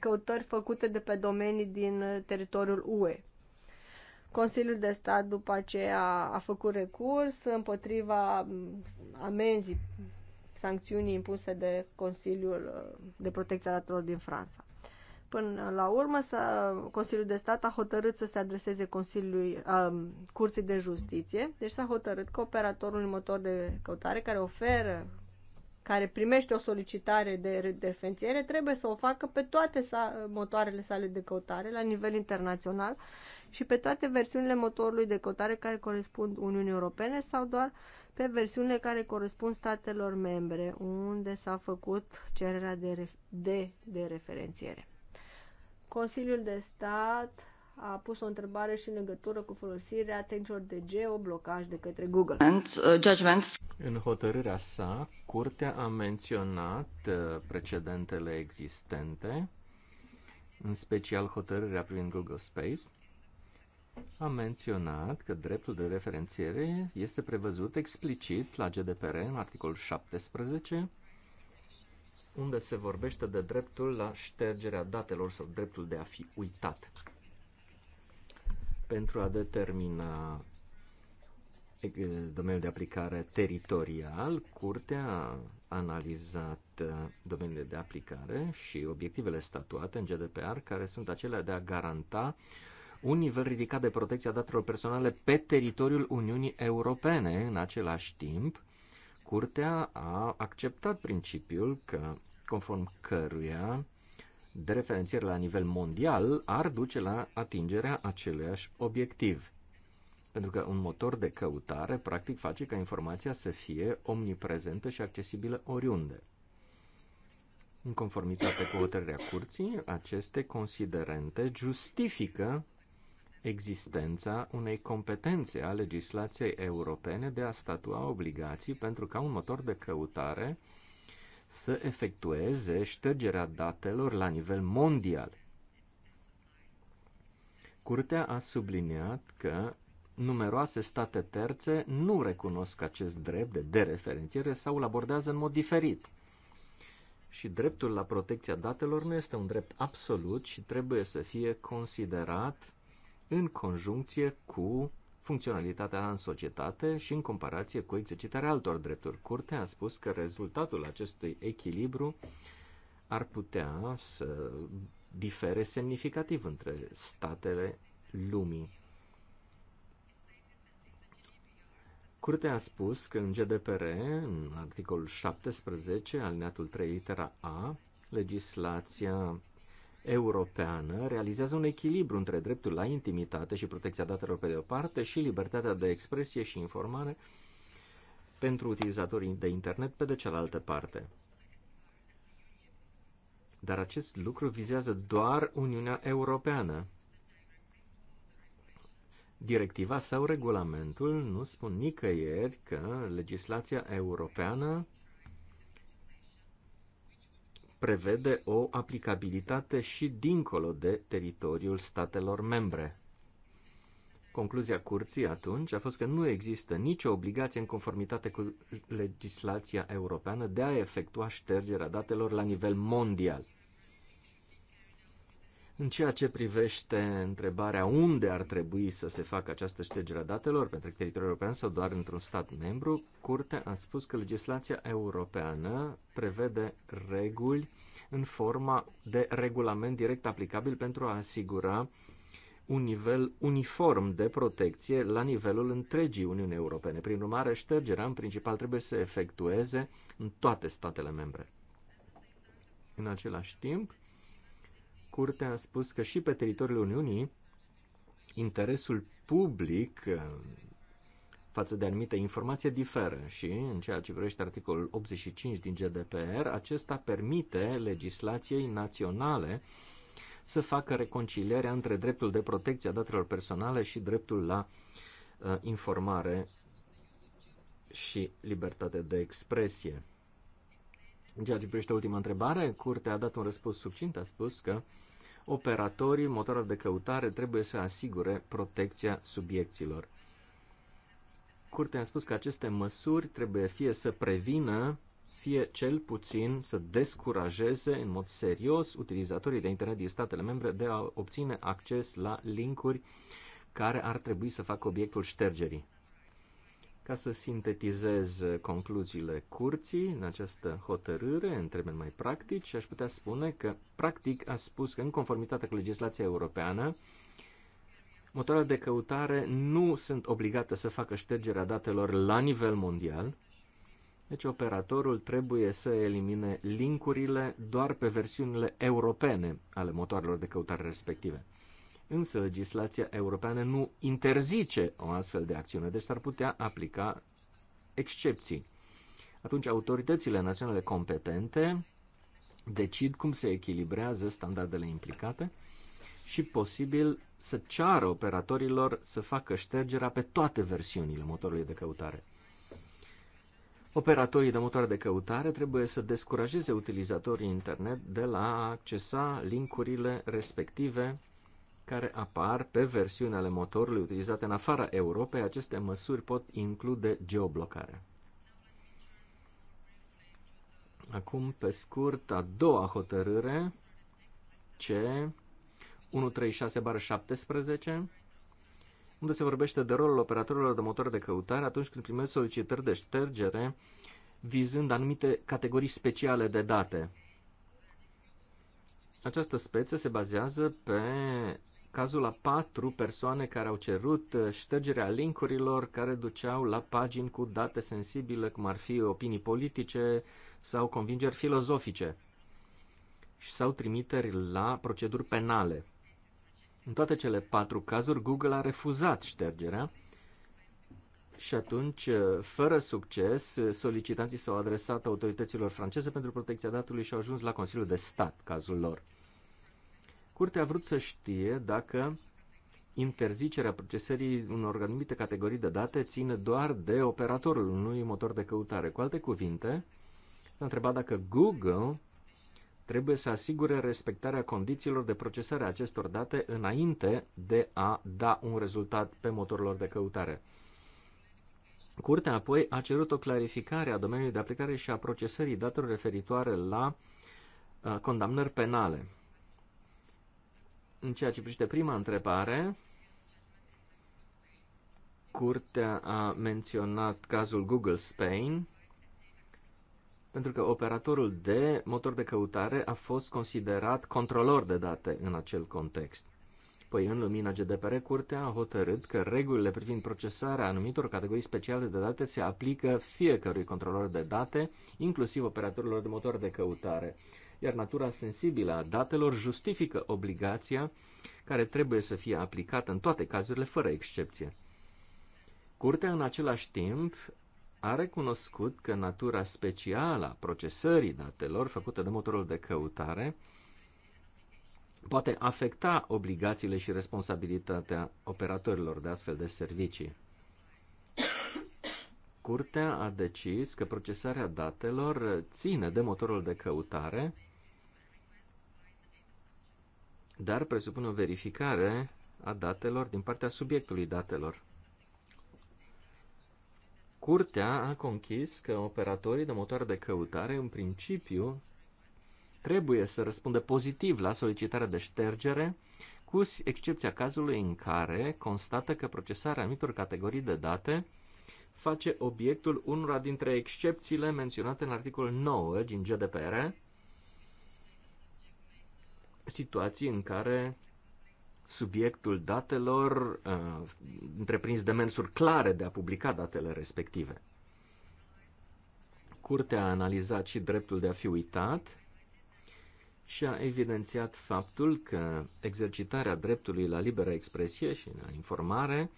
căutări făcute de pe domenii din teritoriul UE. Consiliul de stat după aceea a făcut recurs împotriva mm, amenzii, sancțiunii impuse de Consiliul de Protecție a Datelor din Franța. Până la urmă, să, Consiliul de Stat a hotărât să se adreseze Consiliului um, Curții de Justiție, deci s-a hotărât că operatorul unui motor de căutare care oferă, care primește o solicitare de defențiere, trebuie să o facă pe toate sa, motoarele sale de căutare la nivel internațional și pe toate versiunile motorului de căutare care corespund Uniunii Europene sau doar pe versiunile care corespund statelor membre unde s-a făcut cererea de, de, de referențiere. Consiliul de Stat a pus o întrebare și în legătură cu folosirea atențiilor de geoblocaj de către Google. Judgment. În hotărârea sa, Curtea a menționat uh, precedentele existente, în special hotărârea privind Google Space, a menționat că dreptul de referențiere este prevăzut explicit la GDPR în articolul 17 unde se vorbește de dreptul la ștergerea datelor sau dreptul de a fi uitat. Pentru a determina eh, domeniul de aplicare teritorial, Curtea a analizat eh, domeniile de aplicare și obiectivele statuate în GDPR, care sunt acelea de a garanta un nivel ridicat de protecție a datelor personale pe teritoriul Uniunii Europene. În același timp, Curtea a acceptat principiul că conform căruia de referențiere la nivel mondial ar duce la atingerea aceluiași obiectiv. Pentru că un motor de căutare practic face ca informația să fie omniprezentă și accesibilă oriunde. În conformitate cu hotărârea curții, aceste considerente justifică existența unei competențe a legislației europene de a statua obligații pentru ca un motor de căutare să efectueze ștergerea datelor la nivel mondial. Curtea a subliniat că numeroase state terțe nu recunosc acest drept de dereferențiere sau îl abordează în mod diferit. Și dreptul la protecția datelor nu este un drept absolut și trebuie să fie considerat în conjuncție cu funcționalitatea în societate și în comparație cu exercitarea altor drepturi. Curtea a spus că rezultatul acestui echilibru ar putea să difere semnificativ între statele lumii. Curtea a spus că în GDPR, în articolul 17, alineatul 3, litera A, legislația europeană realizează un echilibru între dreptul la intimitate și protecția datelor pe de o parte și libertatea de expresie și informare pentru utilizatorii de internet pe de cealaltă parte. Dar acest lucru vizează doar Uniunea Europeană. Directiva sau regulamentul nu spun nicăieri că legislația europeană prevede o aplicabilitate și dincolo de teritoriul statelor membre. Concluzia curții atunci a fost că nu există nicio obligație în conformitate cu legislația europeană de a efectua ștergerea datelor la nivel mondial. În ceea ce privește întrebarea unde ar trebui să se facă această ștergere a datelor pentru teritoriul european sau doar într-un stat membru, Curtea a spus că legislația europeană prevede reguli în forma de regulament direct aplicabil pentru a asigura un nivel uniform de protecție la nivelul întregii Uniuni Europene. Prin urmare, ștergerea în principal trebuie să efectueze în toate statele membre. În același timp, Curtea a spus că și pe teritoriul Uniunii interesul public uh, față de anumite informații diferă și, în ceea ce privește articolul 85 din GDPR, acesta permite legislației naționale să facă reconcilierea între dreptul de protecție a datelor personale și dreptul la uh, informare și libertate de expresie. În ceea ce privește ultima întrebare, Curtea a dat un răspuns succint, a spus că uh, operatorii motoarelor de căutare trebuie să asigure protecția subiecților. Curtea a spus că aceste măsuri trebuie fie să prevină, fie cel puțin să descurajeze în mod serios utilizatorii de internet din statele membre de a obține acces la linkuri care ar trebui să facă obiectul ștergerii. Ca să sintetizez concluziile curții în această hotărâre, în termeni mai practici, aș putea spune că, practic, a spus că, în conformitate cu legislația europeană, motoarele de căutare nu sunt obligate să facă ștergerea datelor la nivel mondial, deci operatorul trebuie să elimine linkurile doar pe versiunile europene ale motoarelor de căutare respective însă legislația europeană nu interzice o astfel de acțiune, deci s-ar putea aplica excepții. Atunci autoritățile naționale competente decid cum se echilibrează standardele implicate și posibil să ceară operatorilor să facă ștergerea pe toate versiunile motorului de căutare. Operatorii de motoare de căutare trebuie să descurajeze utilizatorii internet de la a accesa linkurile respective care apar pe versiuni ale motorului utilizate în afara Europei, aceste măsuri pot include geoblocarea. Acum, pe scurt, a doua hotărâre, C, 136-17, unde se vorbește de rolul operatorilor de motor de căutare atunci când primesc solicitări de ștergere vizând anumite categorii speciale de date. Această speță se bazează pe cazul la patru persoane care au cerut uh, ștergerea linkurilor care duceau la pagini cu date sensibile, cum ar fi opinii politice sau convingeri filozofice, și sau trimiteri la proceduri penale. În toate cele patru cazuri, Google a refuzat ștergerea și atunci, uh, fără succes, uh, solicitanții s-au adresat autorităților franceze pentru protecția datului și au ajuns la Consiliul de Stat cazul lor. Curtea a vrut să știe dacă interzicerea procesării unor anumite categorii de date ține doar de operatorul unui motor de căutare. Cu alte cuvinte, s-a întrebat dacă Google trebuie să asigure respectarea condițiilor de procesare a acestor date înainte de a da un rezultat pe motorilor de căutare. Curtea apoi a cerut o clarificare a domeniului de aplicare și a procesării datelor referitoare la uh, condamnări penale. În ceea ce privește prima întrebare, curtea a menționat cazul Google Spain, pentru că operatorul de motor de căutare a fost considerat controlor de date în acel context. Păi, în lumina GDPR, curtea a hotărât că regulile privind procesarea anumitor categorii speciale de date se aplică fiecărui controlor de date, inclusiv operatorilor de motor de căutare iar natura sensibilă a datelor justifică obligația care trebuie să fie aplicată în toate cazurile, fără excepție. Curtea, în același timp, a recunoscut că natura specială a procesării datelor făcută de motorul de căutare poate afecta obligațiile și responsabilitatea operatorilor de astfel de servicii. Curtea a decis că procesarea datelor ține de motorul de căutare dar presupune o verificare a datelor din partea subiectului datelor. Curtea a conchis că operatorii de motoare de căutare, în principiu, trebuie să răspundă pozitiv la solicitarea de ștergere, cu excepția cazului în care constată că procesarea anumitor categorii de date face obiectul unora dintre excepțiile menționate în articolul 9 din GDPR, situații în care subiectul datelor uh, întreprins demersuri clare de a publica datele respective. Curtea a analizat și dreptul de a fi uitat și a evidențiat faptul că exercitarea dreptului la liberă expresie și la informare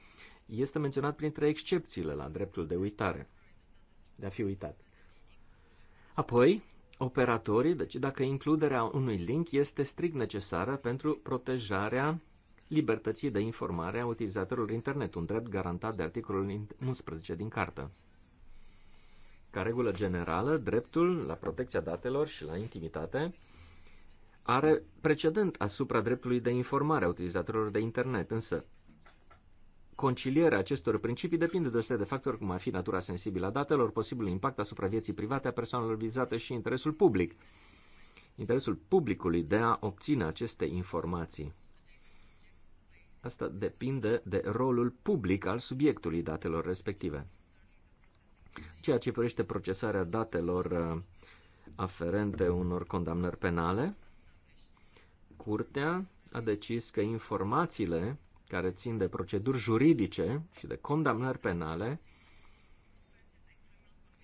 este menționat printre excepțiile la dreptul de uitare, de a fi uitat. Apoi, operatorii, deci dacă includerea unui link este strict necesară pentru protejarea libertății de informare a utilizatorilor internet, un drept garantat de articolul 11 din cartă. Ca regulă generală, dreptul la protecția datelor și la intimitate are precedent asupra dreptului de informare a utilizatorilor de internet, însă Concilierea acestor principii depinde de o serie de factori, cum ar fi natura sensibilă a datelor, posibilul impact asupra vieții private a persoanelor vizate și interesul public. Interesul publicului de a obține aceste informații. Asta depinde de rolul public al subiectului datelor respective. Ceea ce privește procesarea datelor uh, aferente unor condamnări penale, Curtea a decis că informațiile care țin de proceduri juridice și de condamnări penale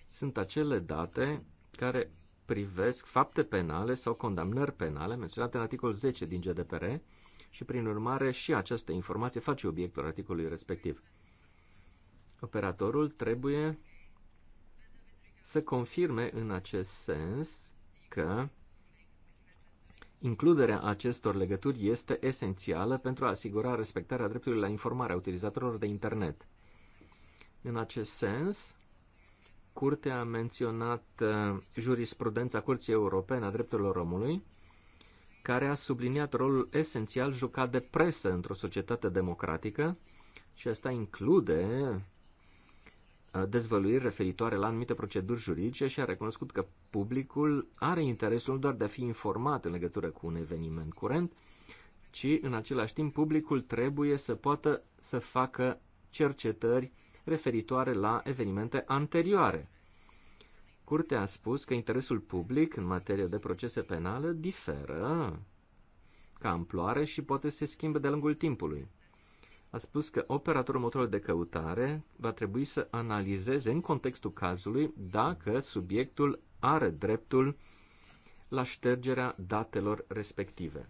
sunt acele date care privesc fapte penale sau condamnări penale menționate în articolul 10 din GDPR și, prin urmare, și această informație face obiectul articolului respectiv. Operatorul trebuie să confirme în acest sens că Includerea acestor legături este esențială pentru a asigura respectarea dreptului la informare a utilizatorilor de internet. În acest sens, Curtea a menționat uh, jurisprudența Curții Europene a Drepturilor Omului, care a subliniat rolul esențial jucat de presă într-o societate democratică și asta include Uh, dezvăluiri referitoare la anumite proceduri juridice și a recunoscut că publicul are interesul nu doar de a fi informat în legătură cu un eveniment curent, ci în același timp publicul trebuie să poată să facă cercetări referitoare la evenimente anterioare. Curtea a spus că interesul public în materie de procese penale diferă ca amploare și poate se schimbe de-a lungul timpului a spus că operatorul motorului de căutare va trebui să analizeze în contextul cazului dacă subiectul are dreptul la ștergerea datelor respective.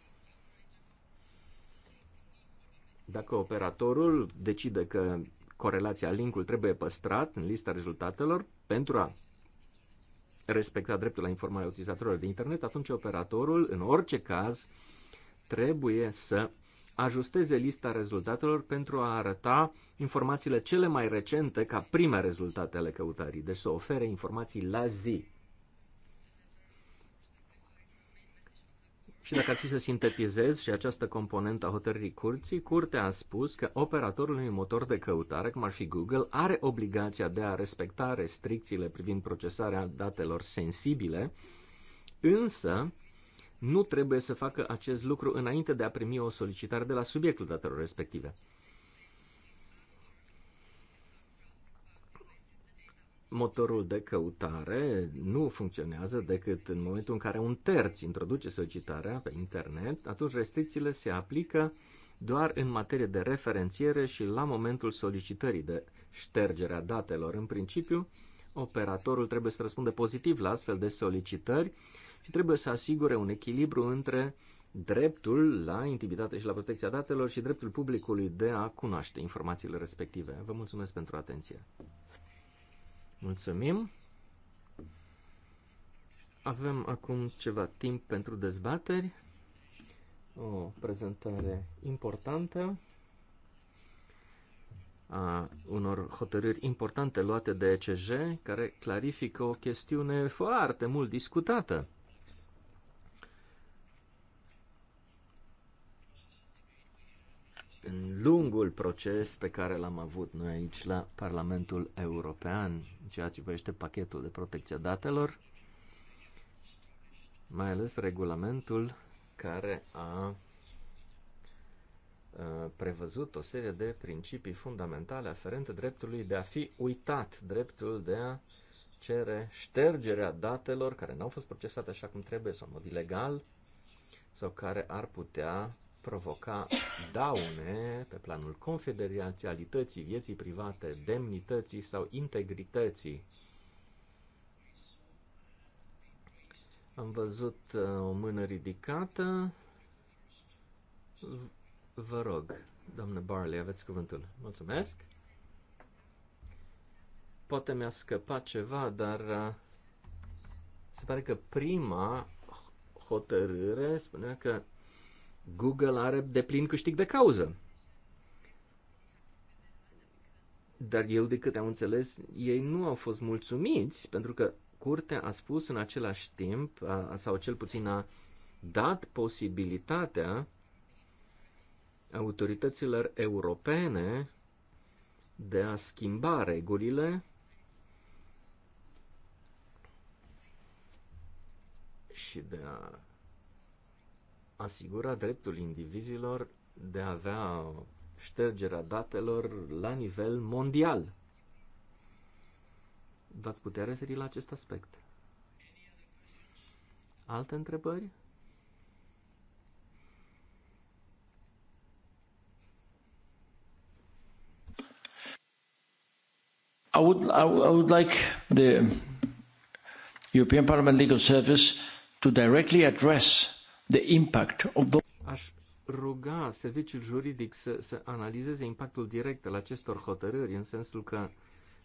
Dacă operatorul decide că corelația linkul trebuie păstrat în lista rezultatelor pentru a respecta dreptul la informare a utilizatorilor de internet, atunci operatorul, în orice caz, trebuie să ajusteze lista rezultatelor pentru a arăta informațiile cele mai recente ca prime rezultate ale căutării, deci să ofere informații la zi. Și dacă ar fi să sintetizez și această componentă a hotărârii curții, curtea a spus că operatorul unui motor de căutare, cum ar fi Google, are obligația de a respecta restricțiile privind procesarea datelor sensibile, însă nu trebuie să facă acest lucru înainte de a primi o solicitare de la subiectul datelor respective. motorul de căutare nu funcționează decât în momentul în care un terț introduce solicitarea pe internet, atunci restricțiile se aplică doar în materie de referențiere și la momentul solicitării de ștergerea datelor. În principiu, operatorul trebuie să răspundă pozitiv la astfel de solicitări și trebuie să asigure un echilibru între dreptul la intimitate și la protecția datelor și dreptul publicului de a cunoaște informațiile respective. Vă mulțumesc pentru atenție. Mulțumim. Avem acum ceva timp pentru dezbateri. O prezentare importantă a unor hotărâri importante luate de ECJ, care clarifică o chestiune foarte mult discutată în lungul proces pe care l-am avut noi aici la Parlamentul European, ceea ce privește pachetul de protecție a datelor, mai ales regulamentul care a prevăzut o serie de principii fundamentale aferente dreptului de a fi uitat, dreptul de a cere ștergerea datelor care n-au fost procesate așa cum trebuie sau în mod ilegal sau care ar putea provoca daune pe planul confidențialității, vieții private, demnității sau integrității. Am văzut uh, o mână ridicată. Vă rog, doamnă Barley, aveți cuvântul. Mulțumesc. Poate mi-a scăpat ceva, dar uh, se pare că prima hotărâre spunea că Google are de plin câștig de cauză. Dar eu, de câte am înțeles, ei nu au fost mulțumiți, pentru că curtea a spus în același timp, a, sau cel puțin a dat posibilitatea autorităților europene de a schimba regulile și de a asigura dreptul indivizilor de a avea ștergerea datelor la nivel mondial. V-ați putea referi la acest aspect? Alte întrebări? I would, I, I would like the European Parliament Legal Service to directly address the impact of the... Aș ruga serviciul juridic să, să analizeze impactul direct al acestor hotărâri, în sensul că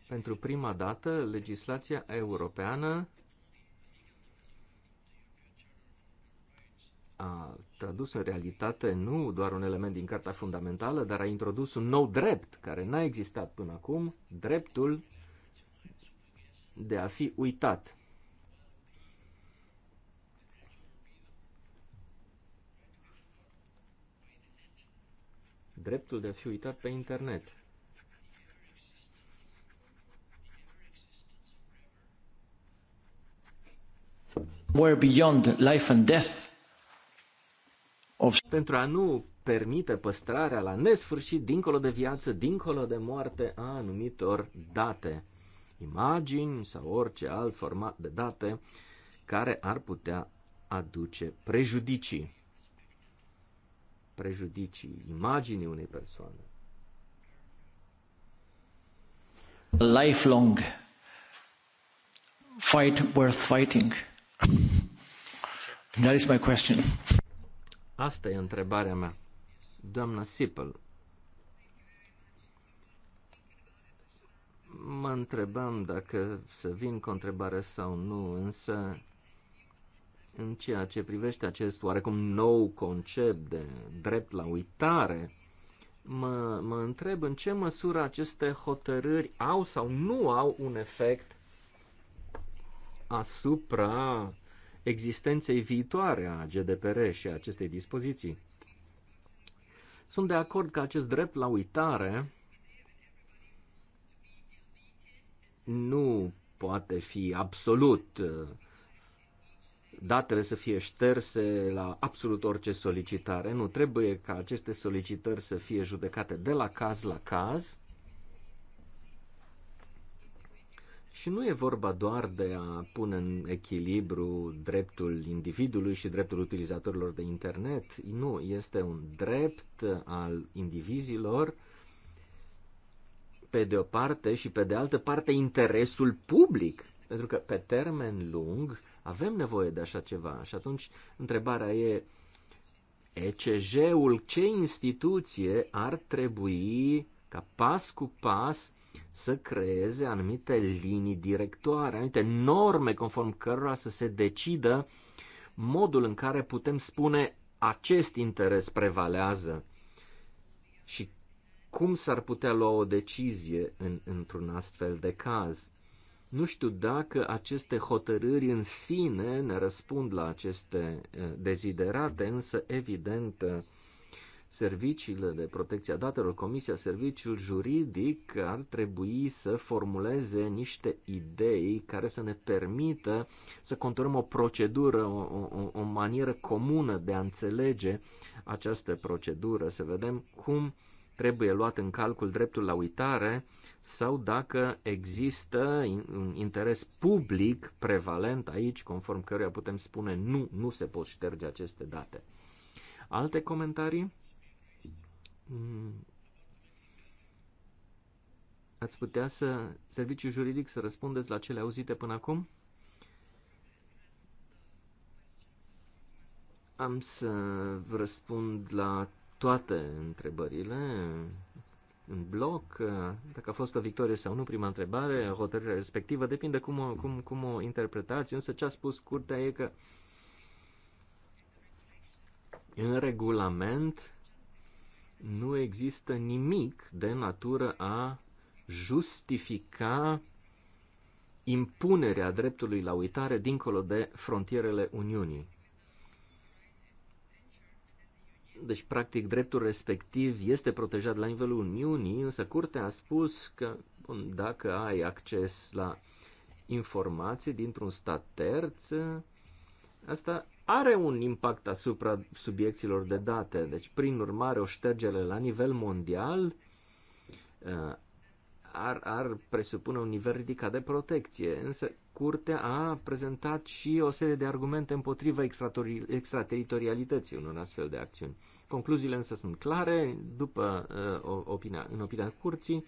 pentru prima dată legislația europeană a tradus în realitate nu doar un element din Carta Fundamentală, dar a introdus un nou drept care n-a existat până acum, dreptul de a fi uitat. dreptul de a fi uitat pe internet. Where beyond life and death of... Pentru a nu permite păstrarea la nesfârșit, dincolo de viață, dincolo de moarte, a anumitor date, imagini sau orice alt format de date care ar putea aduce prejudicii prejudicii imaginii unei persoane. A lifelong fight worth fighting. That is my question. Asta e întrebarea mea. Doamna Sipel, mă întrebam dacă să vin cu întrebare sau nu, însă în ceea ce privește acest oarecum nou concept de drept la uitare, mă, mă întreb în ce măsură aceste hotărâri au sau nu au un efect asupra existenței viitoare a GDPR și a acestei dispoziții. Sunt de acord că acest drept la uitare nu poate fi absolut uh, datele să fie șterse la absolut orice solicitare. Nu, trebuie ca aceste solicitări să fie judecate de la caz la caz. Și nu e vorba doar de a pune în echilibru dreptul individului și dreptul utilizatorilor de internet. Nu, este un drept al indivizilor pe de o parte și pe de altă parte interesul public. Pentru că pe termen lung avem nevoie de așa ceva și atunci întrebarea e ECJ-ul, ce instituție ar trebui ca pas cu pas să creeze anumite linii directoare, anumite norme conform cărora să se decidă modul în care putem spune acest interes prevalează și cum s-ar putea lua o decizie în, într-un astfel de caz. Nu știu dacă aceste hotărâri în sine ne răspund la aceste eh, deziderate, însă evident eh, serviciile de protecție a datelor, Comisia Serviciul Juridic ar trebui să formuleze niște idei care să ne permită să conturăm o procedură, o, o, o manieră comună de a înțelege această procedură, să vedem cum uh, trebuie luat în calcul dreptul la uitare sau dacă există un interes public prevalent aici, conform căruia putem spune nu, nu se pot șterge aceste date. Alte comentarii? Mm. Ați putea să, serviciul juridic, să răspundeți la cele auzite până acum? Am să răspund la toate întrebările în bloc. Dacă a fost o victorie sau nu, prima întrebare, hotărârea respectivă, depinde cum o, cum, cum o interpretați, însă ce a spus curtea e că în regulament nu există nimic de natură a justifica impunerea dreptului la uitare dincolo de frontierele Uniunii. Deci, practic, dreptul respectiv este protejat la nivelul Uniunii, însă Curtea a spus că bun, dacă ai acces la informații dintr-un stat terț, asta are un impact asupra subiecților de date. Deci, prin urmare, o ștergere la nivel mondial ar, ar presupune un nivel ridicat de protecție, însă curtea a prezentat și o serie de argumente împotriva extrateritorialității unor astfel de acțiuni. Concluziile însă sunt clare, după uh, opinia, în opinia curții,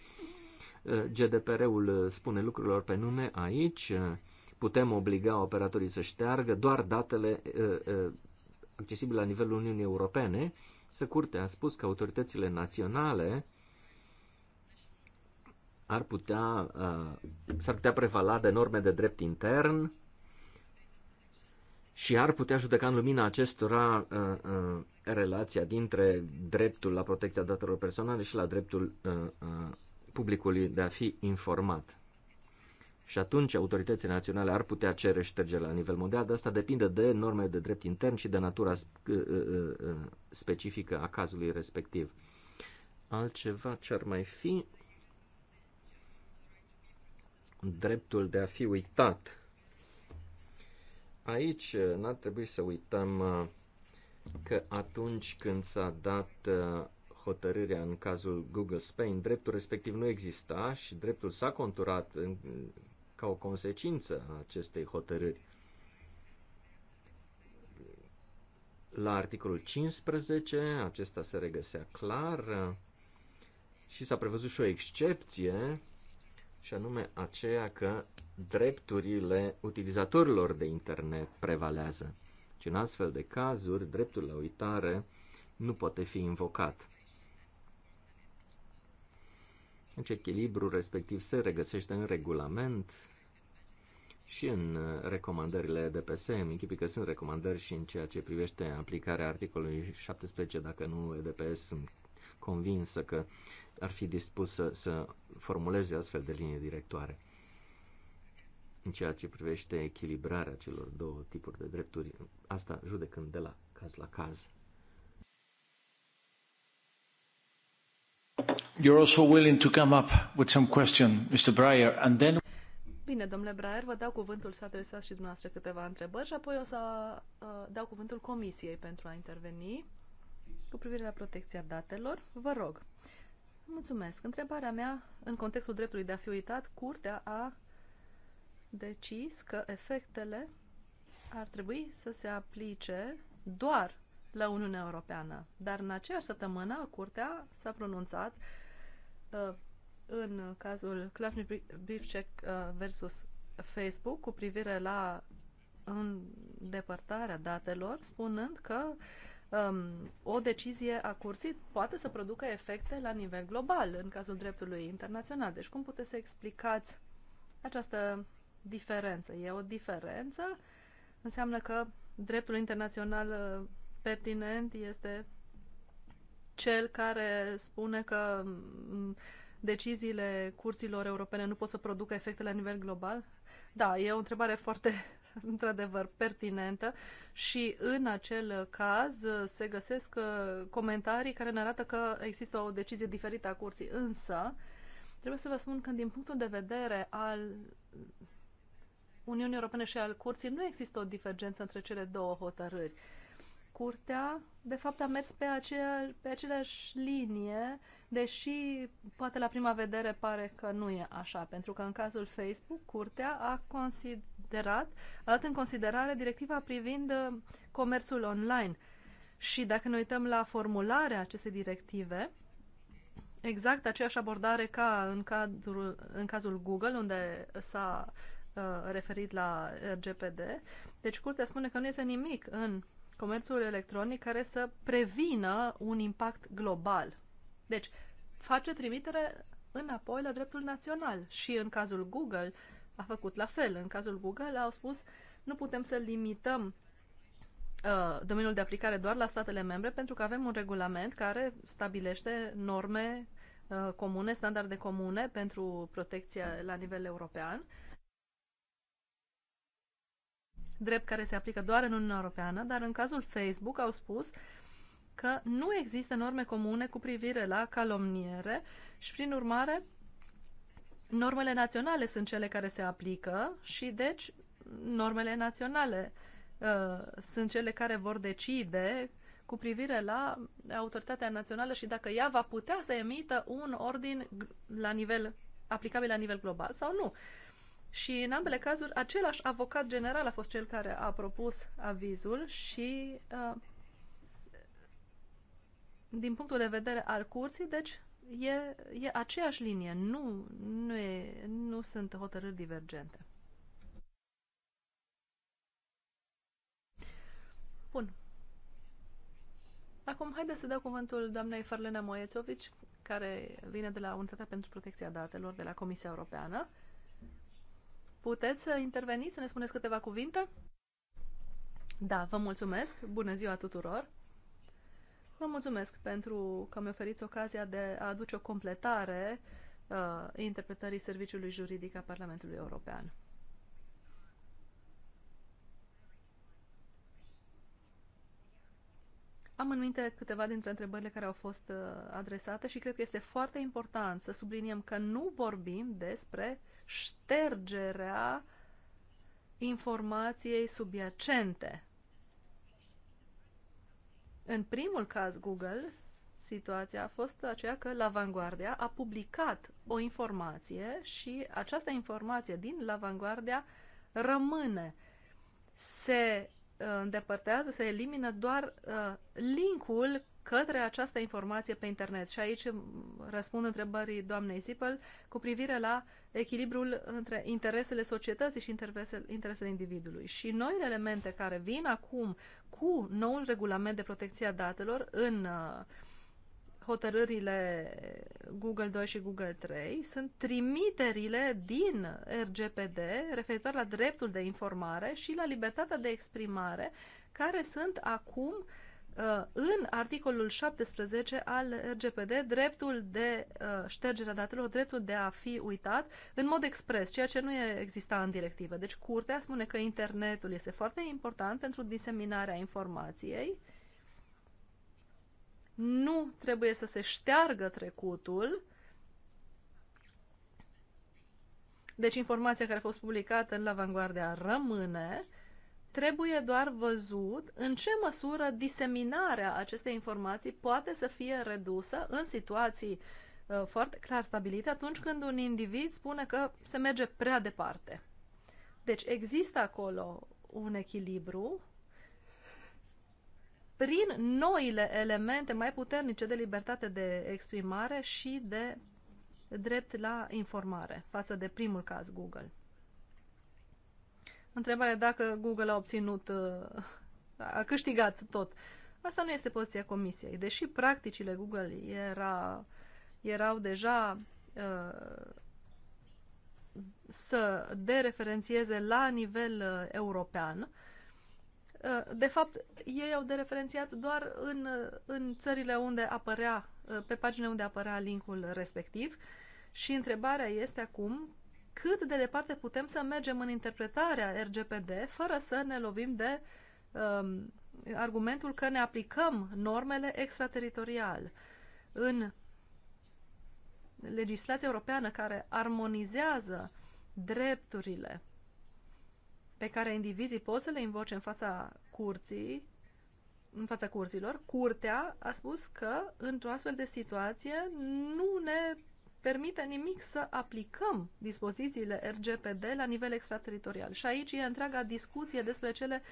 uh, GDPR-ul uh, spune lucrurilor pe nume aici, uh, putem obliga operatorii să șteargă doar datele accesibile la nivelul Uniunii Europene, să curte a spus că autoritățile naționale uh, ar putea, uh, s-ar putea prevala de norme de drept intern și ar putea judeca în lumina acestora uh, uh, relația dintre dreptul la protecția datelor personale și la dreptul publicului de a fi informat. Și atunci autoritățile naționale ar putea cere ștergerea la nivel mondial, dar asta depinde de normele de drept intern și de natura specifică a cazului respectiv. Altceva ce ar mai fi? dreptul de a fi uitat. Aici uh, n-ar trebui să uităm uh, că atunci când s-a dat uh, hotărârea în cazul Google Spain, dreptul respectiv nu exista și dreptul s-a conturat ca o consecință a acestei hotărâri. La articolul 15, acesta se regăsea clar și s-a prevăzut și o excepție și anume aceea că drepturile utilizatorilor de internet prevalează. Și în astfel de cazuri, dreptul la uitare nu poate fi invocat. Deci echilibru respectiv se regăsește în regulament și în uh, recomandările DPS. Îmi închipui că sunt recomandări și în ceea ce privește aplicarea articolului 17, dacă nu EDPS, sunt convinsă că ar fi dispus să, să formuleze astfel de linii directoare în ceea ce privește echilibrarea celor două tipuri de drepturi, asta judecând de la caz la caz. You're also willing to come up with some question, Mr. Breyer, and then... Bine, domnule Breyer, vă dau cuvântul să adresați și dumneavoastră câteva întrebări și apoi o să uh, dau cuvântul Comisiei pentru a interveni cu privire la protecția datelor. Vă rog. Uh, Mulțumesc. Întrebarea mea, în contextul dreptului de a fi uitat, curtea a decis că efectele ar trebui să se aplice doar la Uniunea Europeană. Dar în aceeași săptămână, curtea s-a pronunțat uh, în cazul Klafni Bivcek uh, versus Facebook cu privire la îndepărtarea datelor, spunând că uh, um, o decizie a curții poate să producă efecte la nivel global, în cazul dreptului internațional. Deci cum puteți să explicați această diferență? E o diferență? Înseamnă că dreptul internațional uh, pertinent este cel care spune că um, deciziile curților europene nu pot să producă efecte la nivel global? Da, e o întrebare foarte într-adevăr pertinentă și în acel caz se găsesc uh, comentarii care ne arată că există o decizie diferită a curții. Însă, trebuie să vă spun că din punctul de vedere al Uniunii Europene și al Curții nu există o divergență între cele două hotărâri. Curtea, de fapt, a mers pe, aceea, pe aceleași linie, deși poate la prima vedere pare că nu e așa, pentru că în cazul Facebook, Curtea a, consid- considerat, a luat în considerare directiva privind uh, comerțul online. Și dacă ne uităm la formularea acestei directive, exact aceeași abordare ca în, cadrul, în cazul Google, unde s-a uh, referit la RGPD. Uh, deci curtea spune că nu este nimic în comerțul electronic care să prevină un impact global. Deci face trimitere înapoi la dreptul național. Și în cazul Google, a făcut la fel. În cazul Google au spus nu putem să limităm uh, domeniul de aplicare doar la statele membre pentru că avem un regulament care stabilește norme uh, comune, standarde comune pentru protecția la nivel european drept care se aplică doar în Uniunea Europeană, dar în cazul Facebook au spus că nu există norme comune cu privire la calomniere și, prin urmare, normele naționale sunt cele care se aplică și deci normele naționale uh, sunt cele care vor decide cu privire la autoritatea națională și dacă ea va putea să emită un ordin la nivel aplicabil la nivel global sau nu. Și în ambele cazuri, același avocat general a fost cel care a propus avizul și uh, din punctul de vedere al curții, deci e, e aceeași linie, nu, nu, e, nu sunt hotărâri divergente. Bun. Acum, haideți să dau cuvântul doamnei Farlena Moiețovici, care vine de la Unitatea pentru Protecția Datelor de la Comisia Europeană. Puteți să interveniți, să ne spuneți câteva cuvinte? Da, vă mulțumesc. Bună ziua tuturor. Vă mulțumesc pentru că mi oferiți ocazia de a aduce o completare uh, interpretării Serviciului Juridic a Parlamentului European. Am în minte câteva dintre întrebările care au fost uh, adresate și cred că este foarte important să subliniem că nu vorbim despre ștergerea informației subiacente în primul caz Google, situația a fost aceea că La Vanguardia a publicat o informație și această informație din La Vanguardia rămâne. Se uh, îndepărtează, se elimină doar uh, linkul către această informație pe internet. Și aici răspund întrebării doamnei Zipel cu privire la echilibrul între interesele societății și interesele individului. Și noile elemente care vin acum cu noul regulament de protecție a datelor în uh, hotărârile Google 2 și Google 3 sunt trimiterile din RGPD referitor la dreptul de informare și la libertatea de exprimare care sunt acum uh, Uh, în articolul 17 al RGPD dreptul de uh, ștergerea datelor, dreptul de a fi uitat în mod expres, ceea ce nu exista în directivă. Deci curtea spune că internetul este foarte important pentru diseminarea informației, nu trebuie să se șteargă trecutul, deci informația care a fost publicată în La Vanguardia rămâne, Trebuie doar văzut în ce măsură diseminarea acestei informații poate să fie redusă în situații uh, foarte clar stabilite atunci când un individ spune că se merge prea departe. Deci există acolo un echilibru prin noile elemente mai puternice de libertate de exprimare și de drept la informare față de primul caz Google. Întrebarea dacă Google a obținut, uh, a câștigat tot. Asta nu este poziția comisiei. Deși practicile Google era, erau deja uh, să dereferențieze la nivel uh, european, de fapt, ei au dereferențiat doar în, în țările unde apărea, pe paginile unde apărea linkul respectiv și întrebarea este acum cât de departe putem să mergem în interpretarea RGPD fără să ne lovim de um, argumentul că ne aplicăm normele extrateritorial. În legislația europeană care armonizează drepturile pe care indivizii pot să le invoce în fața curții, în fața curților, curtea a spus că într-o astfel de situație nu ne permite nimic să aplicăm dispozițiile RGPD la nivel extrateritorial. Și aici e întreaga discuție despre cele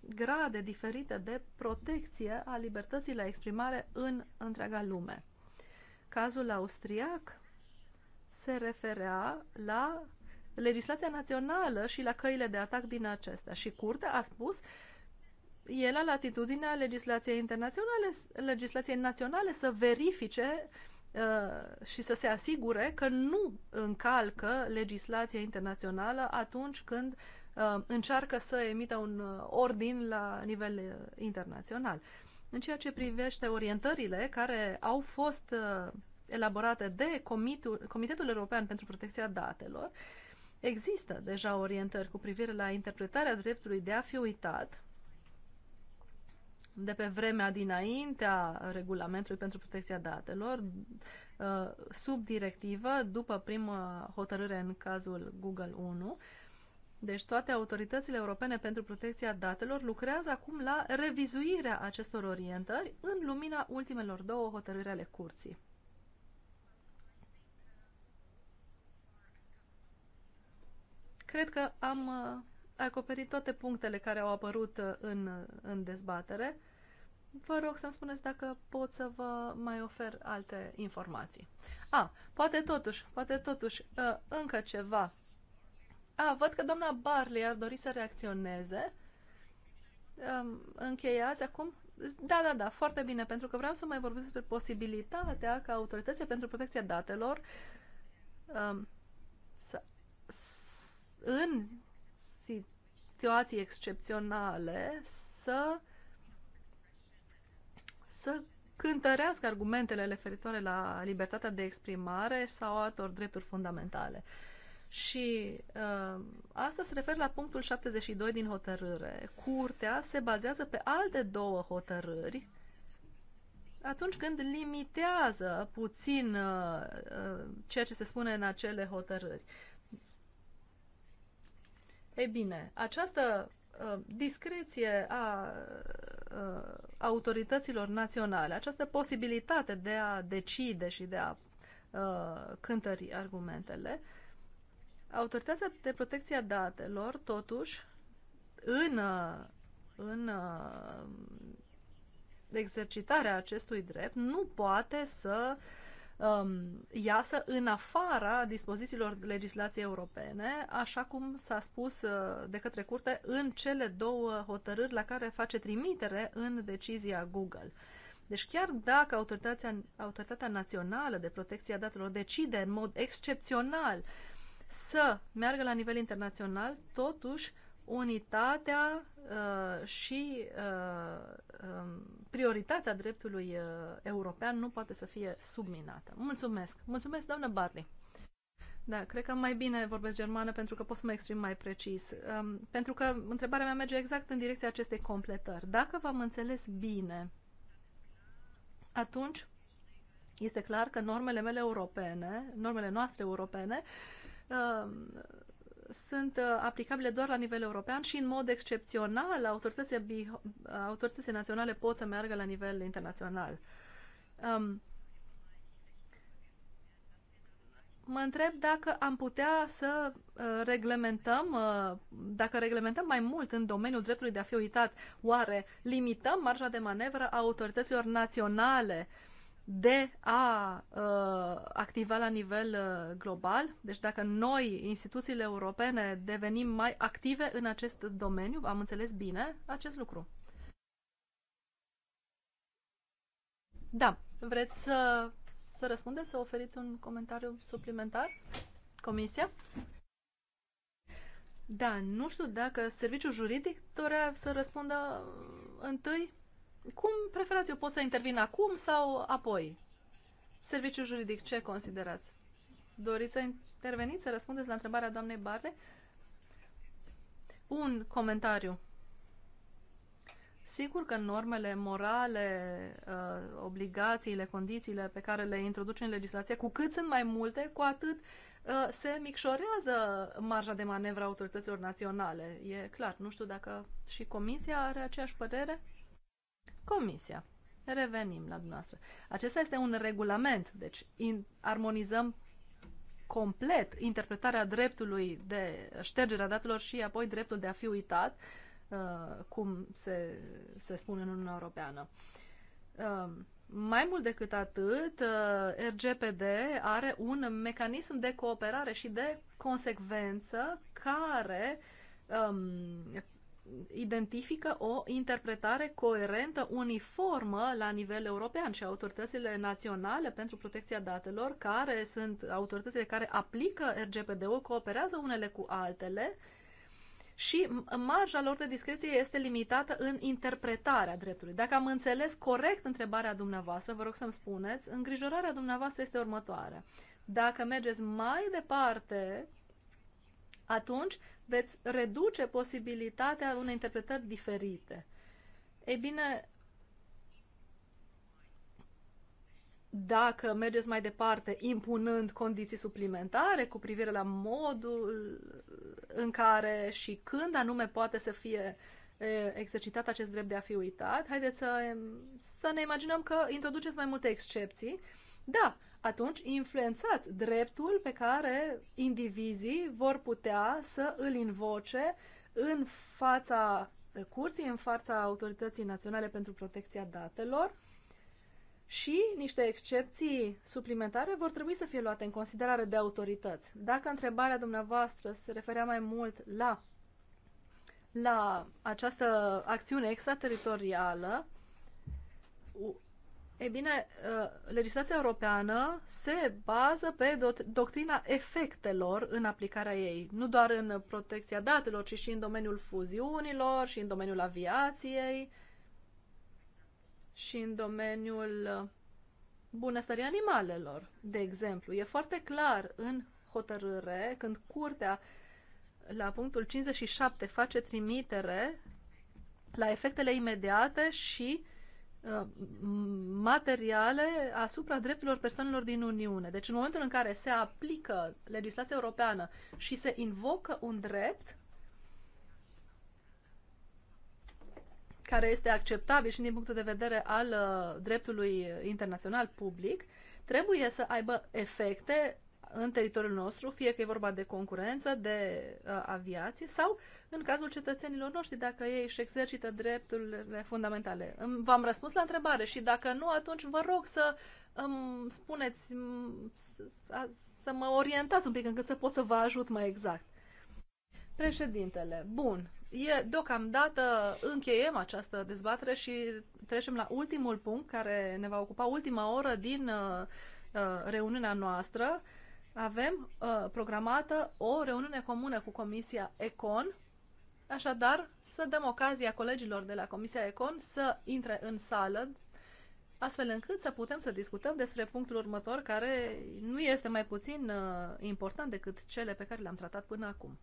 grade diferite de protecție a libertății la exprimare în întreaga lume. Cazul austriac se referea la legislația națională și la căile de atac din acestea. Și curtea a spus e la latitudinea legislației internaționale, legislației naționale să verifice Uh, și să se asigure că nu încalcă legislația internațională atunci când uh, încearcă să emită un uh, ordin la nivel internațional. În ceea ce privește orientările care au fost elaborate de Comitul, Comitetul European pentru Protecția Datelor, există deja orientări cu privire la interpretarea dreptului de a fi uitat de pe vremea dinaintea regulamentului pentru protecția datelor, uh, sub directivă, după prima hotărâre în cazul Google 1. Deci toate autoritățile europene pentru protecția datelor lucrează acum la revizuirea acestor orientări în lumina ultimelor două hotărâri ale curții. Cred că am uh, acoperit toate punctele care au apărut uh, în, uh, în dezbatere. Vă rog să-mi spuneți dacă pot să vă mai ofer alte informații. A, poate totuși, poate totuși, uh, încă ceva. A, văd că doamna Barley ar dori să reacționeze. Um, încheiați acum? Da, da, da, foarte bine, pentru că vreau să mai vorbesc despre posibilitatea ca autoritățile pentru protecția datelor um, să, în situații excepționale să să cântărească argumentele referitoare la libertatea de exprimare sau altor drepturi fundamentale. Și uh, asta se referă la punctul 72 din hotărâre. Curtea se bazează pe alte două hotărâri atunci când limitează puțin uh, uh ceea ce se spune în acele hotărâri. E bine, această uh, discreție a uh, autorităților naționale, această posibilitate de a decide și de a uh, cântări argumentele, autoritatea de protecție a datelor, totuși, în, în exercitarea acestui drept, nu poate să uh, um, iasă în afara dispozițiilor legislației europene, așa cum s-a spus uh, de către curte în cele două hotărâri la care face trimitere în decizia Google. Deci chiar dacă autoritatea, autoritatea națională de protecție a datelor decide în mod excepțional să meargă la nivel internațional, totuși unitatea uh, și uh, um, prioritatea dreptului uh, european nu poate să fie subminată. Mulțumesc! Mulțumesc, doamnă Barley! Da, cred că mai bine vorbesc germană pentru că pot să mă exprim mai precis. Um, pentru că întrebarea mea merge exact în direcția acestei completări. Dacă v-am înțeles bine, atunci este clar că normele mele europene, normele noastre europene, uh, sunt uh, aplicabile doar la nivel european și în mod excepțional autoritățile, uh, autoritățile naționale pot să meargă la nivel internațional. Um, mă întreb dacă am putea să uh, reglementăm, dacă reglementăm mai mult în domeniul dreptului de a fi uitat, oare limităm marja de manevră a autorităților naționale uh, de a uh, activa la nivel uh, global. Deci dacă noi, instituțiile europene, devenim mai active în acest domeniu, am înțeles bine acest lucru. Da, vreți să, să răspundeți, să oferiți un comentariu suplimentar? Comisia? Da, nu știu dacă serviciul juridic dorea să răspundă uh, întâi cum preferați? Eu pot să intervin acum sau apoi? Serviciul juridic, ce considerați? Doriți să interveniți, să răspundeți la întrebarea doamnei Barle? Un comentariu. Sigur că normele morale, uh, obligațiile, condițiile pe care le introduce în legislație, cu cât sunt mai multe, cu atât uh, se micșorează marja de manevră a autorităților naționale. E clar. Nu știu dacă și Comisia are aceeași părere. Comisia. Revenim la dumneavoastră. Acesta este un regulament, deci in, armonizăm complet interpretarea dreptului de ștergerea datelor și apoi dreptul de a fi uitat, uh, cum se, se spune în Uniunea Europeană. Uh, mai mult decât atât, uh, RGPD are un mecanism de cooperare și de consecvență care um, identifică o interpretare coerentă, uniformă la nivel european și autoritățile naționale pentru protecția datelor, care sunt autoritățile care aplică RGPD-ul, cooperează unele cu altele și marja lor de discreție este limitată în interpretarea dreptului. Dacă am înțeles corect întrebarea dumneavoastră, vă rog să-mi spuneți, îngrijorarea dumneavoastră este următoarea. Dacă mergeți mai departe atunci veți reduce posibilitatea unei interpretări diferite. Ei bine, dacă mergeți mai departe impunând condiții suplimentare cu privire la modul în care și când anume poate să fie exercitat acest drept de a fi uitat, haideți să, să ne imaginăm că introduceți mai multe excepții da, atunci influențați dreptul pe care indivizii vor putea să îl invoce în fața curții, în fața Autorității Naționale pentru Protecția Datelor și niște excepții suplimentare vor trebui să fie luate în considerare de autorități. Dacă întrebarea dumneavoastră se referea mai mult la, la această acțiune extrateritorială, ei bine, uh, legislația europeană se bază pe doctrina efectelor în aplicarea ei, nu doar în protecția datelor, ci și în domeniul fuziunilor, și în domeniul aviației, și în domeniul uh, bunăstării animalelor, de exemplu. E foarte clar în hotărâre, când curtea la punctul 57 face trimitere la efectele imediate și uh, Uh, materiale asupra drepturilor persoanelor din Uniune. Deci în momentul în care se aplică legislația europeană și se invocă un drept care este acceptabil și din punctul de vedere al uh, dreptului internațional public, trebuie să aibă efecte în teritoriul nostru, fie că e vorba de concurență, de uh, aviație sau în cazul cetățenilor noștri, dacă ei își exercită drepturile fundamentale. V-am răspuns la întrebare și dacă nu, atunci vă rog să îmi spuneți, să, să mă orientați un pic încât să pot să vă ajut mai exact. Președintele, bun, e, deocamdată încheiem această dezbatere și trecem la ultimul punct care ne va ocupa ultima oră din uh, uh reuniunea noastră. Avem uh, programată o reuniune comună cu Comisia Econ, așadar să dăm ocazia colegilor de la Comisia Econ să intre în sală, astfel încât să putem să discutăm despre punctul următor, care nu este mai puțin uh, important decât cele pe care le-am tratat până acum.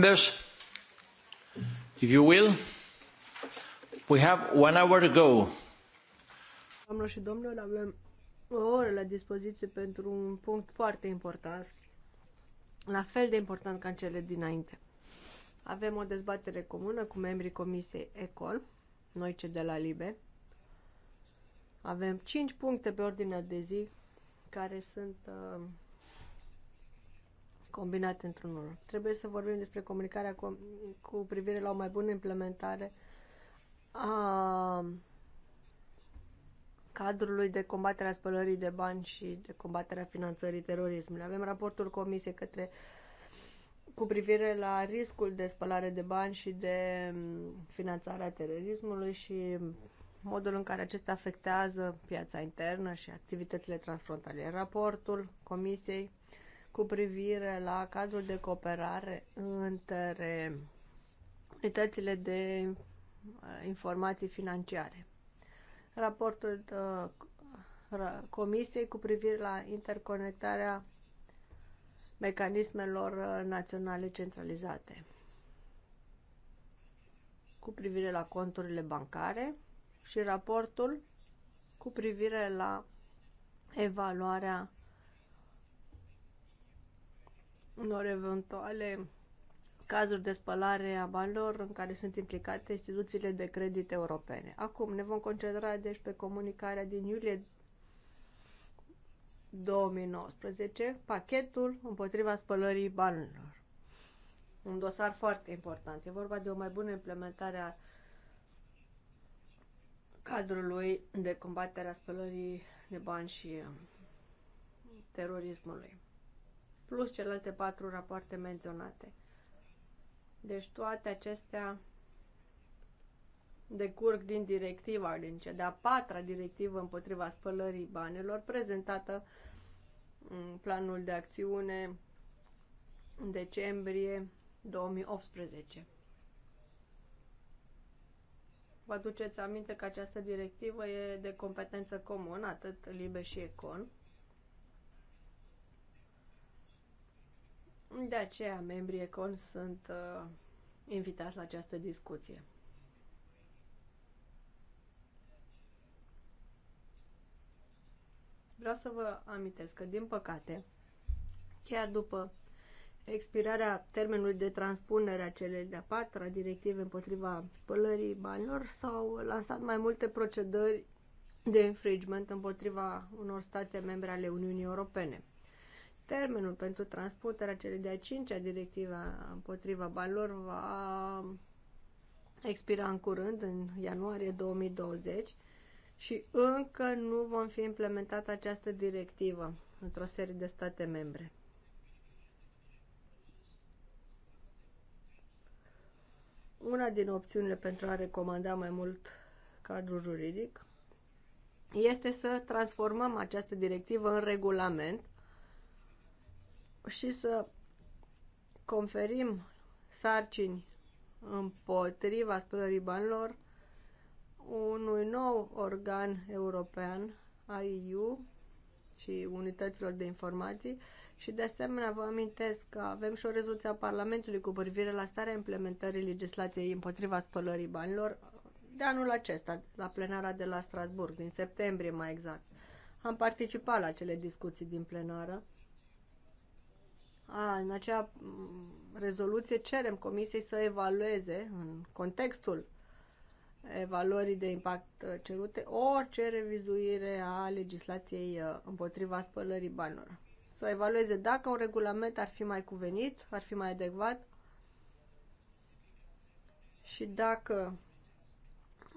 Members, if you will, we have one hour to go. Doamnă și domnilor, avem o oră la dispoziție pentru un punct foarte important, la fel de important ca cele dinainte. Avem o dezbatere comună cu membrii Comisiei ECOL, noi cei de la LIBE. Avem cinci puncte pe ordinea de zi care sunt uh, combinate într-unul. Trebuie să vorbim despre comunicarea cu, cu privire la o mai bună implementare a cadrului de combatere a spălării de bani și de combaterea finanțării terorismului. Avem raportul Comisiei către cu privire la riscul de spălare de bani și de mm, finanțarea terorismului și modul în care acesta afectează piața internă și activitățile transfrontaliere. Raportul Comisiei cu privire la cadrul de cooperare între unitățile de uh, informații financiare. Raportul uh, Comisiei cu privire la interconectarea mecanismelor uh, naționale centralizate cu privire la conturile bancare și raportul cu privire la evaluarea unor eventuale cazuri de spălare a banilor în care sunt implicate instituțiile de credit europene. Acum ne vom concentra deci pe comunicarea din iulie 2019, pachetul împotriva spălării banilor. Un dosar foarte important. E vorba de o mai bună implementare a cadrului de combatere a spălării de bani și terorismului plus celelalte patru rapoarte menționate. Deci toate acestea decurg din directiva, din cea de-a patra directivă împotriva spălării banilor, prezentată în planul de acțiune în decembrie 2018. Vă aduceți aminte că această directivă e de competență comună, atât LIBE și ECON, De aceea, membrii ECON sunt uh, invitați la această discuție. Vreau să vă amintesc că, din păcate, chiar după expirarea termenului de transpunere a celei de-a patra directive împotriva spălării banilor, s-au lansat mai multe procedări de infringement împotriva unor state membre ale Uniunii Europene. Termenul pentru transpunerea celei de-a cincea directiva împotriva banilor va expira în curând, în ianuarie 2020, și încă nu vom fi implementat această directivă într-o serie de state membre. Una din opțiunile pentru a recomanda mai mult cadrul juridic este să transformăm această directivă în regulament și să conferim sarcini împotriva spălării banilor unui nou organ european, AIU, și unităților de informații și de asemenea vă amintesc că avem și o rezoluție a Parlamentului cu privire la starea implementării legislației împotriva spălării banilor de anul acesta, la plenara de la Strasburg, din septembrie mai exact. Am participat la cele discuții din plenară a, în acea mm, rezoluție cerem Comisiei să evalueze în contextul evaluării de impact uh, cerute orice revizuire a legislației uh, împotriva spălării banilor. Să evalueze dacă un regulament ar fi mai cuvenit, ar fi mai adecvat și dacă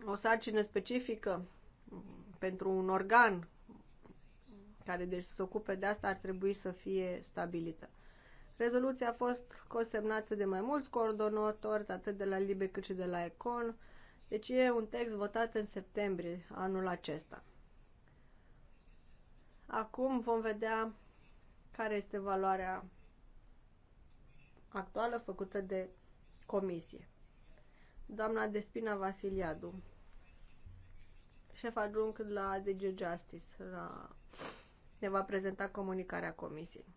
o sarcină specifică mm, pentru un organ care deci să se ocupe de asta ar trebui să fie stabilită. Rezoluția a fost consemnată de mai mulți coordonatori, atât de la Libe cât și de la Econ, deci e un text votat în septembrie anul acesta. Acum vom vedea care este valoarea actuală făcută de comisie. Doamna Despina Vasiliadu, șef adjunct la DG Justice, la... ne va prezenta comunicarea comisiei.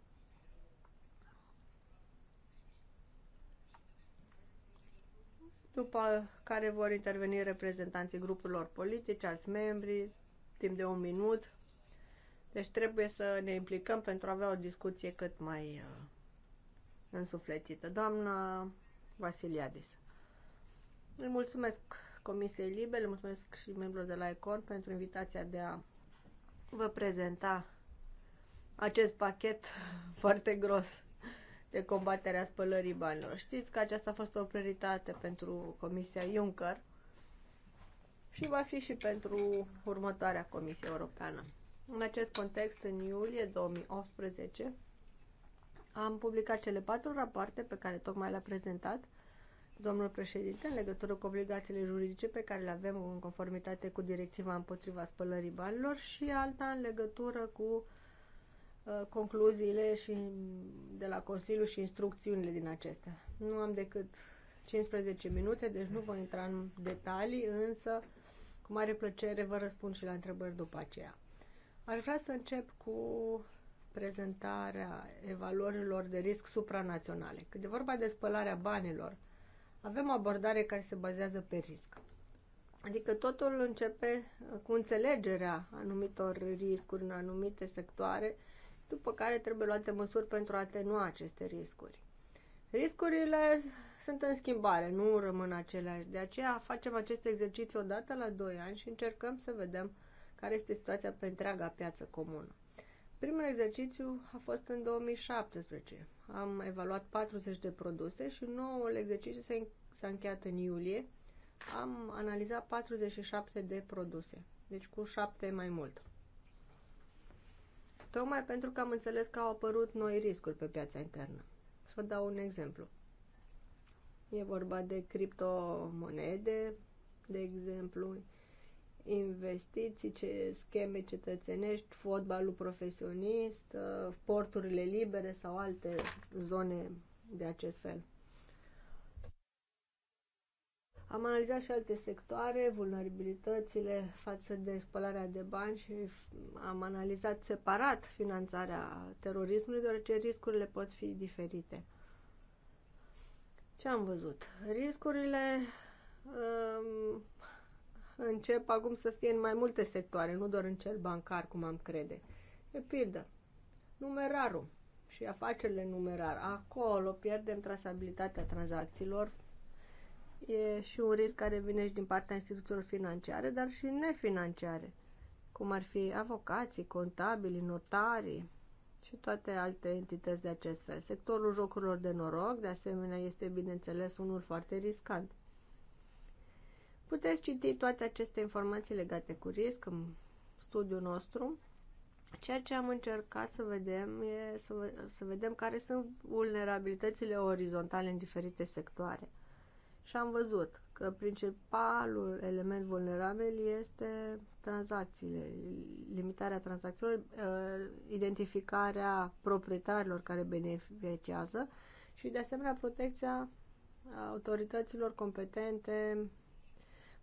după care vor interveni reprezentanții grupurilor politice, alți membri, timp de un minut. Deci trebuie să ne implicăm pentru a avea o discuție cât mai uh, însuflețită. Doamna Vasiliadis, îi mulțumesc Comisiei Libe, le mulțumesc și membrilor de la ECON pentru invitația de a vă prezenta acest pachet foarte gros de combaterea spălării banilor. Știți că aceasta a fost o prioritate pentru Comisia Juncker și va fi și pentru următoarea Comisie Europeană. În acest context, în iulie 2018, am publicat cele patru rapoarte pe care tocmai le-a prezentat domnul președinte în legătură cu obligațiile juridice pe care le avem în conformitate cu directiva împotriva spălării banilor și alta în legătură cu Uh, concluziile și de la Consiliu și instrucțiunile din acestea. Nu am decât 15 minute, deci nu voi intra în detalii, însă cu mare plăcere vă răspund și la întrebări după aceea. Aș vrea să încep cu prezentarea evaluărilor de risc supranaționale. Când e vorba de spălarea banilor, avem o abordare care se bazează pe risc. Adică totul începe cu înțelegerea anumitor riscuri în anumite sectoare după care trebuie luate măsuri pentru a atenua aceste riscuri. Riscurile sunt în schimbare, nu rămân aceleași. De aceea facem acest exercițiu odată la 2 ani și încercăm să vedem care este situația pe întreaga piață comună. Primul exercițiu a fost în 2017. Am evaluat 40 de produse și noul exercițiu s-a încheiat în iulie. Am analizat 47 de produse, deci cu 7 mai mult. Tocmai pentru că am înțeles că au apărut noi riscuri pe piața internă. Să vă dau un exemplu. E vorba de criptomonede, de exemplu, investiții, ce scheme cetățenești, fotbalul profesionist, uh, porturile libere sau alte zone de acest fel. Am analizat și alte sectoare, vulnerabilitățile față de spălarea de bani și am analizat separat finanțarea terorismului, deoarece riscurile pot fi diferite. Ce am văzut? Riscurile um, încep acum să fie în mai multe sectoare, nu doar în cel bancar, cum am crede. De pildă, numerarul și afacerile numerar. Acolo pierdem trasabilitatea tranzacțiilor E și un risc care vine și din partea instituțiilor financiare, dar și nefinanciare, cum ar fi avocații, contabili, notarii și toate alte entități de acest fel. Sectorul jocurilor de noroc, de asemenea, este, bineînțeles, unul foarte riscant. Puteți citi toate aceste informații legate cu risc în studiul nostru. Ceea ce am încercat să vedem e să, să vedem care sunt vulnerabilitățile orizontale în diferite sectoare. Și am văzut că principalul element vulnerabil este tranzacțiile, limitarea tranzacțiilor, uh, identificarea proprietarilor care beneficiază și, de asemenea, protecția autorităților competente,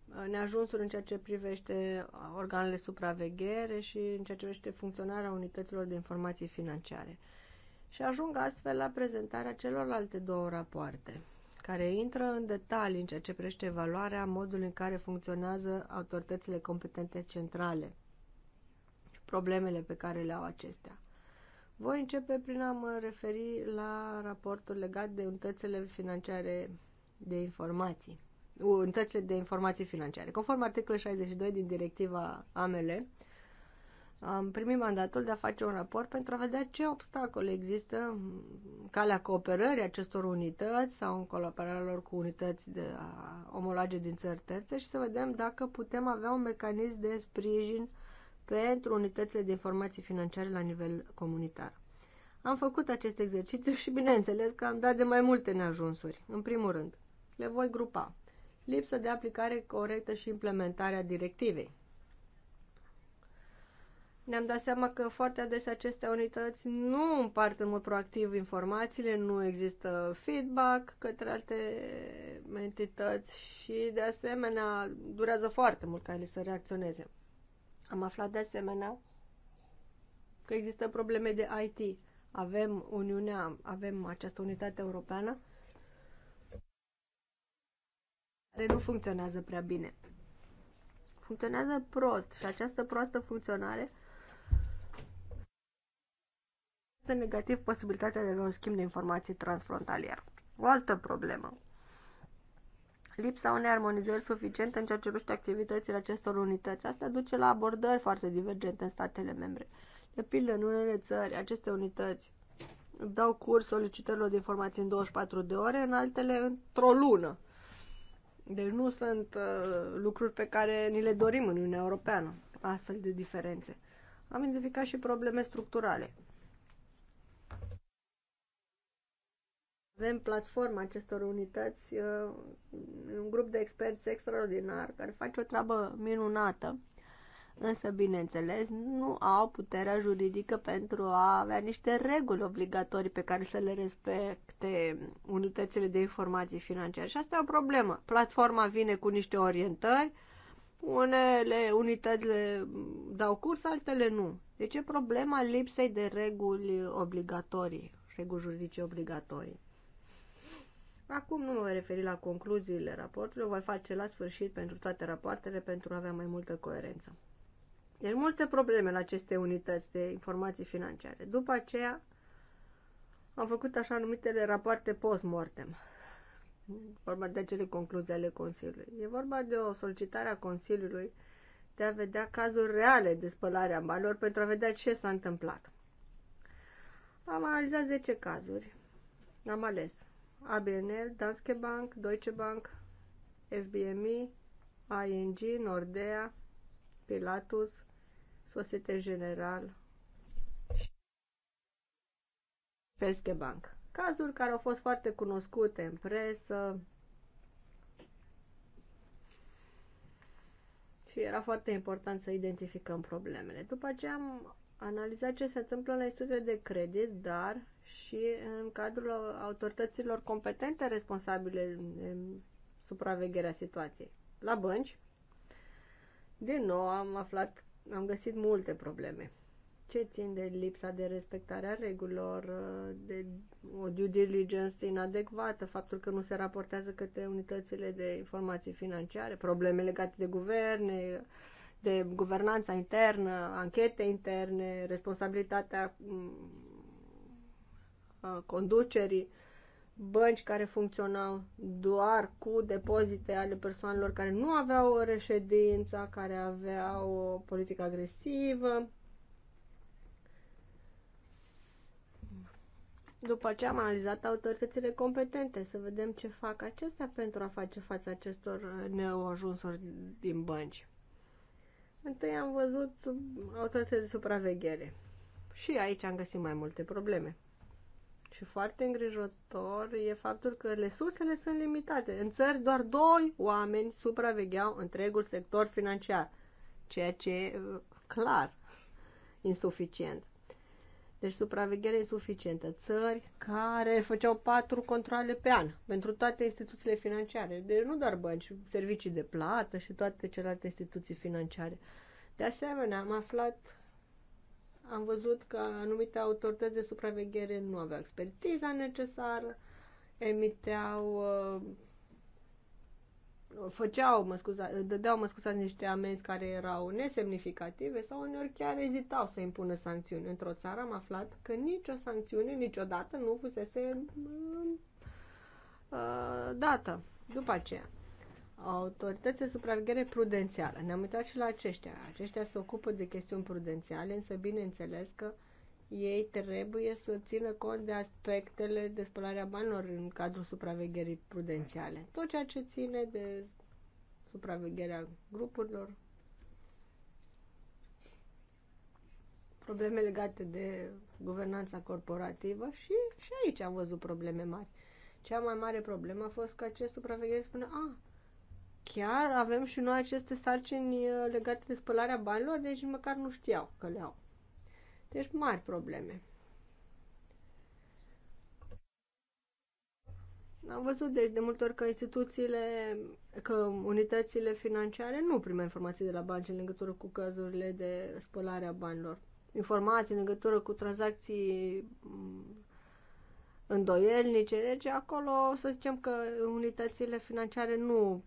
uh, neajunsuri în ceea ce privește organele supraveghere și în ceea ce privește funcționarea unităților de informații financiare. Și ajung astfel la prezentarea celorlalte două rapoarte care intră în detalii în ceea ce privește evaluarea modului în care funcționează autoritățile competente centrale și problemele pe care le au acestea. Voi începe prin a mă referi la raportul legat de unitățile financiare de informații, unitățile de informații financiare. Conform articolul 62 din directiva AML, am primit mandatul de a face un raport pentru a vedea ce obstacole există în calea cooperării acestor unități sau în colaborarea lor cu unități de omolage din țări terțe și să vedem dacă putem avea un mecanism de sprijin pentru unitățile de informații financiare la nivel comunitar. Am făcut acest exercițiu și bineînțeles că am dat de mai multe neajunsuri. În primul rând, le voi grupa. Lipsă de aplicare corectă și implementarea directivei ne-am dat seama că foarte adesea aceste unități nu împart în mod proactiv informațiile, nu există feedback către alte entități și, de asemenea, durează foarte mult ca ele să reacționeze. Am aflat, de asemenea, că există probleme de IT. Avem Uniunea, avem această unitate europeană care nu funcționează prea bine. Funcționează prost și această proastă funcționare afectează negativ posibilitatea de un schimb de informații transfrontalier. O altă problemă. Lipsa unei armonizări suficiente în ceea ce privește activitățile acestor unități. Asta duce la abordări foarte divergente în statele membre. De pildă, în unele țări, aceste unități dau curs solicitărilor de informații în 24 de ore, în altele într-o lună. Deci nu sunt uh, lucruri pe care ni le dorim în Uniunea Europeană, astfel de diferențe. Am identificat și probleme structurale. Avem platforma acestor unități, uh, un grup de experți extraordinar care face o treabă minunată, însă, bineînțeles, nu au puterea juridică pentru a avea niște reguli obligatorii pe care să le respecte unitățile de informații financiare. Și asta e o problemă. Platforma vine cu niște orientări, unele unități le dau curs, altele nu. Deci e problema lipsei de reguli obligatorii, reguli juridice obligatorii. Acum nu mă voi referi la concluziile raportului, o voi face la sfârșit pentru toate rapoartele pentru a avea mai multă coerență. Deci multe probleme la aceste unități de informații financiare. După aceea am făcut așa numitele rapoarte post-mortem. Vorba de acele concluzii ale Consiliului. E vorba de o solicitare a Consiliului de a vedea cazuri reale de spălare a banilor pentru a vedea ce s-a întâmplat. Am analizat 10 cazuri. Am ales ABNL, Danske Bank, Deutsche Bank, FBMI, ING, Nordea, Pilatus, Societe General și Bank. Cazuri care au fost foarte cunoscute în presă și era foarte important să identificăm problemele. După aceea am analiza ce se întâmplă la institute de credit, dar și în cadrul autorităților competente responsabile de supravegherea situației. La bănci, din nou am aflat, am găsit multe probleme ce țin de lipsa de respectare a regulilor, de o due diligence inadecvată, faptul că nu se raportează către unitățile de informații financiare, probleme legate de guverne, de guvernanța internă, anchete interne, responsabilitatea mm, conducerii, bănci care funcționau doar cu depozite ale persoanelor care nu aveau o reședință, care aveau o politică agresivă. După ce am analizat autoritățile competente să vedem ce fac acestea pentru a face față acestor neoajunsuri din bănci. Întâi am văzut autoritatea de supraveghere. Și aici am găsit mai multe probleme. Și foarte îngrijorător e faptul că resursele sunt limitate. În țări doar doi oameni supravegheau întregul sector financiar, ceea ce e uh, clar insuficient. Deci supraveghere insuficientă. Țări care făceau patru controle pe an pentru toate instituțiile financiare. Deci nu doar bănci, servicii de plată și toate celelalte instituții financiare. De asemenea, am aflat, am văzut că anumite autorități de supraveghere nu aveau expertiza necesară, emiteau uh, făceau, mă scuza, dădeau, mă scuzați, niște amenzi care erau nesemnificative sau uneori chiar ezitau să impună sancțiuni. Într-o țară am aflat că nicio sancțiune niciodată nu fusese uh, uh, dată. După aceea, autoritățile supraveghere prudențială. Ne-am uitat și la aceștia. Aceștia se ocupă de chestiuni prudențiale, însă bineînțeles că uh, ei trebuie să țină cont de aspectele de spălarea banilor în cadrul supravegherii prudențiale. Tot ceea ce ține de supravegherea grupurilor, probleme legate de guvernanța corporativă și, și aici am văzut probleme mari. Cea mai mare problemă a fost că acest supraveghere spune, a, ah, chiar avem și noi aceste sarcini uh, legate de spălarea banilor, deci măcar nu știau că le au. Deci mari probleme. Am văzut deci de multe ori că instituțiile, că unitățile financiare nu primeau informații de la bani în legătură cu cazurile de spălare a banilor. Informații în legătură cu tranzacții mm, îndoielnice, deci acolo să zicem că unitățile financiare nu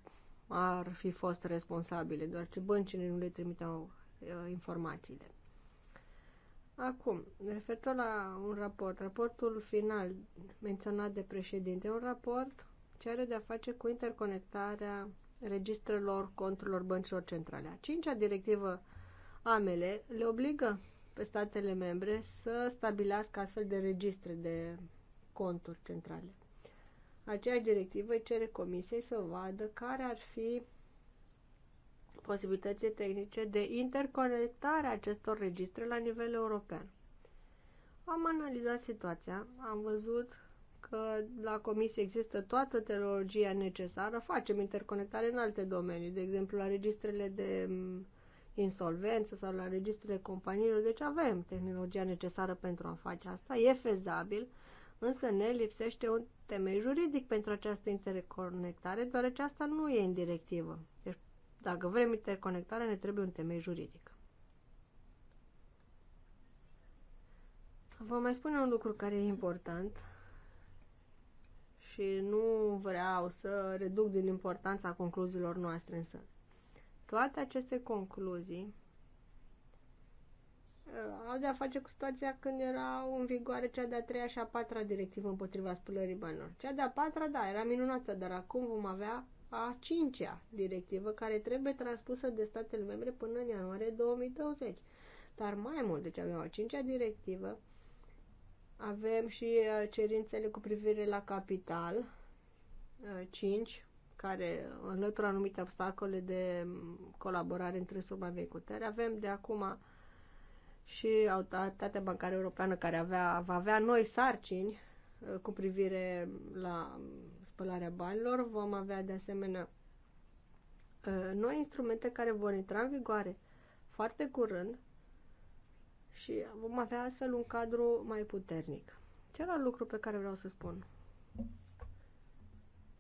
ar fi fost responsabile, doar ce băncile nu le trimiteau uh, informațiile. Acum, referitor la un raport, raportul final menționat de președinte, un raport ce are de-a face cu interconectarea registrelor conturilor băncilor centrale. A cincea directivă AMELE le obligă pe statele membre să stabilească astfel de registre de conturi centrale. Aceeași directivă cere comisiei să vadă care ar fi posibilității tehnice de interconectare a acestor registre la nivel european. Am analizat situația, am văzut că la comisie există toată tehnologia necesară, facem interconectare în alte domenii, de exemplu la registrele de mm, insolvență sau la registrele companiilor, deci avem tehnologia necesară pentru a face asta, e fezabil, însă ne lipsește un temei juridic pentru această interconectare, deoarece asta nu e în directivă. Deci dacă vrem interconectare, ne trebuie un temei juridic. Vă mai spune un lucru care e important și nu vreau să reduc din importanța concluziilor noastre, însă toate aceste concluzii uh, au de-a face cu situația când era în vigoare cea de-a treia și a patra directivă împotriva spălării banilor. Cea de-a patra, da, era minunată, dar acum vom avea a cincea directivă care trebuie transpusă de statele membre până în ianuarie 2020. Dar mai mult, deci avem a cincea directivă, avem și uh, cerințele cu privire la capital, 5, uh, care înlătură anumite obstacole de mm, colaborare între supraveghetări. Avem de acum și Autoritatea Bancară Europeană care avea, va avea noi sarcini uh, cu privire la mm, spălarea banilor. Vom avea de asemenea ă, noi instrumente care vor intra în vigoare foarte curând și vom avea astfel un cadru mai puternic. Celălalt lucru pe care vreau să spun.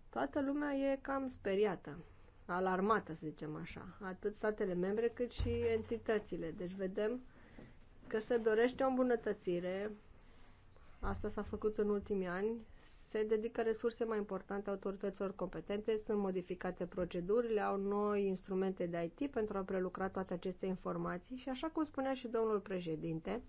Toată lumea e cam speriată, alarmată, să zicem așa, atât statele membre cât și entitățile. Deci vedem că se dorește o îmbunătățire. Asta s-a făcut în ultimii ani, se dedică resurse mai importante autorităților competente, sunt modificate procedurile, au noi instrumente de IT pentru a prelucra toate aceste informații și așa cum spunea și domnul președinte,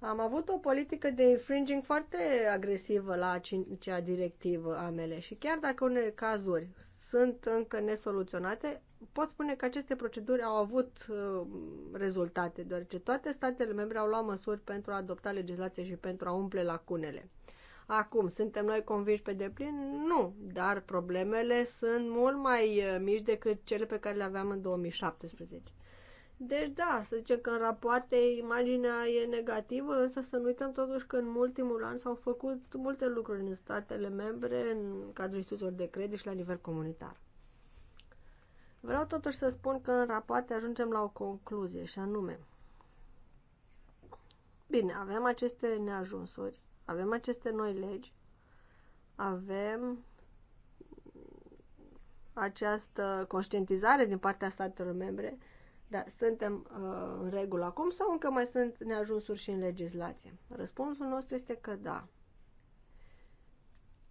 am avut o politică de infringing foarte agresivă la cea directivă mele și chiar dacă unele cazuri sunt încă nesoluționate, pot spune că aceste proceduri au avut uh, rezultate, deoarece toate statele membre au luat măsuri pentru a adopta legislație și pentru a umple lacunele acum. Suntem noi convinși pe deplin? Nu, dar problemele sunt mult mai eh, mici decât cele pe care le aveam în 2017. Deci da, să zicem că în rapoarte imaginea e negativă, însă să nu uităm totuși că în ultimul an s-au făcut multe lucruri în statele membre, în cadrul instituțiilor de credit și la nivel comunitar. Vreau totuși să spun că în rapoarte ajungem la o concluzie și anume. Bine, avem aceste neajunsuri avem aceste noi legi, avem această conștientizare din partea statelor membre, dar suntem uh, în regulă acum sau încă mai sunt neajunsuri și în legislație? Răspunsul nostru este că da.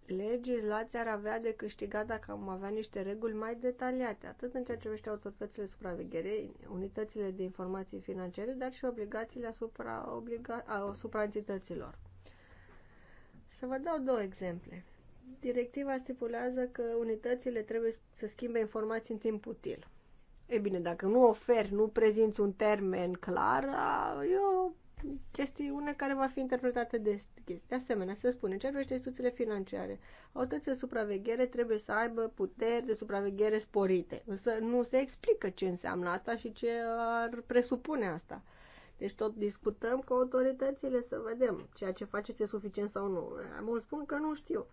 Legislația ar avea de câștigat dacă am avea niște reguli mai detaliate, atât în ceea ce privește autoritățile supraveghere, unitățile de informații financiare, dar și obligațiile asupra, obliga- asupra entităților. Să vă dau două exemple. Directiva stipulează că unitățile trebuie să schimbe informații în timp util. E bine, dacă nu oferi, nu prezinți un termen clar, e o chestiune care va fi interpretată de chestii. De asemenea, se spune, ce vrește instituțiile financiare? Autorități de supraveghere trebuie să aibă puteri de supraveghere sporite, însă nu se explică ce înseamnă asta și ce ar presupune asta. Deci tot discutăm cu autoritățile să vedem ceea ce faceți e suficient sau nu. mult spun că nu știu.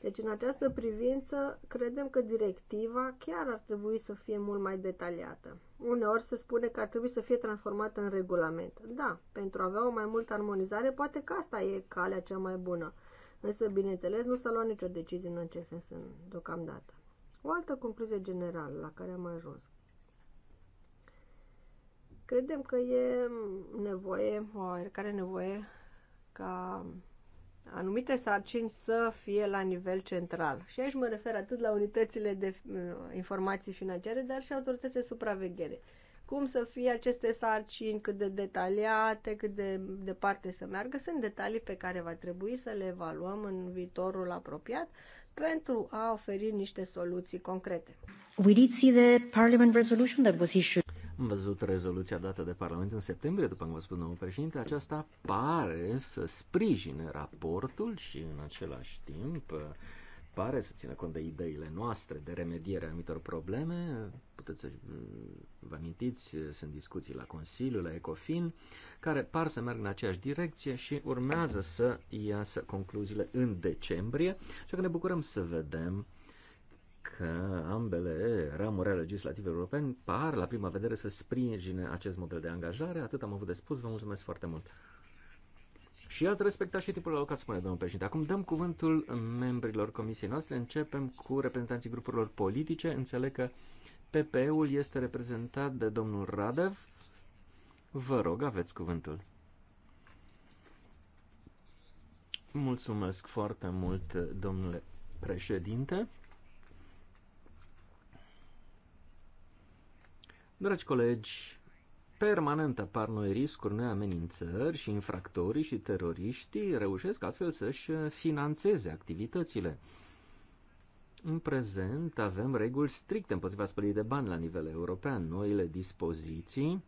Deci în această privință credem că directiva chiar ar trebui să fie mult mai detaliată. Uneori se spune că ar trebui să fie transformată în regulament. Da, pentru a avea o mai multă armonizare, poate că asta e calea cea mai bună. Însă, bineînțeles, nu s-a luat nicio decizie în acest sens deocamdată. O altă concluzie generală la care am ajuns. Credem că e nevoie, o care nevoie ca anumite sarcini să fie la nivel central. Și aici mă refer atât la unitățile de uh, informații financiare, dar și autoritățile de supraveghere. Cum să fie aceste sarcini, cât de detaliate, cât de departe să meargă, sunt detalii pe care va trebui să le evaluăm în viitorul apropiat pentru a oferi niște soluții concrete. We did see the parliament resolution that was issued. Am văzut rezoluția dată de Parlament în septembrie, după cum vă spun domnul președinte, aceasta pare să sprijine raportul și în același timp pare să țină cont de ideile noastre de remediere a anumitor probleme. Puteți să mm, vă amintiți, sunt discuții la Consiliu, la Ecofin, care par să merg în aceeași direcție și urmează să iasă concluziile în decembrie, așa că ne bucurăm să vedem că ambele ramuri ale legislative europene par la prima vedere să sprijine acest model de angajare. Atât am avut de spus, vă mulțumesc foarte mult. Și ați respectat și tipul alocat, spune domnul președinte. Acum dăm cuvântul membrilor comisiei noastre. Începem cu reprezentanții grupurilor politice. Înțeleg că PPE-ul este reprezentat de domnul Radev. Vă rog, aveți cuvântul. Mulțumesc foarte mult, domnule președinte. Dragi colegi, permanent apar noi riscuri, noi amenințări și infractorii și teroriștii reușesc astfel să-și financeze activitățile. În prezent avem reguli stricte împotriva spălării de bani la nivel european. Noile dispoziții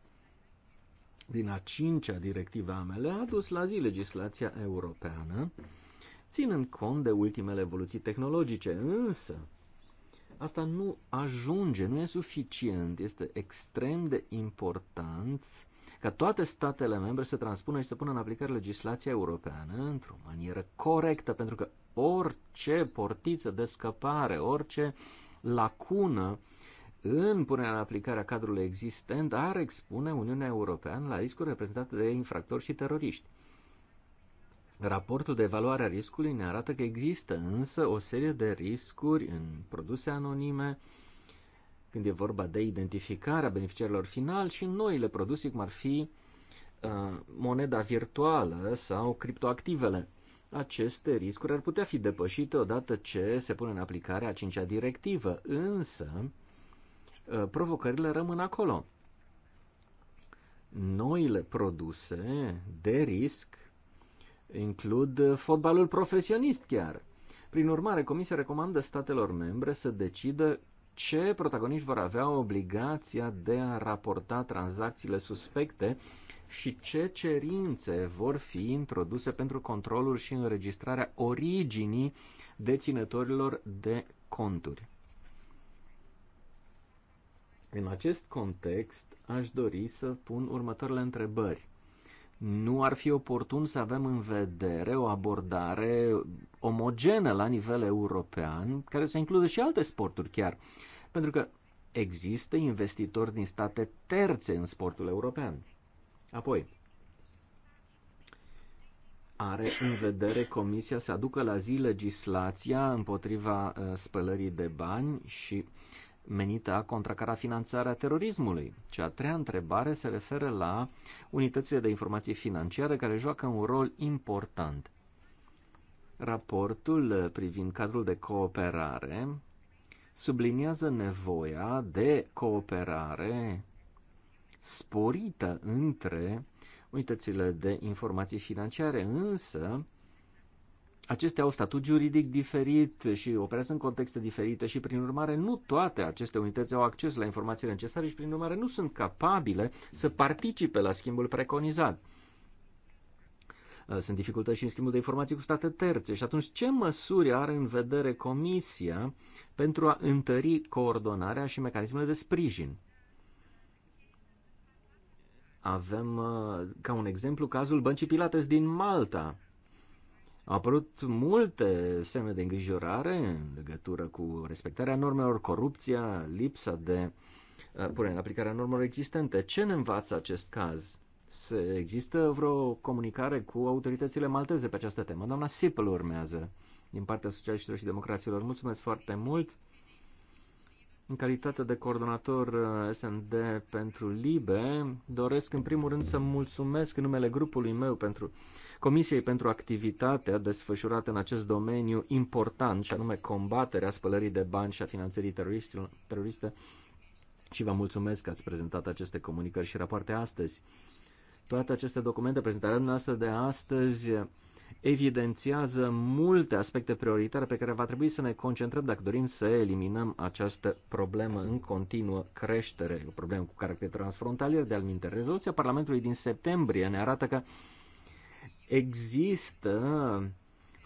din a cincea directivă AML a dus la zi legislația europeană, ținând cont de ultimele evoluții tehnologice, însă Asta nu ajunge, nu e suficient, este extrem de important ca toate statele membre să transpună și să pună în aplicare legislația europeană într-o manieră corectă, pentru că orice portiță de scăpare, orice lacună în punerea în aplicare a cadrului existent ar expune Uniunea Europeană la riscuri reprezentate de infractori și teroriști. Raportul de evaluare a riscului ne arată că există însă o serie de riscuri în produse anonime, când e vorba de identificarea beneficiarilor final și noile produse, cum ar fi uh, moneda virtuală sau criptoactivele. Aceste riscuri ar putea fi depășite odată ce se pune în aplicare a cincea directivă, însă uh, provocările rămân acolo. Noile produse de risc includ uh, fotbalul profesionist chiar. Prin urmare, Comisia recomandă statelor membre să decidă ce protagoniști vor avea obligația de a raporta tranzacțiile suspecte și ce cerințe vor fi introduse pentru controlul și înregistrarea originii deținătorilor de conturi. În acest context, aș dori să pun următoarele întrebări nu ar fi oportun să avem în vedere o abordare omogenă la nivel european, care să includă și alte sporturi chiar. Pentru că există investitori din state terțe în sportul european. Apoi, are în vedere Comisia să aducă la zi legislația împotriva uh, spălării de bani și uh, menită a contracara finanțarea terorismului. Cea treia întrebare se referă la unitățile de informații financiare care joacă un rol important. Raportul privind cadrul de cooperare subliniază nevoia de cooperare sporită între unitățile de informații financiare, însă acestea au statut juridic diferit și operează în contexte diferite și, prin urmare, nu toate aceste unități au acces la informațiile necesare și, prin urmare, nu sunt capabile să participe la schimbul preconizat. Sunt dificultăți și în schimbul de informații cu state terțe. Și atunci, ce măsuri are în vedere Comisia pentru a întări coordonarea și mecanismele de sprijin? Avem, uh, ca un exemplu, cazul Băncii Pilates din Malta, au apărut multe semne de îngrijorare în legătură cu respectarea normelor, corupția, lipsa de uh, pune în aplicarea normelor existente. Ce ne învață acest caz? Se, există vreo comunicare cu autoritățile malteze pe această temă? Doamna Sipel urmează din partea Socialiștilor și Democraților. Mulțumesc foarte mult! În calitate de coordonator uh, SND pentru LIBE, doresc în primul rând să mulțumesc în numele grupului meu pentru Comisiei pentru activitatea desfășurată în acest domeniu important, și anume combaterea spălării de bani și a finanțării teroriste, și vă mulțumesc că ați prezentat aceste comunicări și rapoarte astăzi. Toate aceste documente, prezentate noastre de astăzi, evidențiază multe aspecte prioritare pe care va trebui să ne concentrăm dacă dorim să eliminăm această problemă în continuă creștere, o problemă cu caracter transfrontalier de alminte. Rezoluția Parlamentului din septembrie ne arată că există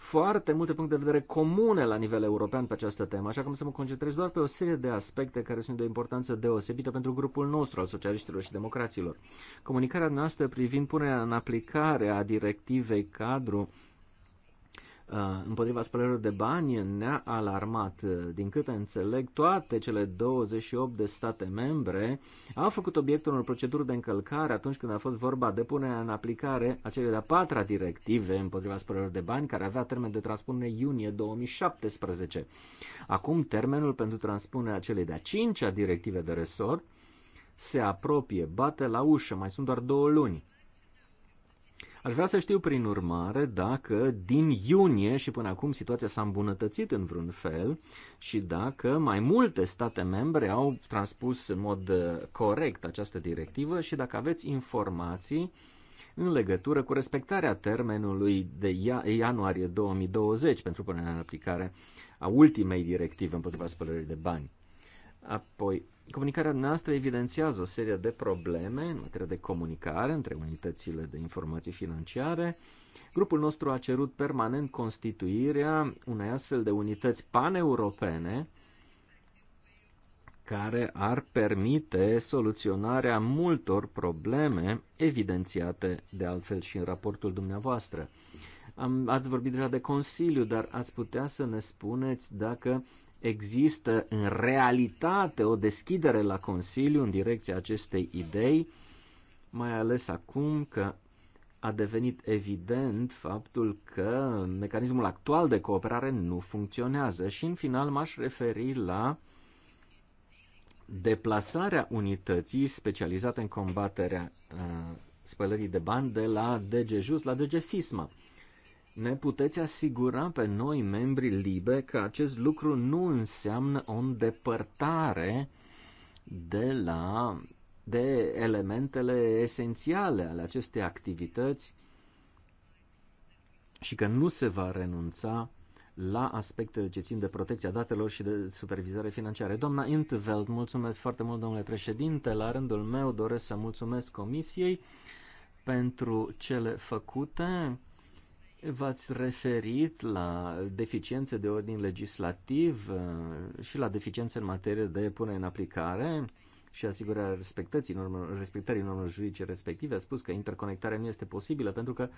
foarte multe puncte de vedere comune la nivel european pe această temă, așa că să mă concentrez doar pe o serie de aspecte care sunt de importanță deosebită pentru grupul nostru al socialiștilor și democraților. Comunicarea noastră privind punerea în aplicare a directivei cadru Uh, împotriva spălărilor de bani ne-a alarmat. Uh, din câte înțeleg, toate cele 28 de state membre au făcut obiectul unor proceduri de încălcare atunci când a fost vorba de punerea în aplicare a celei de-a patra directive împotriva spălărilor de bani, care avea termen de transpunere iunie 2017. Acum, termenul pentru transpunerea celei de-a cincea directive de resort se apropie, bate la ușă, mai sunt doar două luni. Aș vrea să știu, prin urmare, dacă din iunie și până acum situația s-a îmbunătățit în vreun fel și dacă mai multe state membre au transpus în mod uh, corect această directivă și dacă aveți informații în legătură cu respectarea termenului de ianuarie 2020 pentru punerea în aplicare a ultimei directive împotriva spălării de bani. Apoi, Comunicarea noastră evidențiază o serie de probleme în materie de comunicare între unitățile de informații financiare. Grupul nostru a cerut permanent constituirea unei astfel de unități paneuropene care ar permite soluționarea multor probleme evidențiate de altfel și în raportul dumneavoastră. Am, ați vorbit deja de Consiliu, dar ați putea să ne spuneți dacă există în realitate o deschidere la Consiliu în direcția acestei idei, mai ales acum că a devenit evident faptul că mecanismul actual de cooperare nu funcționează și în final m-aș referi la deplasarea unității specializate în combaterea uh, spălării de bani de la DG Just la DG Fisma ne puteți asigura pe noi, membrii LIBE, că acest lucru nu înseamnă o îndepărtare de, la, de elementele esențiale ale acestei activități și că nu se va renunța la aspectele ce țin de protecția datelor și de supervizare financiară. Doamna Intveld, mulțumesc foarte mult, domnule președinte. La rândul meu doresc să mulțumesc comisiei pentru cele făcute V-ați referit la deficiențe de ordin legislativ uh, și la deficiențe în materie de punere în aplicare și asigurarea respectării normelor, respectării normelor juridice respective. A spus că interconectarea nu este posibilă pentru că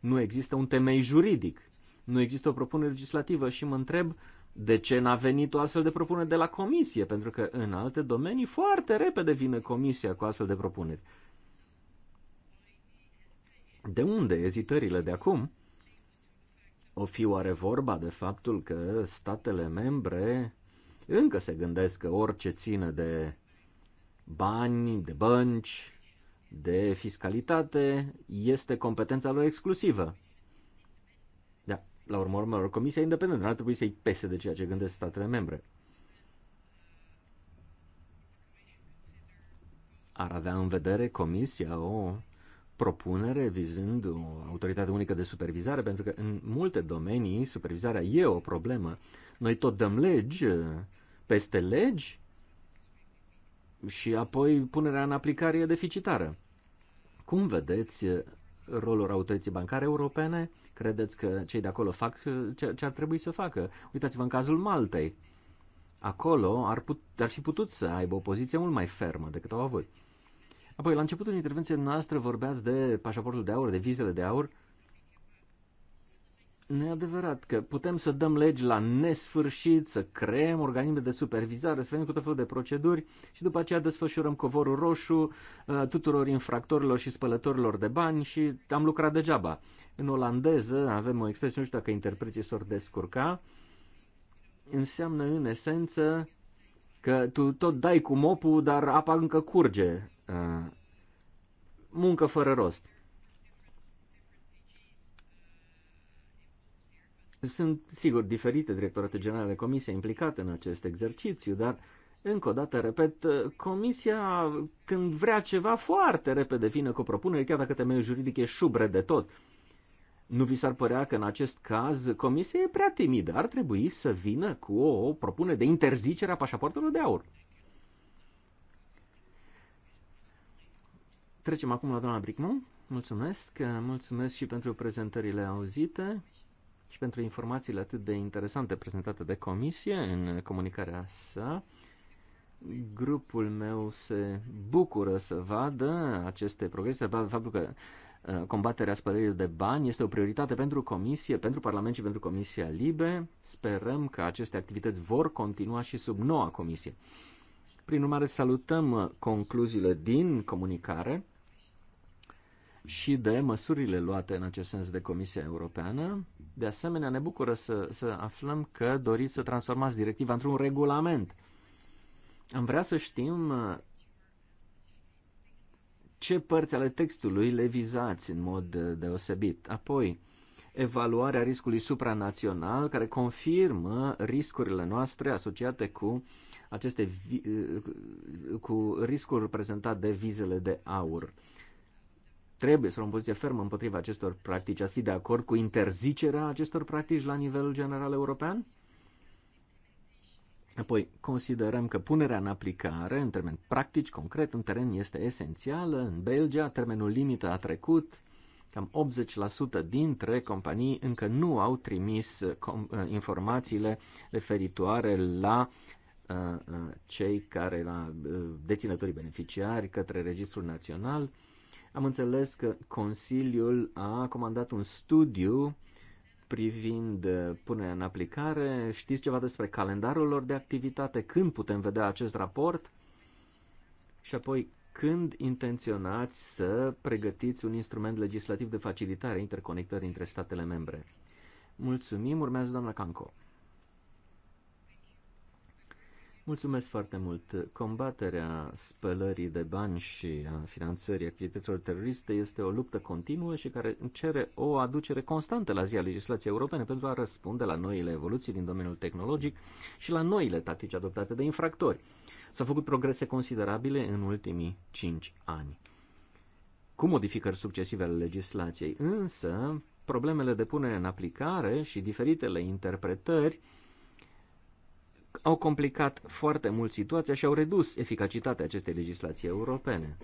nu există un temei juridic, nu există o propunere legislativă și mă întreb de ce n-a venit o astfel de propunere de la comisie, pentru că în alte domenii foarte repede vine comisia cu astfel de propuneri. De unde ezitările de acum? o fi oare vorba de faptul că statele membre încă se gândesc că orice ține de bani, de bănci, de fiscalitate este competența lor exclusivă. Da, la urmă urmă, Comisia Independentă ar trebui să-i pese de ceea ce gândesc statele membre. Ar avea în vedere Comisia o propunere vizând o autoritate unică de supervizare, pentru că în multe domenii supervizarea e o problemă. Noi tot dăm legi peste legi și apoi punerea în aplicare e deficitară. Cum vedeți rolul autorității bancare europene? Credeți că cei de acolo fac ce ar trebui să facă? Uitați-vă în cazul Maltei. Acolo ar, put, ar fi putut să aibă o poziție mult mai fermă decât au avut. Apoi, la începutul intervenției noastre vorbeați de pașaportul de aur, de vizele de aur. Nu e adevărat că putem să dăm legi la nesfârșit, să creăm organisme de supervizare, să venim cu tot felul de proceduri și după aceea desfășurăm covorul roșu uh, tuturor infractorilor și spălătorilor de bani și am lucrat degeaba. În olandeză avem o expresie, nu știu dacă interpreții s-or descurca, înseamnă în esență că tu tot dai cu mopul, dar apa încă curge. Uh, muncă fără rost. Sunt, sigur, diferite directorate generale comisiei implicate în acest exercițiu, dar, încă o dată, repet, uh, comisia, când vrea ceva, foarte repede vine cu propunere chiar dacă temeiul juridic e șubre de tot. Nu vi s-ar părea că în acest caz comisia e prea timidă? Ar trebui să vină cu o, o propunere de interzicere a pașaportelor de aur. Trecem acum la doamna Bricmont. Mulțumesc, eh, mulțumesc și pentru prezentările auzite și pentru informațiile atât de interesante prezentate de comisie în comunicarea sa. Grupul meu se bucură să vadă aceste progrese, faptul că eh, combaterea spălării de bani este o prioritate pentru comisie, pentru Parlament și pentru Comisia Libe. Sperăm că aceste activități vor continua și sub noua comisie. Prin urmare, salutăm eh, concluziile din comunicare și de măsurile luate în acest sens de Comisia Europeană. De asemenea, ne bucură să, să aflăm că doriți să transformați directiva într-un regulament. Am vrea să știm uh, ce părți ale textului le vizați în mod uh, deosebit. Apoi, evaluarea riscului supranațional care confirmă riscurile noastre asociate cu aceste uh, cu riscul reprezentat de vizele de aur trebuie să luăm poziție fermă împotriva acestor practici. Ați fi de acord cu interzicerea acestor practici la nivel general european? Apoi, considerăm că punerea în aplicare, în termen practici, concret, în teren, este esențială. În Belgia, termenul limită a trecut, cam 80% dintre companii încă nu au trimis uh, informațiile referitoare la uh, uh, cei care, la deținătorii beneficiari, către Registrul Național. Am înțeles că Consiliul a comandat un studiu privind uh, punerea în aplicare. Știți ceva despre calendarul lor de activitate? Când putem vedea acest raport? Și apoi, când intenționați să pregătiți un instrument legislativ de facilitare interconectării între statele membre? Mulțumim, urmează doamna Canco. Mulțumesc foarte mult. Combaterea spălării de bani și a finanțării activităților teroriste este o luptă continuă și care cere o aducere constantă la zi a legislației europene pentru a răspunde la noile evoluții din domeniul tehnologic și la noile tactici adoptate de infractori. S-au făcut progrese considerabile în ultimii 5 ani. Cu modificări succesive ale legislației, însă, problemele de punere în aplicare și diferitele interpretări au complicat foarte mult situația și au redus eficacitatea acestei legislații europene.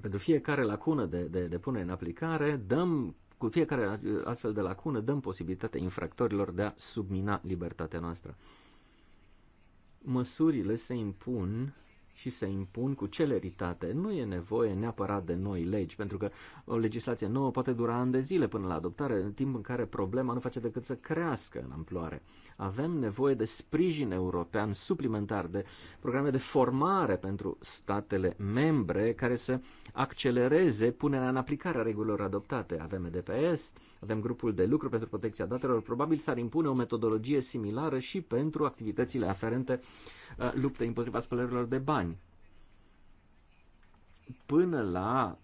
Pentru fiecare lacună de, de, de punere în aplicare, dăm, cu fiecare astfel de lacună, dăm posibilitatea infractorilor de a submina libertatea noastră. Măsurile se impun și se impun cu celeritate. Nu e nevoie neapărat de noi legi, pentru că o legislație nouă poate dura ani de zile până la adoptare, în timp în care problema nu face decât să crească în amploare. Avem nevoie de sprijin european suplimentar, de programe de formare pentru statele membre care să accelereze punerea în aplicare a regulilor adoptate. Avem EDPS, avem grupul de lucru pentru protecția datelor, probabil s-ar impune o metodologie similară și pentru activitățile aferente uh, Uh, luptei împotriva spălărilor de bani. Până la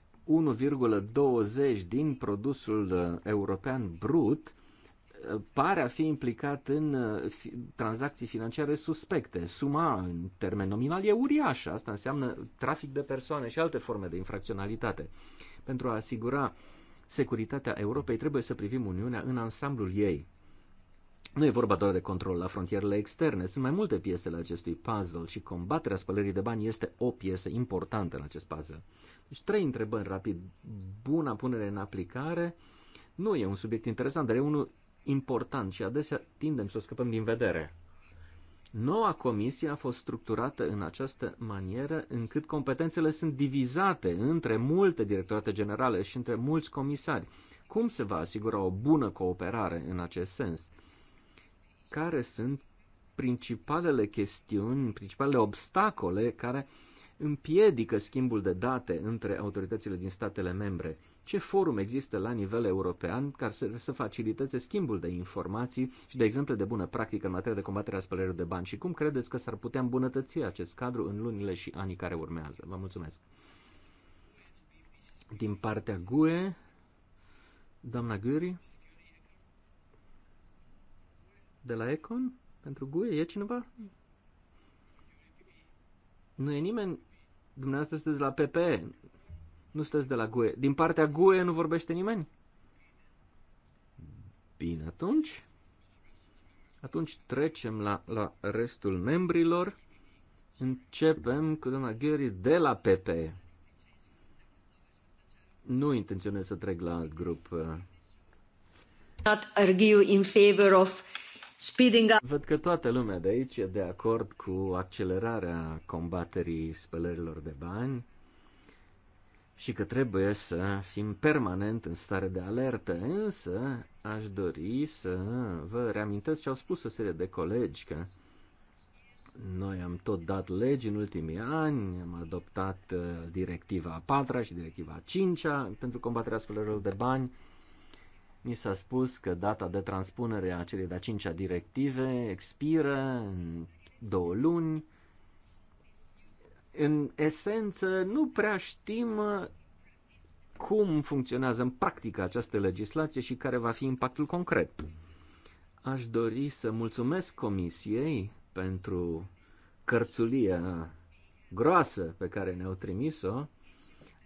1,20 din produsul uh, european brut uh, pare a fi implicat în tranzacții financiare suspecte. Suma, în termen nominal, e uriașă. Asta înseamnă trafic de persoane și alte forme de infracționalitate. Pentru a asigura securitatea Europei, trebuie să privim Uniunea în ansamblul ei. Nu e vorba doar de control la frontierele externe, sunt mai multe piese la acestui puzzle și combaterea spălării de bani este o piesă importantă în acest puzzle. Deci trei întrebări rapid. Buna punere în aplicare nu e un subiect interesant, dar e unul important și adesea tindem să o scăpăm din vedere. Noua comisie a fost structurată în această manieră încât competențele sunt divizate între multe directorate generale și între mulți comisari. Cum se va asigura o bună cooperare în acest sens? care sunt principalele chestiuni, principalele obstacole care împiedică schimbul de date între autoritățile din statele membre. Ce forum există la nivel european care să, să faciliteze schimbul de informații și de exemple de bună practică în materie de combatere a spălării de bani și cum credeți că s-ar putea îmbunătăți acest cadru în lunile și anii care urmează? Vă mulțumesc! Din partea GUE, doamna Guri de la Econ? Pentru Guie E cineva? Nu e nimeni? Dumneavoastră sunteți la PPE. Nu sunteți de la Guie. Din partea Guie nu vorbește nimeni? Bine, atunci. Atunci trecem la, la restul membrilor. Începem cu doamna Gheri de la PP. Nu intenționez să trec la alt grup. Not argue in favor of speeding up. Văd că toată lumea de aici e de acord cu accelerarea combaterii spălărilor de bani și că trebuie să fim permanent în stare de alertă, însă aș dori să vă reamintesc ce au spus o serie de colegi, că noi am tot dat legi în ultimii ani, am adoptat uh, directiva a patra și directiva a cincea pentru combaterea spălărilor de bani, mi s-a spus că data de transpunere a celei de-a cincea directive expiră în două luni. În esență, nu prea știm cum funcționează în practică această legislație și care va fi impactul concret. Aș dori să mulțumesc Comisiei pentru cărțulia groasă pe care ne-au trimis-o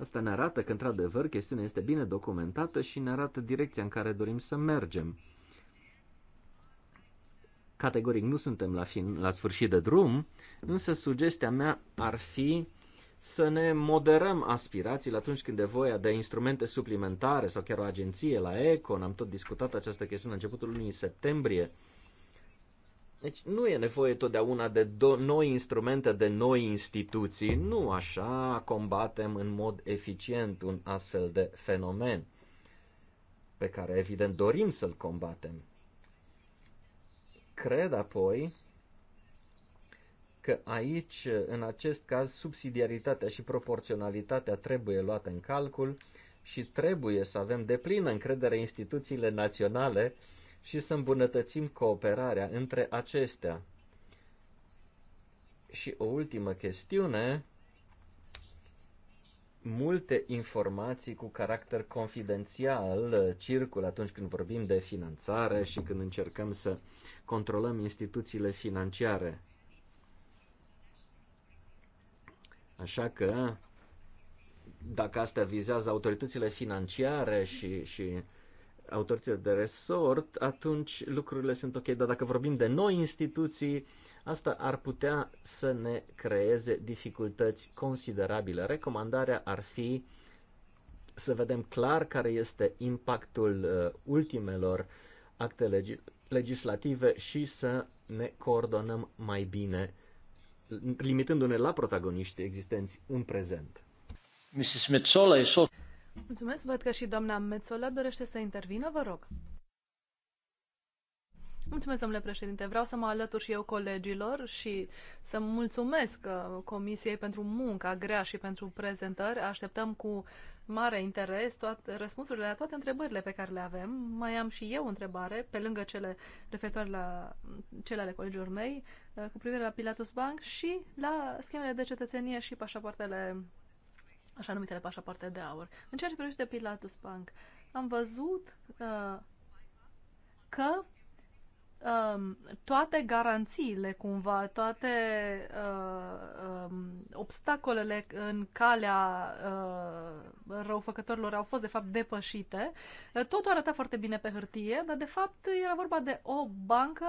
Asta ne arată că, într-adevăr, chestiunea este bine documentată și ne arată direcția în care dorim să mergem. Categoric nu suntem la, fin, la sfârșit de drum, însă sugestia mea ar fi să ne moderăm aspirațiile atunci când e voia de instrumente suplimentare sau chiar o agenție la ECON. Am tot discutat această chestiune la începutul lunii septembrie. Deci nu e nevoie totdeauna de noi instrumente, de noi instituții. Nu așa combatem în mod eficient un astfel de fenomen pe care evident dorim să-l combatem. Cred apoi că aici, în acest caz, subsidiaritatea și proporționalitatea trebuie luate în calcul și trebuie să avem deplină încredere instituțiile naționale uh, și să îmbunătățim cooperarea între acestea. Și o ultimă chestiune, multe informații cu caracter confidențial uh, circulă atunci când vorbim de finanțare și când încercăm să controlăm instituțiile financiare. Așa că, dacă asta vizează autoritățile financiare și, și autoritățile de resort, atunci lucrurile sunt ok. Dar dacă vorbim de noi instituții, asta ar putea să ne creeze dificultăți considerabile. Recomandarea ar fi să vedem clar care este impactul uh, ultimelor acte legi- legislative și să ne coordonăm mai bine, limitându-ne la protagoniști existenți în prezent. Mrs. Metzola is Mulțumesc. Văd că și doamna Metzola dorește să intervină. Vă rog. Mulțumesc, domnule președinte. Vreau să mă alătur și eu colegilor și să mulțumesc uh, Comisiei pentru munca grea și pentru prezentări. Așteptăm cu mare interes toate răspunsurile la toate întrebările pe care le avem. Mai am și eu o întrebare, pe lângă cele referitoare la cele ale colegilor mei, uh, cu privire la Pilatus Bank și la schemele de cetățenie și pașapoartele așa numitele pașapoarte de aur. În ceea ce privește Pilatus Bank, am văzut uh, că um, toate garanțiile, cumva, toate uh, um, obstacolele în calea uh, răufăcătorilor au fost, de fapt, depășite. Totul arăta foarte bine pe hârtie, dar, de fapt, era vorba de o bancă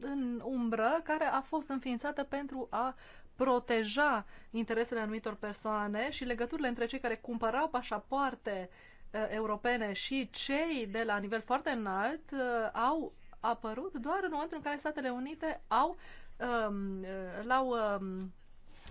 în umbră care a fost înființată pentru a proteja interesele anumitor persoane și legăturile între cei care cumpărau pașapoarte uh, europene și cei de la nivel foarte înalt uh, au apărut doar în momentul în care Statele Unite au um, uh, l-au um,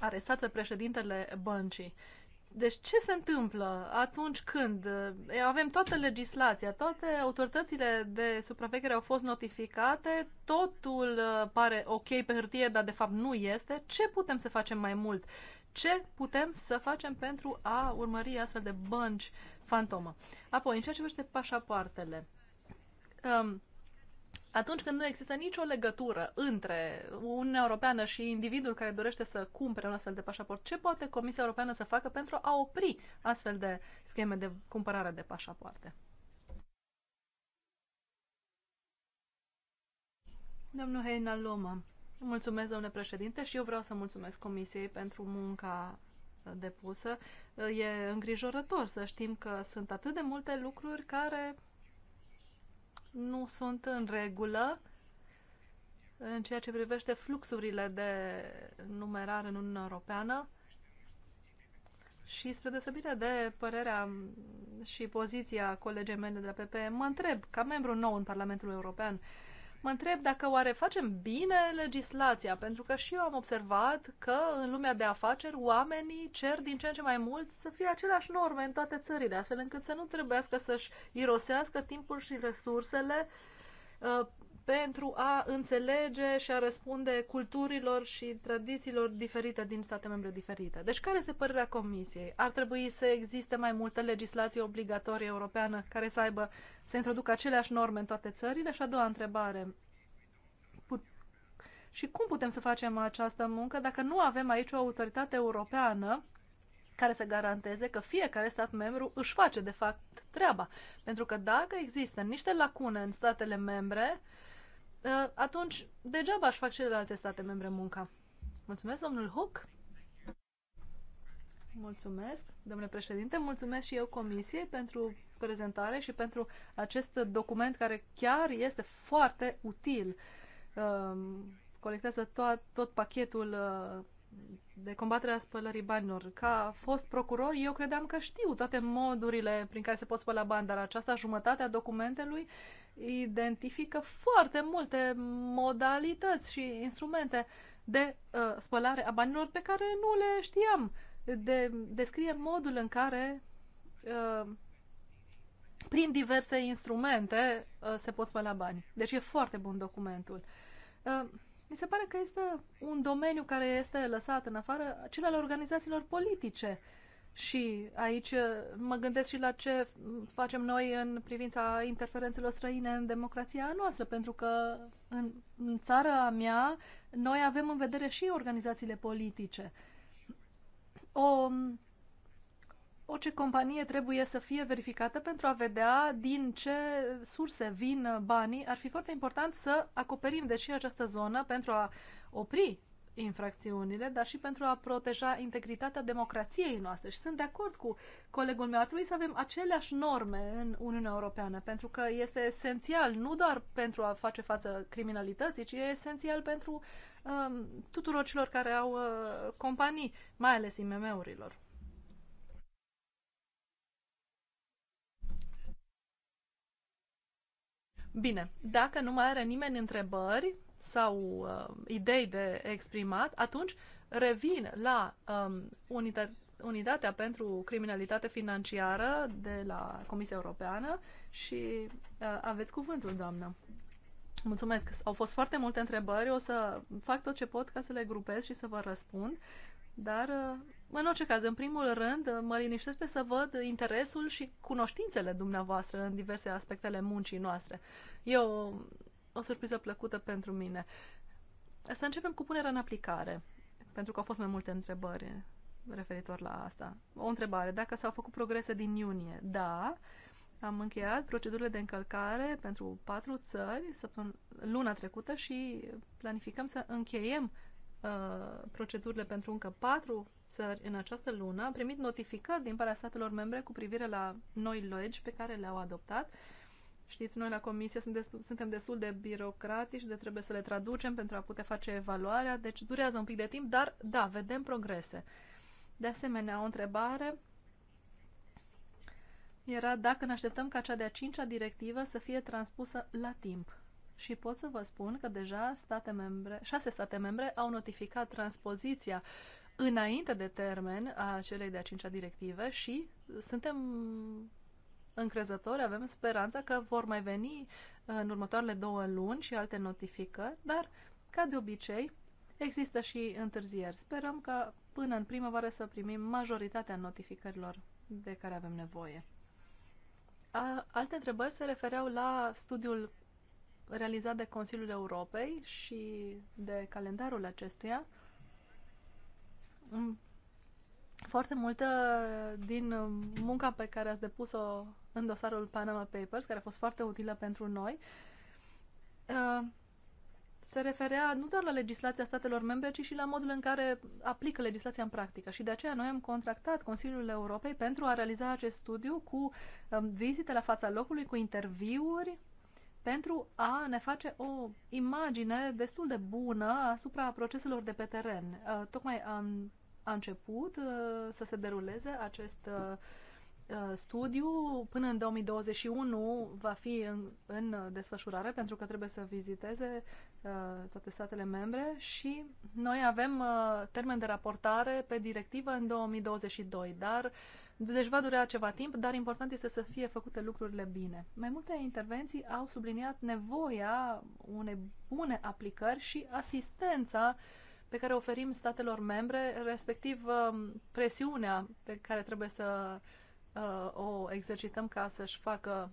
arestat pe președintele băncii. Uh, deci ce se întâmplă atunci când eh, avem toată legislația, toate autoritățile de supraveghere au fost notificate, totul eh, pare ok pe hârtie, dar de fapt nu este, ce putem să facem mai mult? Ce putem să facem pentru a urmări astfel de bănci fantomă? Apoi, în ceea ce vește pașapoartele, um, atunci când nu există nicio legătură între Uniunea Europeană și individul care dorește să cumpere un astfel de pașaport, ce poate Comisia Europeană să facă pentru a opri astfel de scheme de cumpărare de pașapoarte? Domnul Heina Loma, mulțumesc, domnule președinte, și eu vreau să mulțumesc Comisiei pentru munca depusă. E îngrijorător să știm că sunt atât de multe lucruri care nu sunt în regulă în ceea ce privește fluxurile de numerar în Uniunea Europeană și spre deosebire de părerea și poziția colegii mele de la PP, mă întreb, ca membru nou în Parlamentul European, mă întreb dacă oare facem bine legislația, pentru că și eu am observat că în lumea de afaceri oamenii cer din ce în ce mai mult să fie aceleași norme în toate țările, astfel încât să nu trebuiască să-și irosească timpul și resursele uh, pentru a înțelege și a răspunde culturilor și tradițiilor diferite din state membre diferite. Deci care este părerea Comisiei? Ar trebui să existe mai multă legislație obligatorie europeană care să aibă, să introducă aceleași norme în toate țările? Și a doua întrebare, și cum putem să facem această muncă dacă nu avem aici o autoritate europeană care să garanteze că fiecare stat membru își face, de fapt, treaba. Pentru că dacă există niște lacune în statele membre, uh, Uh, atunci degeaba aș fac celelalte state membre munca. Mulțumesc, domnul Hook. Mulțumesc, domnule președinte. Mulțumesc și eu comisiei pentru prezentare și pentru acest document care chiar este foarte util. Um, colectează tot, tot pachetul uh, de combaterea spălării banilor. Ca fost procuror, eu credeam că știu toate modurile prin care se pot spăla bani, dar aceasta jumătate a documentelui identifică foarte multe modalități și instrumente de uh, spălare a banilor pe care nu le știam. De, descrie modul în care uh, prin diverse instrumente uh, se pot spăla bani. Deci e foarte bun documentul. Uh, mi se pare că este un domeniu care este lăsat în afară cel organizațiilor politice. Uh, și aici uh, mă gândesc și la ce facem noi în privința interferențelor străine în democrația noastră, pentru că în, în țara mea noi avem în vedere și organizațiile politice. O, orice companie trebuie să fie verificată pentru a vedea din ce surse vin banii. Ar fi foarte important să acoperim, deși această zonă, pentru a opri infracțiunile, dar și pentru a proteja integritatea democrației noastre. Și sunt de acord cu colegul meu. Ar trebui să avem aceleași norme în Uniunea Europeană, pentru că este esențial nu doar pentru a face față criminalității, ci e esențial pentru um, tuturor celor care au uh, companii, mai ales IMM-urilor. Bine, dacă nu mai are nimeni întrebări, sau uh, idei de exprimat, atunci revin la um, unitate, Unitatea pentru Criminalitate Financiară de la Comisia Europeană și uh, aveți cuvântul, doamnă. Mulțumesc. Au fost foarte multe întrebări. O să fac tot ce pot ca să le grupez și să vă răspund. Dar, uh, în orice caz, în primul rând, mă liniștește să văd interesul și cunoștințele dumneavoastră în diverse aspectele muncii noastre. Eu o surpriză plăcută pentru mine. Să începem cu punerea în aplicare, pentru că au fost mai multe întrebări referitor la asta. O întrebare, dacă s-au făcut progrese din iunie? Da, am încheiat procedurile de încălcare pentru patru țări luna trecută și planificăm să încheiem uh, procedurile pentru încă patru țări în această lună. Am primit notificări din partea statelor membre cu privire la noi legi pe care le-au adoptat. Uh, Știți, noi la comisie suntem destul de birocratici, de trebuie să le traducem pentru a putea face evaluarea, deci durează un pic de timp, dar da, vedem progrese. De asemenea, o întrebare era dacă ne așteptăm ca cea de-a cincea directivă să fie transpusă la timp. Și pot să vă spun că deja state membre, șase state membre au notificat transpoziția înainte de termen a celei de-a cincea directive și suntem încrezători, avem speranța că vor mai veni uh, în următoarele două luni și alte notificări, dar, ca de obicei, există și întârzieri. Sperăm că până în primăvară să primim majoritatea notificărilor de care avem nevoie. A, alte întrebări se refereau la studiul realizat de Consiliul Europei și de calendarul acestuia. Mm, foarte multă din munca pe care ați depus-o în dosarul Panama Papers, care a fost foarte utilă pentru noi, uh, se referea nu doar la legislația statelor membre, ci și la modul în care aplică legislația în practică. Și de aceea noi am contractat Consiliul Europei pentru a realiza acest studiu cu um, vizite la fața locului, cu interviuri, pentru a ne face o imagine destul de bună asupra proceselor de pe teren. Uh, tocmai am a început uh, să se deruleze acest Uh, studiu până în 2021 va fi în, în desfășurare pentru că trebuie să viziteze uh, toate statele membre și noi avem uh, termen de raportare pe directivă în 2022, dar deci va dura ceva timp, dar important este să fie făcute lucrurile bine. Mai multe intervenții au subliniat nevoia unei bune aplicări și asistența pe care oferim statelor membre, respectiv uh, presiunea pe care trebuie să uh, uh, o exercităm ca să-și facă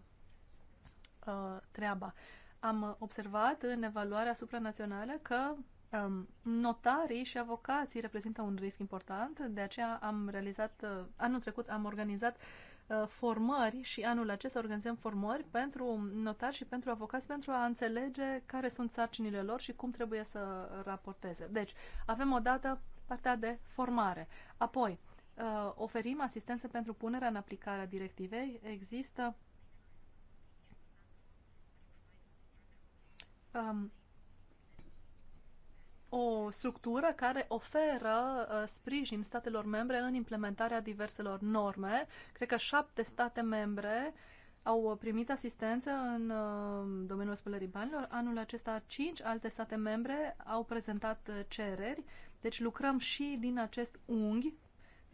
uh, treaba. Am observat în evaluarea supranațională că um, notarii și avocații reprezintă un risc important, de aceea am realizat, uh, anul trecut am organizat uh, formări și anul acesta organizăm formări pentru notari și pentru avocați pentru a înțelege care sunt sarcinile lor și cum trebuie să raporteze. Deci, avem o dată partea de formare. Apoi, uh, uh, oferim asistență pentru punerea în aplicare a directivei. Există um, o structură care oferă uh, sprijin statelor membre în implementarea diverselor norme. Cred că șapte state membre au primit asistență în uh, domeniul spălării banilor. Anul acesta, cinci alte state membre au prezentat uh, cereri, deci lucrăm și din acest unghi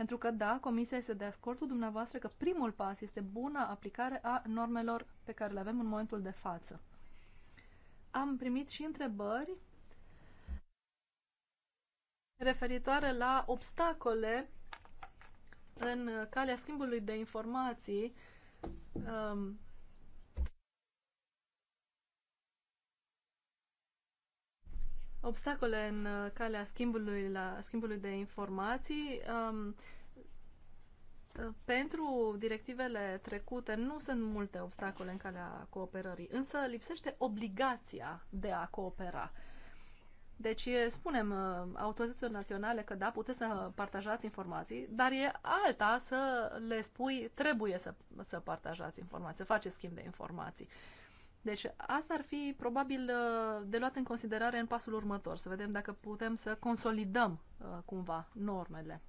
pentru că, da, Comisia este de acord cu dumneavoastră că primul pas este buna aplicare a normelor pe care le avem în momentul de față. Am primit și întrebări referitoare la obstacole în calea schimbului de informații um, obstacole în uh, calea schimbului, la, schimbului de informații. Um, uh, pentru directivele trecute nu sunt multe obstacole în calea cooperării, însă lipsește obligația de a coopera. Deci spunem uh, autorităților naționale că da, puteți să partajați informații, dar e alta să le spui trebuie să, să partajați informații, să faceți schimb de informații. Uh, deci asta ar fi probabil uh, de luat în considerare în pasul următor, să vedem dacă putem să consolidăm uh, cumva normele.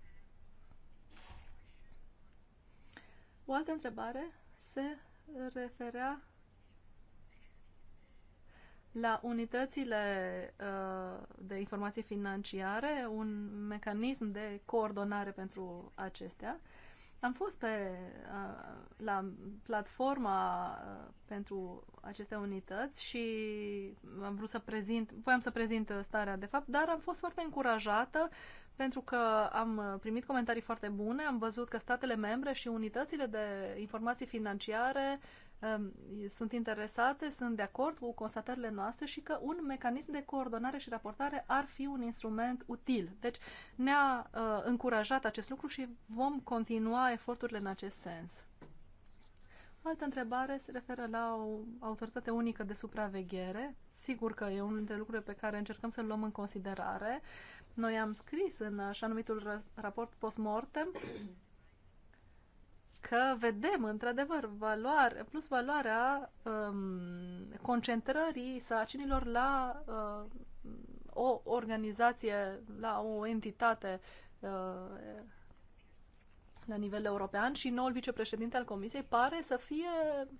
O altă întrebare se referea la unitățile uh, de informații financiare, un mecanism de coordonare pentru acestea. Am fost pe, la platforma pentru aceste unități și am vrut să prezint, voiam să prezint starea de fapt, dar am fost foarte încurajată pentru că am primit comentarii foarte bune, am văzut că statele membre și unitățile de informații financiare sunt interesate, sunt de acord cu constatările noastre și că un mecanism de coordonare și raportare ar fi un instrument util. Deci ne-a uh, încurajat acest lucru și vom continua eforturile în acest sens. O altă întrebare se referă la o autoritate unică de supraveghere. Sigur că e unul dintre lucrurile pe care încercăm să-l luăm în considerare. Noi am scris în așa numitul raport post-mortem că vedem într-adevăr valoare, plus valoarea um, concentrării sacinilor la uh, o organizație, la o entitate uh, la nivel european și noul vicepreședinte al Comisiei pare să fie uh,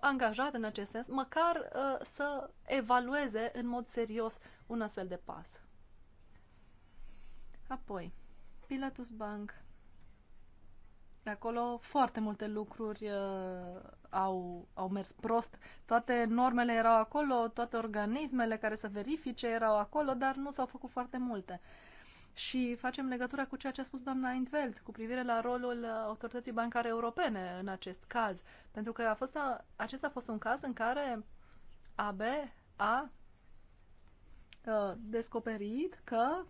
angajat în acest sens, măcar uh, să evalueze în mod serios un astfel de pas. Apoi, Pilatus Bank de acolo foarte multe lucruri uh, au, au mers prost. Toate normele erau acolo, toate organismele care să verifice erau acolo, dar nu s-au făcut foarte multe. Și facem legătura cu ceea ce a spus doamna Intveld cu privire la rolul uh, autorității bancare europene în acest caz. Pentru că a fost a, acesta a fost un caz în care AB a uh, descoperit că uh,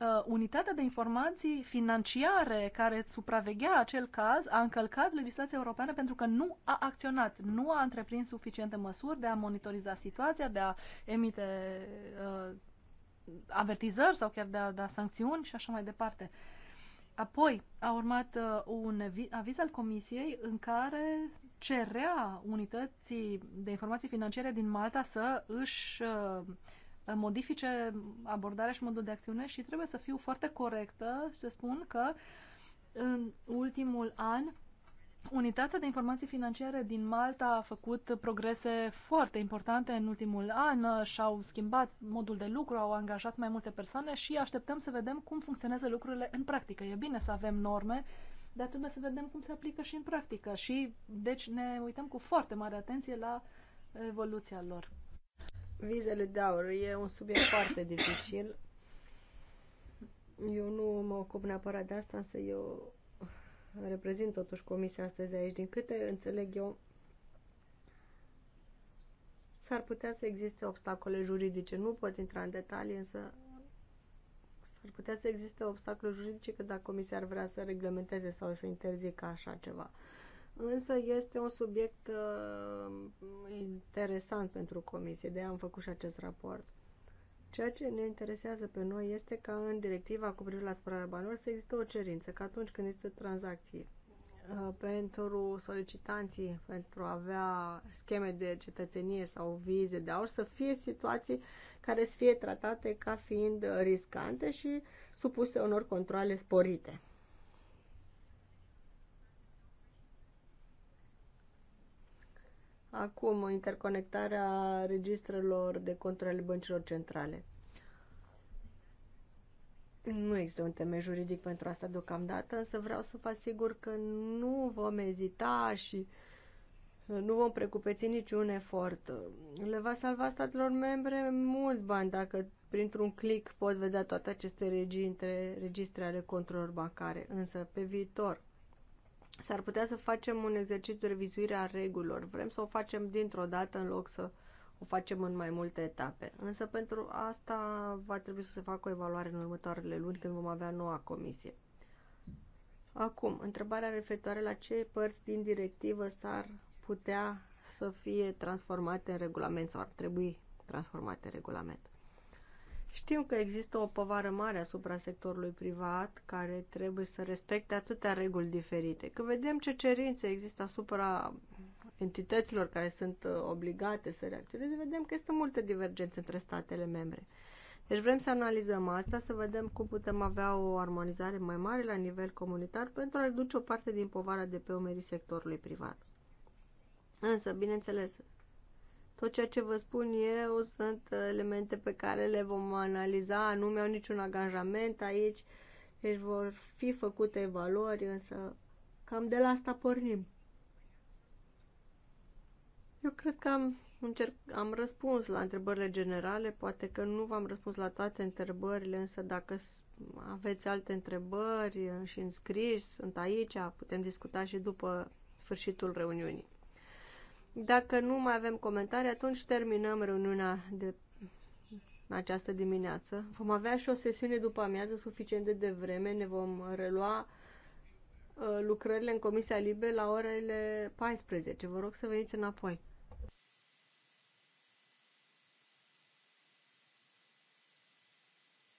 uh, unitatea de informații financiare care supraveghea acel caz a încălcat legislația europeană pentru că nu a acționat, nu a întreprins suficiente măsuri de a monitoriza situația, de a emite uh, avertizări sau chiar de a da sancțiuni și așa mai departe. Apoi a urmat uh, un aviz al Comisiei în care cerea unității de informații financiare din Malta să își uh, modifice abordarea și modul de acțiune și trebuie să fiu foarte corectă să spun că în ultimul an Unitatea de informații financiare din Malta a făcut progrese foarte importante în ultimul an, și-au schimbat modul de lucru, au angajat mai multe persoane și așteptăm să vedem cum funcționează lucrurile în practică. E bine să avem norme, dar trebuie să vedem cum se aplică și în practică și deci ne uităm cu foarte mare atenție la evoluția lor. Vizele de aur e un subiect foarte dificil. Eu nu mă ocup neapărat de asta, însă eu reprezint totuși comisia astăzi aici. Din câte înțeleg eu, s-ar putea să existe obstacole juridice. Nu pot intra în detalii, însă s-ar putea să existe obstacole juridice că dacă comisia ar vrea să reglementeze sau să interzică așa ceva. Însă este un subiect uh, interesant pentru comisie, de am făcut și acest raport. Ceea ce ne interesează pe noi este ca în directiva cu privire la spălarea banilor să există o cerință, că atunci când este tranzacții uh, pentru solicitanții, pentru a avea scheme de cetățenie sau vize de aur, să fie situații care să fie tratate ca fiind riscante și supuse unor controle sporite. Acum, interconectarea registrelor de controle băncilor centrale. Nu există un temei juridic pentru asta deocamdată, însă vreau să vă asigur că nu vom ezita și nu vom precupeți niciun efort. Le va salva statelor membre mulți bani dacă printr-un click pot vedea toate aceste registre, registre ale controlor bancare, însă pe viitor s-ar putea să facem un exercițiu de revizuire a regulilor. Vrem să o facem dintr-o dată în loc să o facem în mai multe etape. Însă pentru asta va trebui să se facă o evaluare în următoarele luni când vom avea noua comisie. Acum, întrebarea referitoare la ce părți din directivă s-ar putea să fie transformate în regulament sau ar trebui transformate în regulament. Știm că există o povară mare asupra sectorului privat care trebuie să respecte atâtea reguli diferite. Că vedem ce cerințe există asupra entităților care sunt uh, obligate să reacționeze, vedem că este multă divergență între statele membre. Deci vrem să analizăm asta, să vedem cum putem avea o armonizare mai mare la nivel comunitar pentru a reduce o parte din povara de pe umerii sectorului privat. Însă, bineînțeles, tot ceea ce vă spun eu sunt elemente pe care le vom analiza, nu mi-au niciun angajament aici, deci vor fi făcute evaluări, însă cam de la asta pornim. Eu cred că am, încerc, am răspuns la întrebările generale, poate că nu v-am răspuns la toate întrebările, însă dacă aveți alte întrebări și înscriși, sunt aici, putem discuta și după sfârșitul reuniunii. Dacă nu mai avem comentarii, atunci terminăm reuniunea de această dimineață. Vom avea și o sesiune după amiază suficient de devreme. Ne vom relua uh, lucrările în Comisia Libe la orele 14. Vă rog să veniți înapoi.